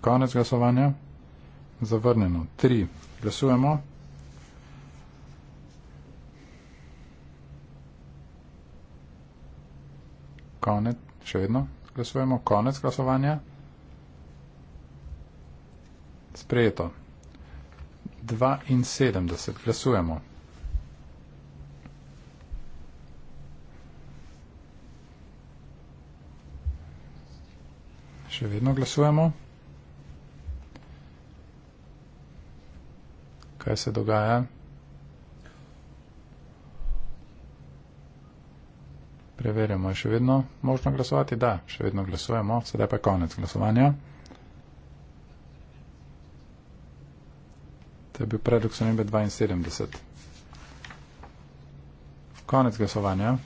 S2: Konec glasovanja. Zavrnjeno. Tri. Glasujemo. Konec, še vedno glasujemo. Konec glasovanja. Sprejeto. 72. Glasujemo. Še vedno glasujemo. kaj se dogaja. Preverjamo, je še vedno možno glasovati? Da, še vedno glasujemo, sedaj pa je konec glasovanja. To je bil predlog sonebe 72. Konec glasovanja.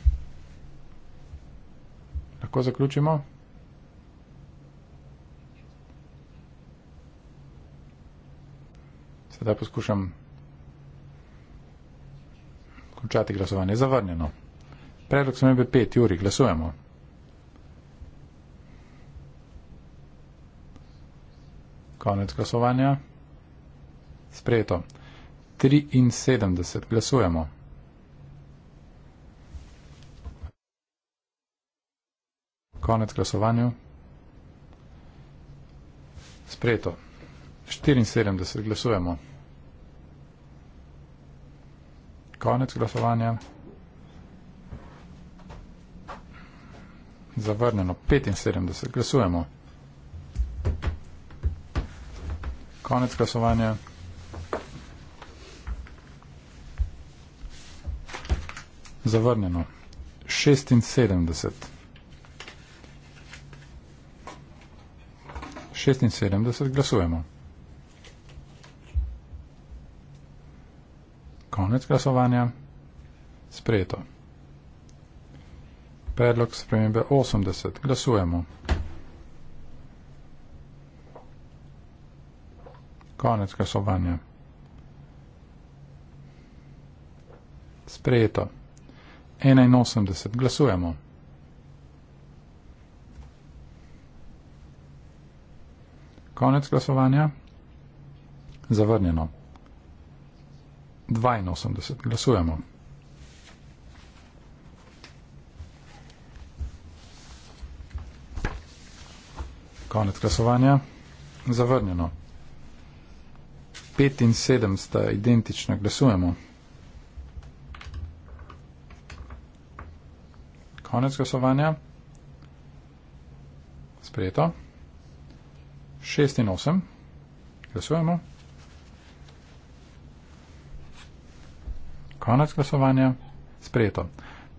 S2: Lahko zaključimo? sedaj poskušam končati glasovanje. Zavrnjeno. Predlog sem bil pet, Juri, glasujemo. Konec glasovanja. Sprejeto. 73. Glasujemo. Konec glasovanja. Sprejeto. 74. Glasujemo. konec glasovanja. Zavrnjeno 75. Glasujemo. Konec glasovanja. Zavrnjeno 76. 76. Glasujemo. Konec glasovanja. Sprejeto. Predlog spremembe 80. Glasujemo. Konec glasovanja. Sprejeto. 81. Glasujemo. Konec glasovanja. Zavrnjeno. 82. Glasujemo. Konec glasovanja. Zavrnjeno. 5 in 7 sta identična. Glasujemo. Konec glasovanja. Sprejeto. 6 in 8. Glasujemo. Konec glasovanja. Sprejeto.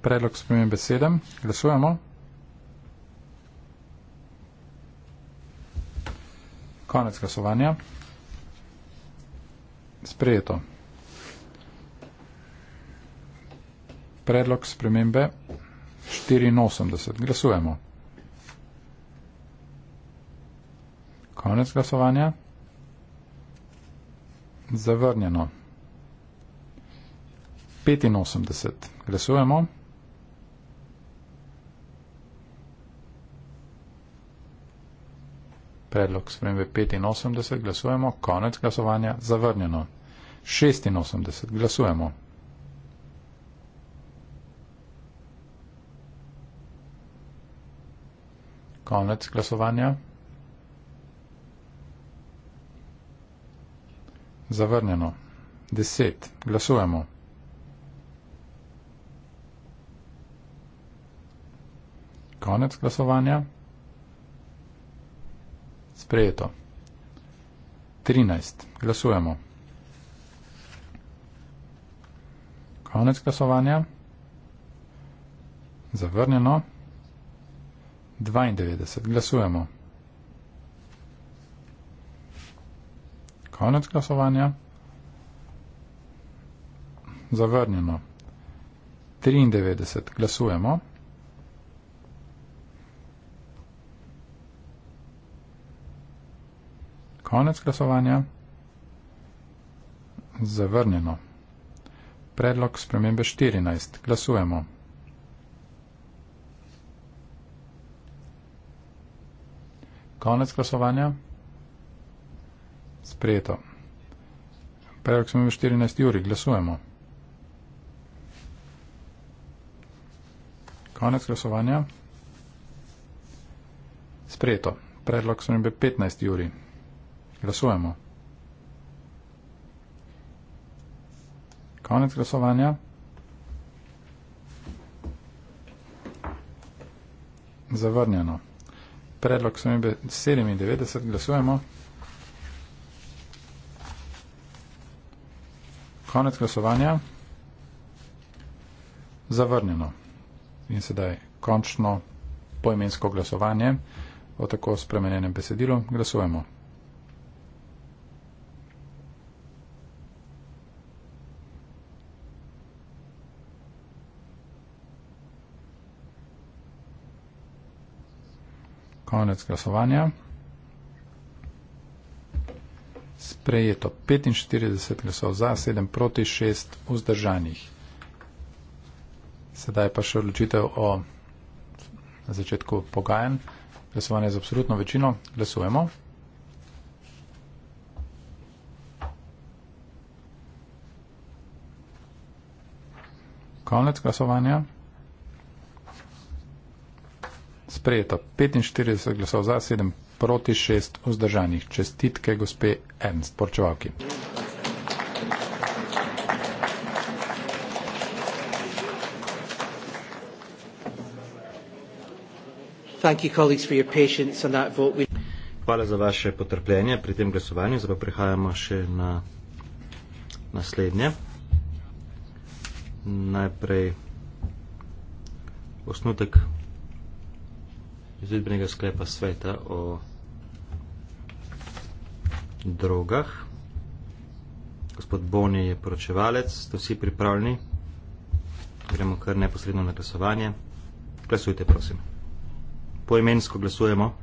S2: Predlog spremembe 7. Glasujemo. Konec glasovanja. Sprejeto. Predlog spremembe 84. Glasujemo. Konec glasovanja. Zavrnjeno. 85. Glasujemo. Predlog spremembe 85. Glasujemo. Konec glasovanja. Zavrnjeno. 86. Glasujemo. Konec glasovanja. Zavrnjeno. 10. Glasujemo. konec glasovanja. Sprejeto. 13. Glasujemo. Konec glasovanja. Zavrnjeno. 92. Glasujemo. Konec glasovanja. Zavrnjeno. 93. Glasujemo. Konec glasovanja. Zavrnjeno. Predlog spremembe 14. Glasujemo. Konec glasovanja. Sprejeto. Predlog spremembe 14. Juri. Glasujemo. Konec glasovanja. Sprejeto. Predlog spremembe 15. Juri. Glasujemo. Konec glasovanja. Zavrnjeno. Predlog so 97. Glasujemo. Konec glasovanja. Zavrnjeno. In sedaj končno poimensko glasovanje o tako spremenjenem besedilu. Glasujemo. konec glasovanja. Sprejeto 45 glasov za, 7 proti, 6 vzdržanih. Sedaj pa še odločitev o začetku pogajanj. Glasovanje z absolutno večino. Glasujemo. Konec glasovanja sprejeto 45 glasov za, 7 proti 6 vzdržanih. Čestitke gospe Ernst, porčevalki.
S4: Hvala za vaše potrpljenje pri tem glasovanju, zdaj pa prehajamo še na naslednje. Najprej osnutek izvedbenega sklepa sveta o drogah. Gospod Boni je poročevalec, ste vsi pripravljeni? Gremo kar neposredno na glasovanje. Glasujte, prosim. Poimensko glasujemo.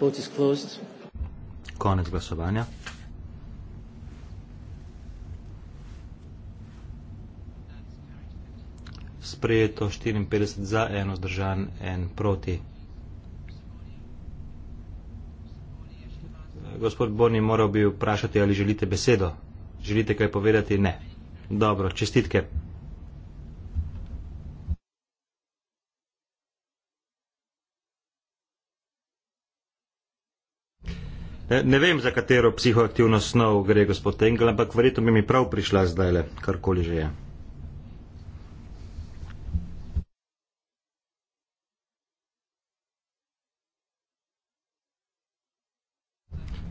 S1: Vote is closed.
S4: Konec glasovanja. sprejeto 54 za, eno zdržan, en proti. Gospod Borni moral bi vprašati, ali želite besedo. Želite kaj povedati? Ne. Dobro, čestitke. Ne vem, za katero psihoaktivno snov gre gospod Engel, ampak verjetno bi mi prav prišla zdaj le, karkoli že je.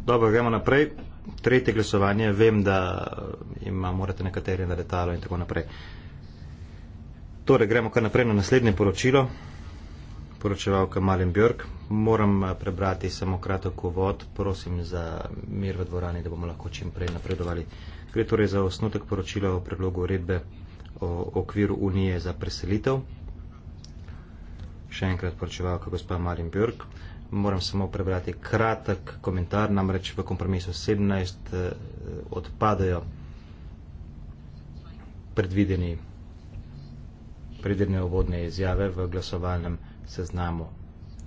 S4: Dobro, gremo naprej. Tretje glasovanje, vem, da ima, morate nekateri na letalo in tako naprej. Torej, gremo kar naprej na naslednje poročilo, poročevalka Malin Björk. Moram eh, prebrati samo kratek uvod, prosim za mir v dvorani, da bomo lahko čim prej napredovali. Gre torej za osnutek poročila o predlogu uredbe o okviru Unije za preselitev. Še enkrat poročevalka gospa Malin Björk moram samo prebrati kratek komentar, namreč v kompromisu 17 eh, odpadajo predvideni predvidene obodne izjave v glasovalnem seznamu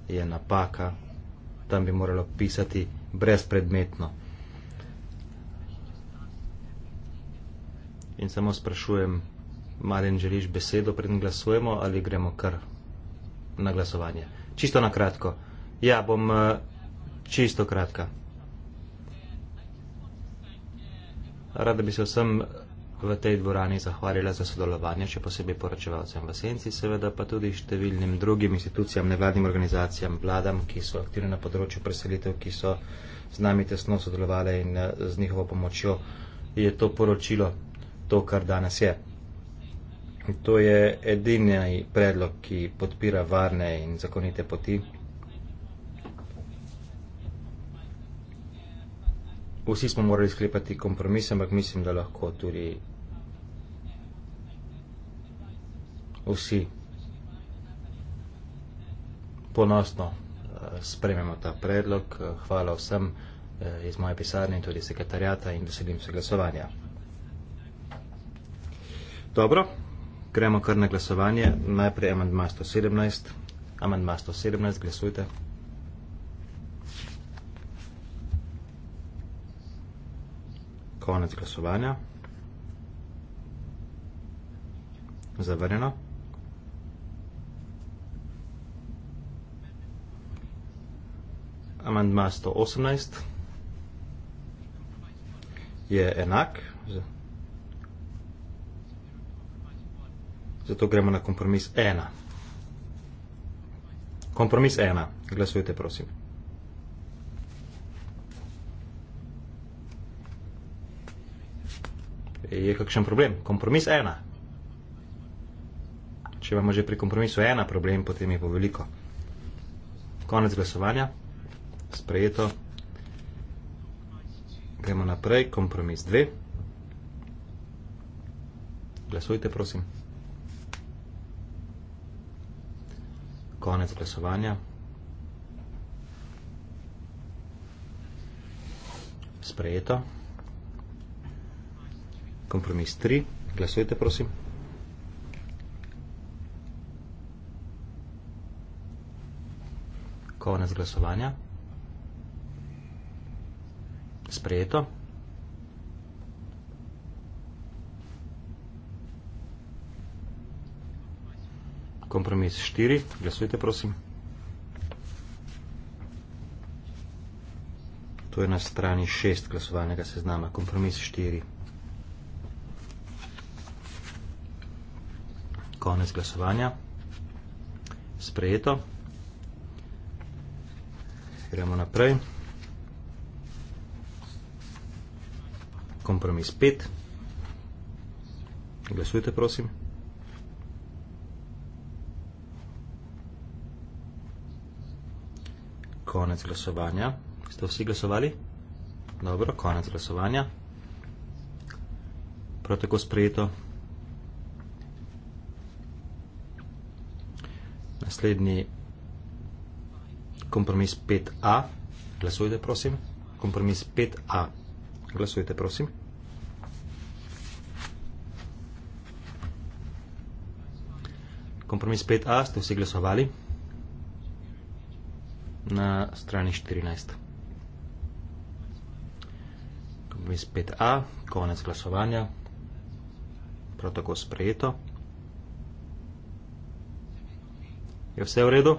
S4: je napaka, tam bi moralo pisati brezpredmetno. In samo sprašujem, Marin, želiš besedo pred glasujemo ali gremo kar na glasovanje? Čisto na kratko. Ja, bom uh, čisto kratka. Rada bi se vsem v tej dvorani zahvalila za sodelovanje, še posebej poročevalcem v Senci, seveda pa tudi številnim drugim institucijam, nevladnim organizacijam, vladam, ki so aktivne na področju preselitev, ki so z nami tesno sodelovali in eh, z njihovo pomočjo je to poročilo to, kar danes je. To je edini predlog, ki podpira varne in zakonite poti vsi smo morali sklepati kompromise, ampak mislim, da lahko tudi vsi ponosno eh, sprememo ta predlog. Hvala vsem eh, iz moje pisarne in tudi sekretarjata in veselim se glasovanja. Dobro, gremo kar na glasovanje. Najprej amandma 117. Amandma 117, glasujte. konec glasovanja. Zavrnjeno. Amandma 118 je enak, zato gremo na kompromis 1. Kompromis 1, glasujte prosim. je kakšen problem. Kompromis ena. Če imamo že pri kompromisu ena problem, potem je pa veliko. Konec glasovanja, sprejeto. Gremo naprej, kompromis dve. Glasujte, prosim. Konec glasovanja. Sprejeto kompromis 3. Glasujte, prosim. Konec glasovanja. Sprejeto. Kompromis 4. Glasujte, prosim. To je na strani 6 glasovalnega seznama. Kompromis 4. konec glasovanja. Sprejeto. Gremo naprej. Kompromis 5. Glasujte, prosim. Konec glasovanja. Ste vsi glasovali? Dobro, konec glasovanja. Prav tako sprejeto. Naslednji kompromis 5A. Glasujte, prosim. Kompromis 5A. Glasujte, prosim. Kompromis 5A ste vsi glasovali na strani 14. Kompromis 5A, konec glasovanja, prav tako sprejeto. Je vse v redu?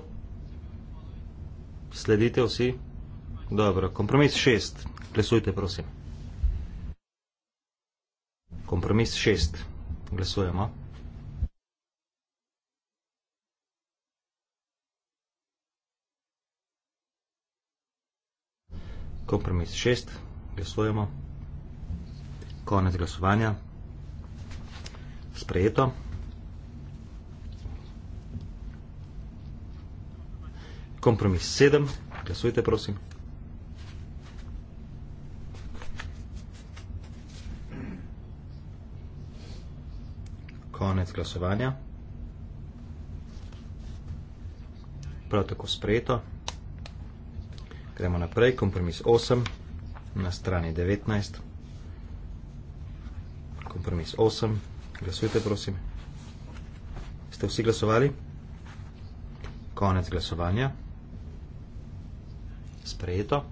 S4: Sledite vsi? Dobro, kompromis šest. Glesujte, prosim. Kompromis šest. Glesujemo. Kompromis šest. Glesujemo. Konec glasovanja. Sprejeto. Sprejeto. Kompromis 7. Glasujte, prosim. Konec glasovanja. Prav tako sprejeto. Gremo naprej. Kompromis 8 na strani 19. Kompromis 8. Glasujte, prosim. Ste vsi glasovali? Konec glasovanja sprejeto.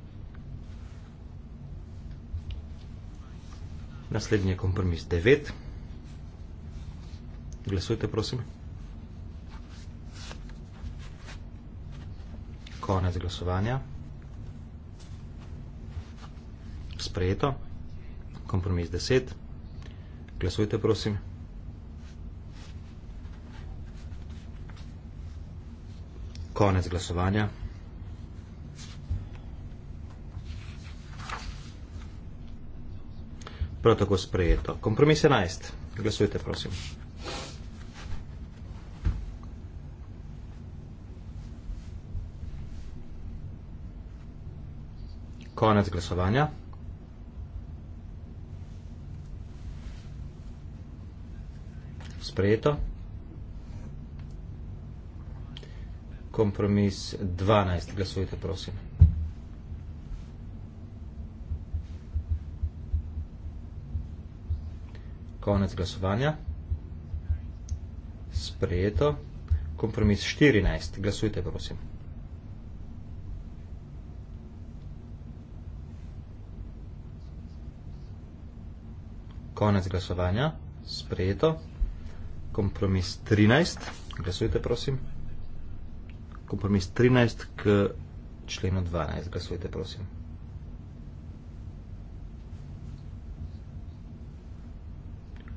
S4: Naslednji je kompromis 9. Glasujte, prosim. Konec glasovanja. Sprejeto. Kompromis 10. Glasujte, prosim. Konec glasovanja. prav tako sprejeto. Kompromis 11. Glasujte, prosim. Konec glasovanja. Sprejeto. Kompromis 12. Glasujte, prosim. Konec glasovanja. Sprejeto. Kompromis 14. Glasujte, prosim. Konec glasovanja. Sprejeto. Kompromis 13. Glasujte, prosim. Kompromis 13 k členu 12. Glasujte, prosim.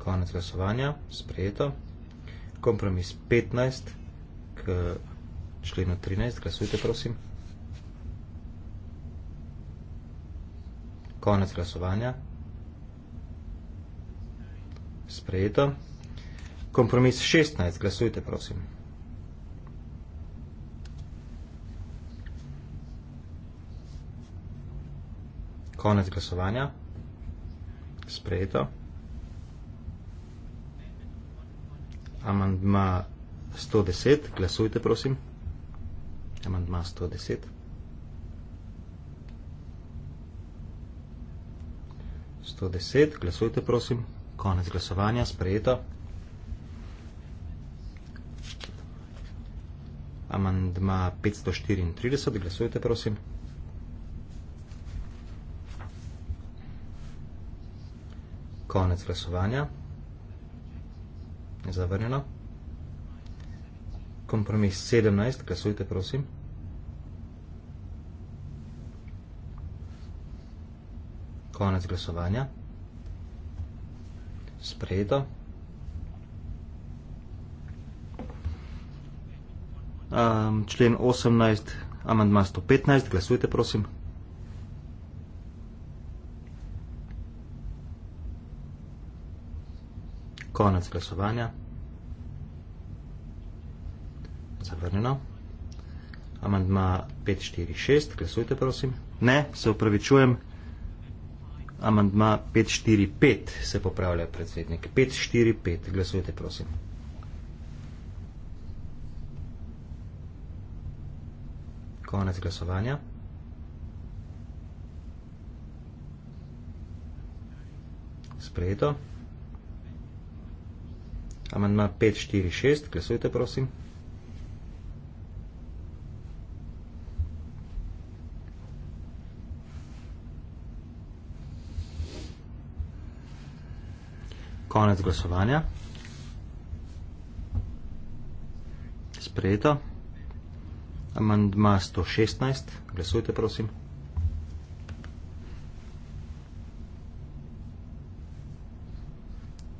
S4: konec glasovanja, sprejeto. Kompromis 15 k členu 13, glasujte, prosim. Konec glasovanja, sprejeto. Kompromis 16, glasujte, prosim. Konec glasovanja, sprejeto. amandma 110, glasujte prosim. Amandma 110. deset, glasujte prosim. Konec glasovanja, sprejeto. Amandma 534, glasujte prosim. Konec glasovanja. Zavrnjeno. Kompromis 17, glasujte prosim. Konec glasovanja. Sprejeto. Um, člen 18, amandma 115, glasujte prosim. Konec glasovanja. Zavrnjeno. Amandma 546, glasujte prosim. Ne, se upravičujem. Amandma 545 se popravlja predsednik. 545, glasujte prosim. Konec glasovanja. Sprejeto. Amandma 5, 4, 6. Glasujte, prosim. Konec glasovanja. Sprejeto. Amandma 116. Glasujte, prosim.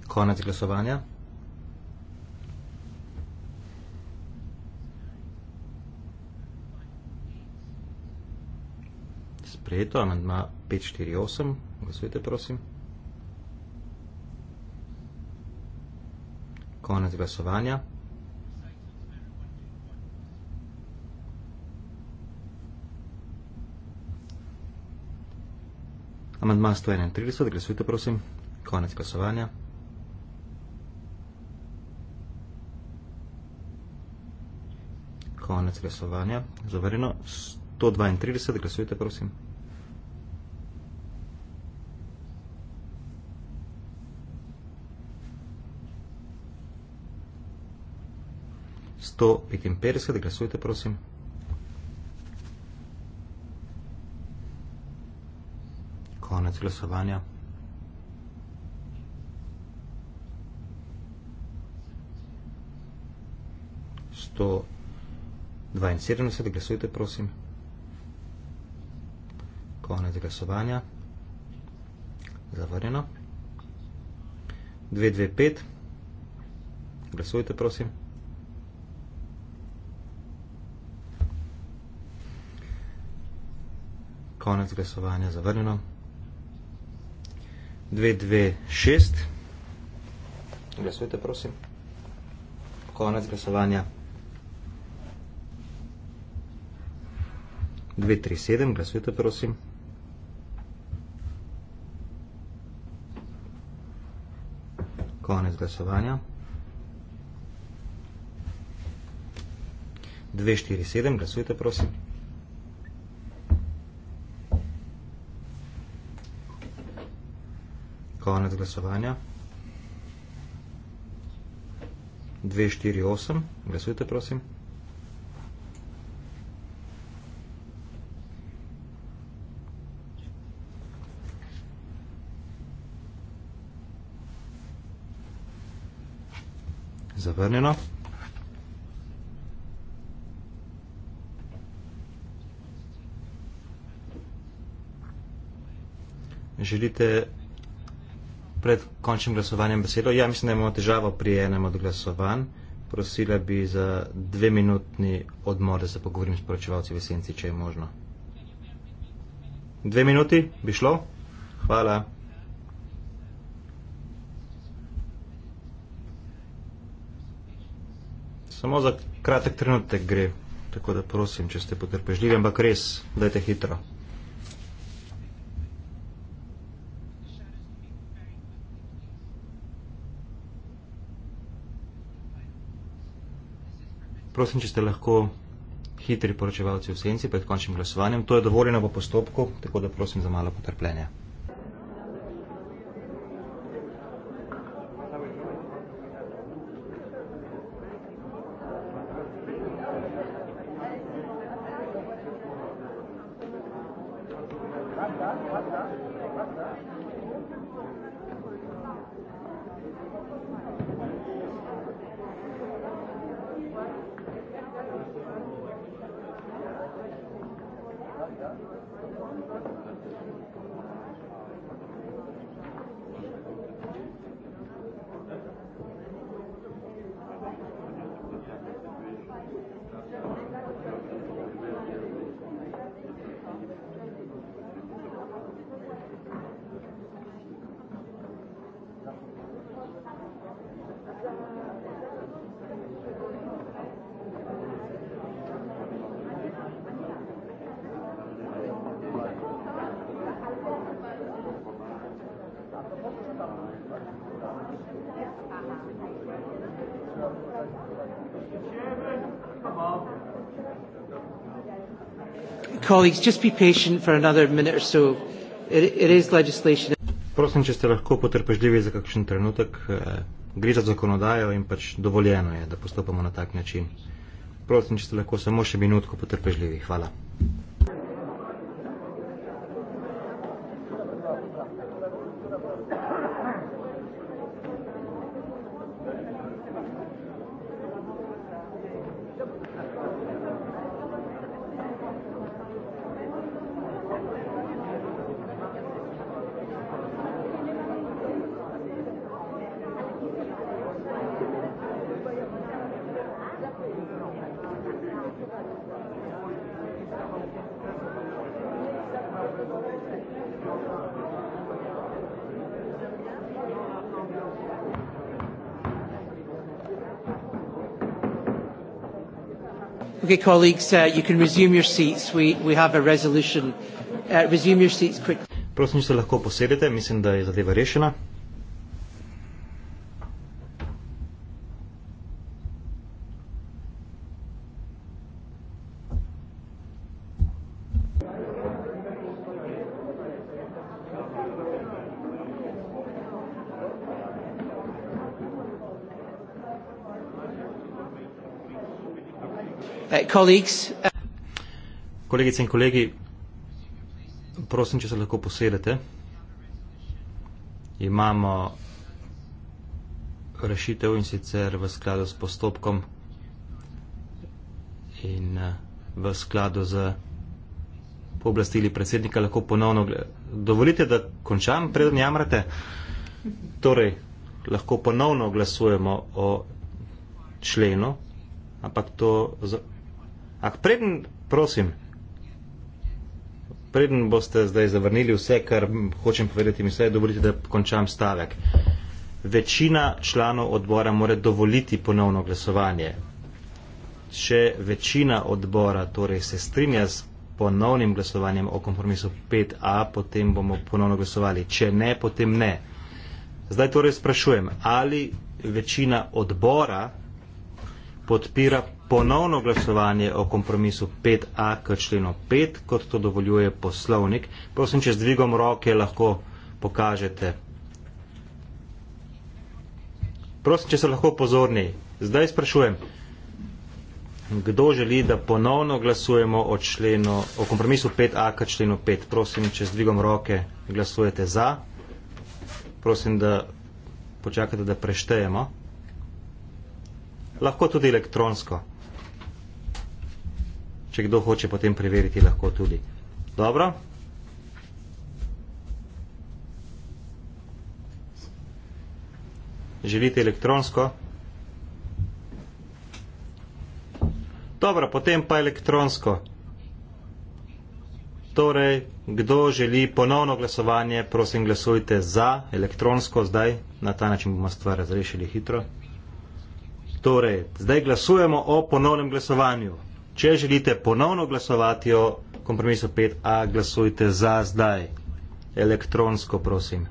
S4: Konec glasovanja. sprejeto, amantma 548, glasujte prosim. Konec glasovanja. Amantma 131, glasujte prosim. Konec glasovanja. Konec glasovanja. Zavarjeno 132, glasujte prosim. 155, glasujte, prosim. Konec glasovanja. Sto dvainsedemdeset, glasujte, prosim. Konec glasovanja. Zavrnjeno. Dve, dve, pet. Glasujte, prosim. konec glasovanja zavrnjeno. 226. Glasujte, prosim. Konec glasovanja. 237. Glasujte, prosim. 247. Glasujte, prosim. konec glasovanja. 248, glasujte prosim. Zavrnjeno. Želite pred končnim glasovanjem besedo. Ja, mislim, da imamo težavo pri enem od glasovanj. Prosila bi za dve minutni odmor, da se pogovorim s poročevalci v Senci, če je možno. Dve minuti bi šlo? Hvala. Samo za kratek trenutek gre, tako da prosim, če ste potrpežljivi, ampak res, dajte hitro. Prosim, če ste lahko hitri poročevalci v senci pred končnim glasovanjem. To je dovoljeno po postopku, tako da prosim za malo potrpljenja. Colleagues, just be patient for another minute or so. It, it is legislation. Prosim, če ste lahko potrpežljivi za kakšen trenutek, eh, gre za zakonodajo in pač dovoljeno je, da postopamo na tak način. Prosim, če ste lahko samo še minutko potrpežljivi. Hvala.
S1: Okay, colleagues, uh, you can resume your seats. We, we have a resolution. Uh, resume your seats quickly.
S4: Prosim, se lahko posedete. Mislim, da je zadeva rešena. Kolegice in kolegi, prosim, če se lahko posedete. Imamo rešitev in sicer v skladu s postopkom in eh, v skladu z pooblastili predsednika lahko ponovno. Dovolite, da končam, preden jamrate. Torej, lahko ponovno glasujemo o členu, ampak to Ah, preden, prosim, preden boste zdaj zavrnili vse, kar hočem povedati, mi se je dovolite, da končam stavek. Večina članov odbora mora dovoliti ponovno glasovanje. Če večina odbora torej se strinja z ponovnim glasovanjem o kompromisu 5a, potem bomo ponovno glasovali. Če ne, potem ne. Zdaj torej sprašujem, ali večina odbora podpira ponovno glasovanje o kompromisu 5a k členu 5, kot to dovoljuje poslovnik. Prosim, če z dvigom roke lahko pokažete. Prosim, če so lahko pozorni. Zdaj sprašujem, kdo želi, da ponovno glasujemo o, členu, o kompromisu 5a k členu 5. Prosim, če z dvigom roke glasujete za. Prosim, da počakate, da preštejemo. Lahko tudi elektronsko če kdo hoče potem preveriti, lahko tudi. Dobro? Želite elektronsko? Dobro, potem pa elektronsko. Torej, kdo želi ponovno glasovanje, prosim glasujte za elektronsko, zdaj na ta način bomo stvar razrešili hitro. Torej, zdaj glasujemo o ponovnem glasovanju. Če želite ponovno glasovati o kompromisu 5a, glasujte za zdaj. Elektronsko, prosim.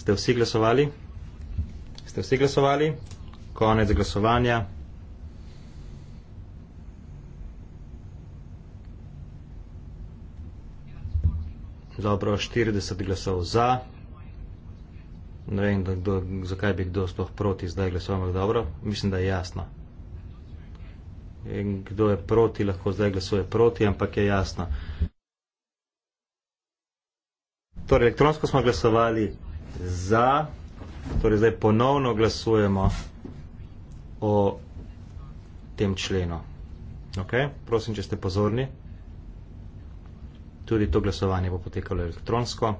S4: Ste vsi glasovali? Ste vsi glasovali? Konec glasovanja. Dobro, 40 glasov za ne vem, da, kdo, zakaj bi kdo sploh proti zdaj glasoval, ampak dobro, mislim, da je jasno. In kdo je proti, lahko zdaj glasuje proti, ampak je jasno. Torej, elektronsko smo glasovali za, torej zdaj ponovno glasujemo o tem členu. Ok, prosim, če ste pozorni. Tudi to glasovanje bo potekalo elektronsko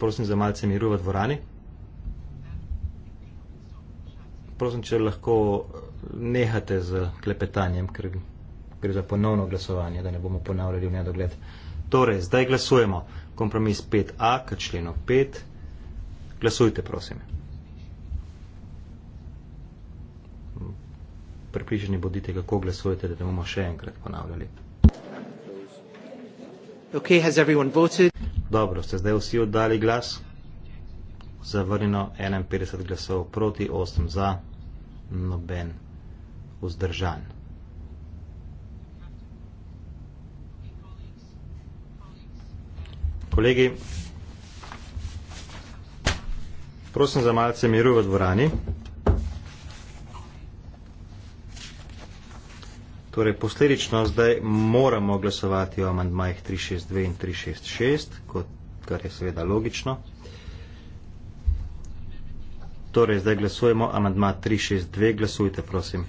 S4: prosim za malce miru v dvorani. Prosim, če lahko eh, nehate z klepetanjem, ker gre za ponovno glasovanje, da ne bomo ponavljali v nedogled. Torej, zdaj glasujemo. Kompromis 5a k členu 5. Glasujte, prosim. Pripričani bodite, kako glasujete, da ne bomo še enkrat ponavljali. Okay, Dobro, ste zdaj vsi oddali glas? Zavrnjeno 51 glasov proti, 8 za, noben vzdržan. Kolegi, prosim za malce miru v dvorani. Torej, posledično zdaj moramo glasovati o amandmajih 362 in 366, kot, kar je seveda logično. Torej, zdaj glasujemo amandma 362, glasujte, prosim.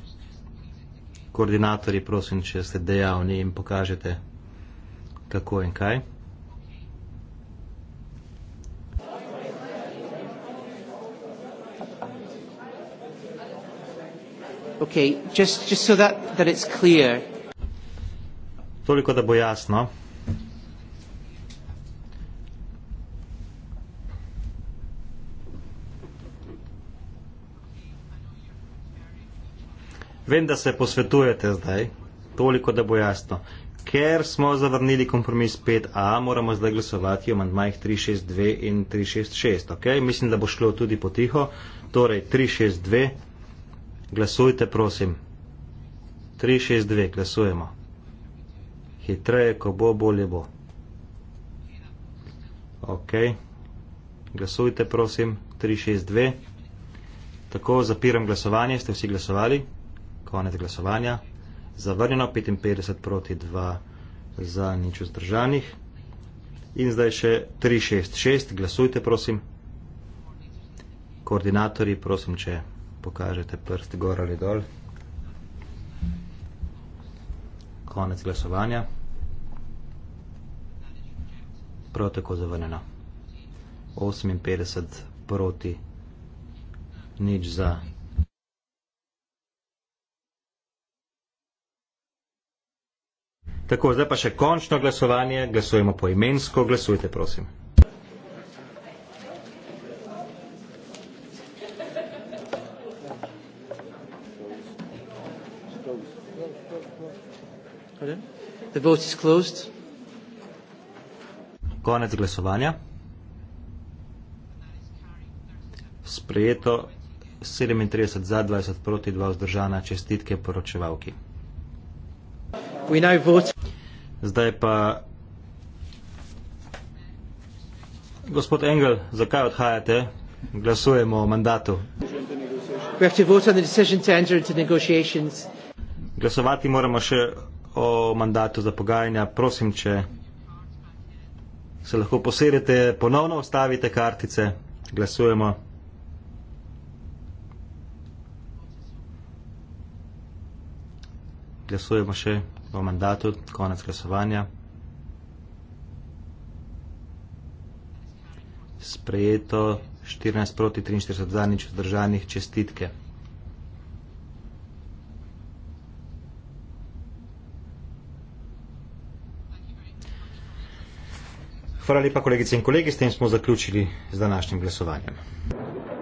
S4: Koordinatorji, prosim, če ste dejavni in pokažete, kako in kaj.
S1: Okay, just, just so that, that it's clear. Toliko, da bo jasno.
S4: Vem, da se posvetujete zdaj, toliko, da bo jasno. Ker smo zavrnili kompromis 5a, moramo zdaj glasovati o mandmajih 362 in 366. Okay? Mislim, da bo šlo tudi potiho. Torej, 362. Glasujte, prosim. 362, glasujemo. Hitreje, ko bo, bolje bo. Ok. Glasujte, prosim. 362. Tako zapiram glasovanje, ste vsi glasovali. Konec glasovanja. Zavrnjeno 55 proti 2 za nič vzdržanih. In zdaj še 366, glasujte, prosim. Koordinatorji, prosim, če pokažete prst gor ali dol. Konec glasovanja. Prav tako zavrnjeno. 58 proti, nič za. Tako, zdaj pa še končno glasovanje. Glasujemo poimensko. Glasujte, prosim. The vote is closed. Konec glasovanja. Sprejeto 37 za, 20 proti, 2 vzdržana čestitke poročevalki. Zdaj pa gospod Engel, zakaj odhajate? Glasujemo o mandatu. Glasovati moramo še o mandatu za pogajanja. Prosim, če se lahko posedete, ponovno ostavite kartice, glasujemo. Glasujemo še o mandatu, konec glasovanja. Sprejeto 14 proti 43 zadnjič vzdržanih čestitke. Hvala lepa, kolegice in kolegi, s tem smo zaključili z današnjim glasovanjem.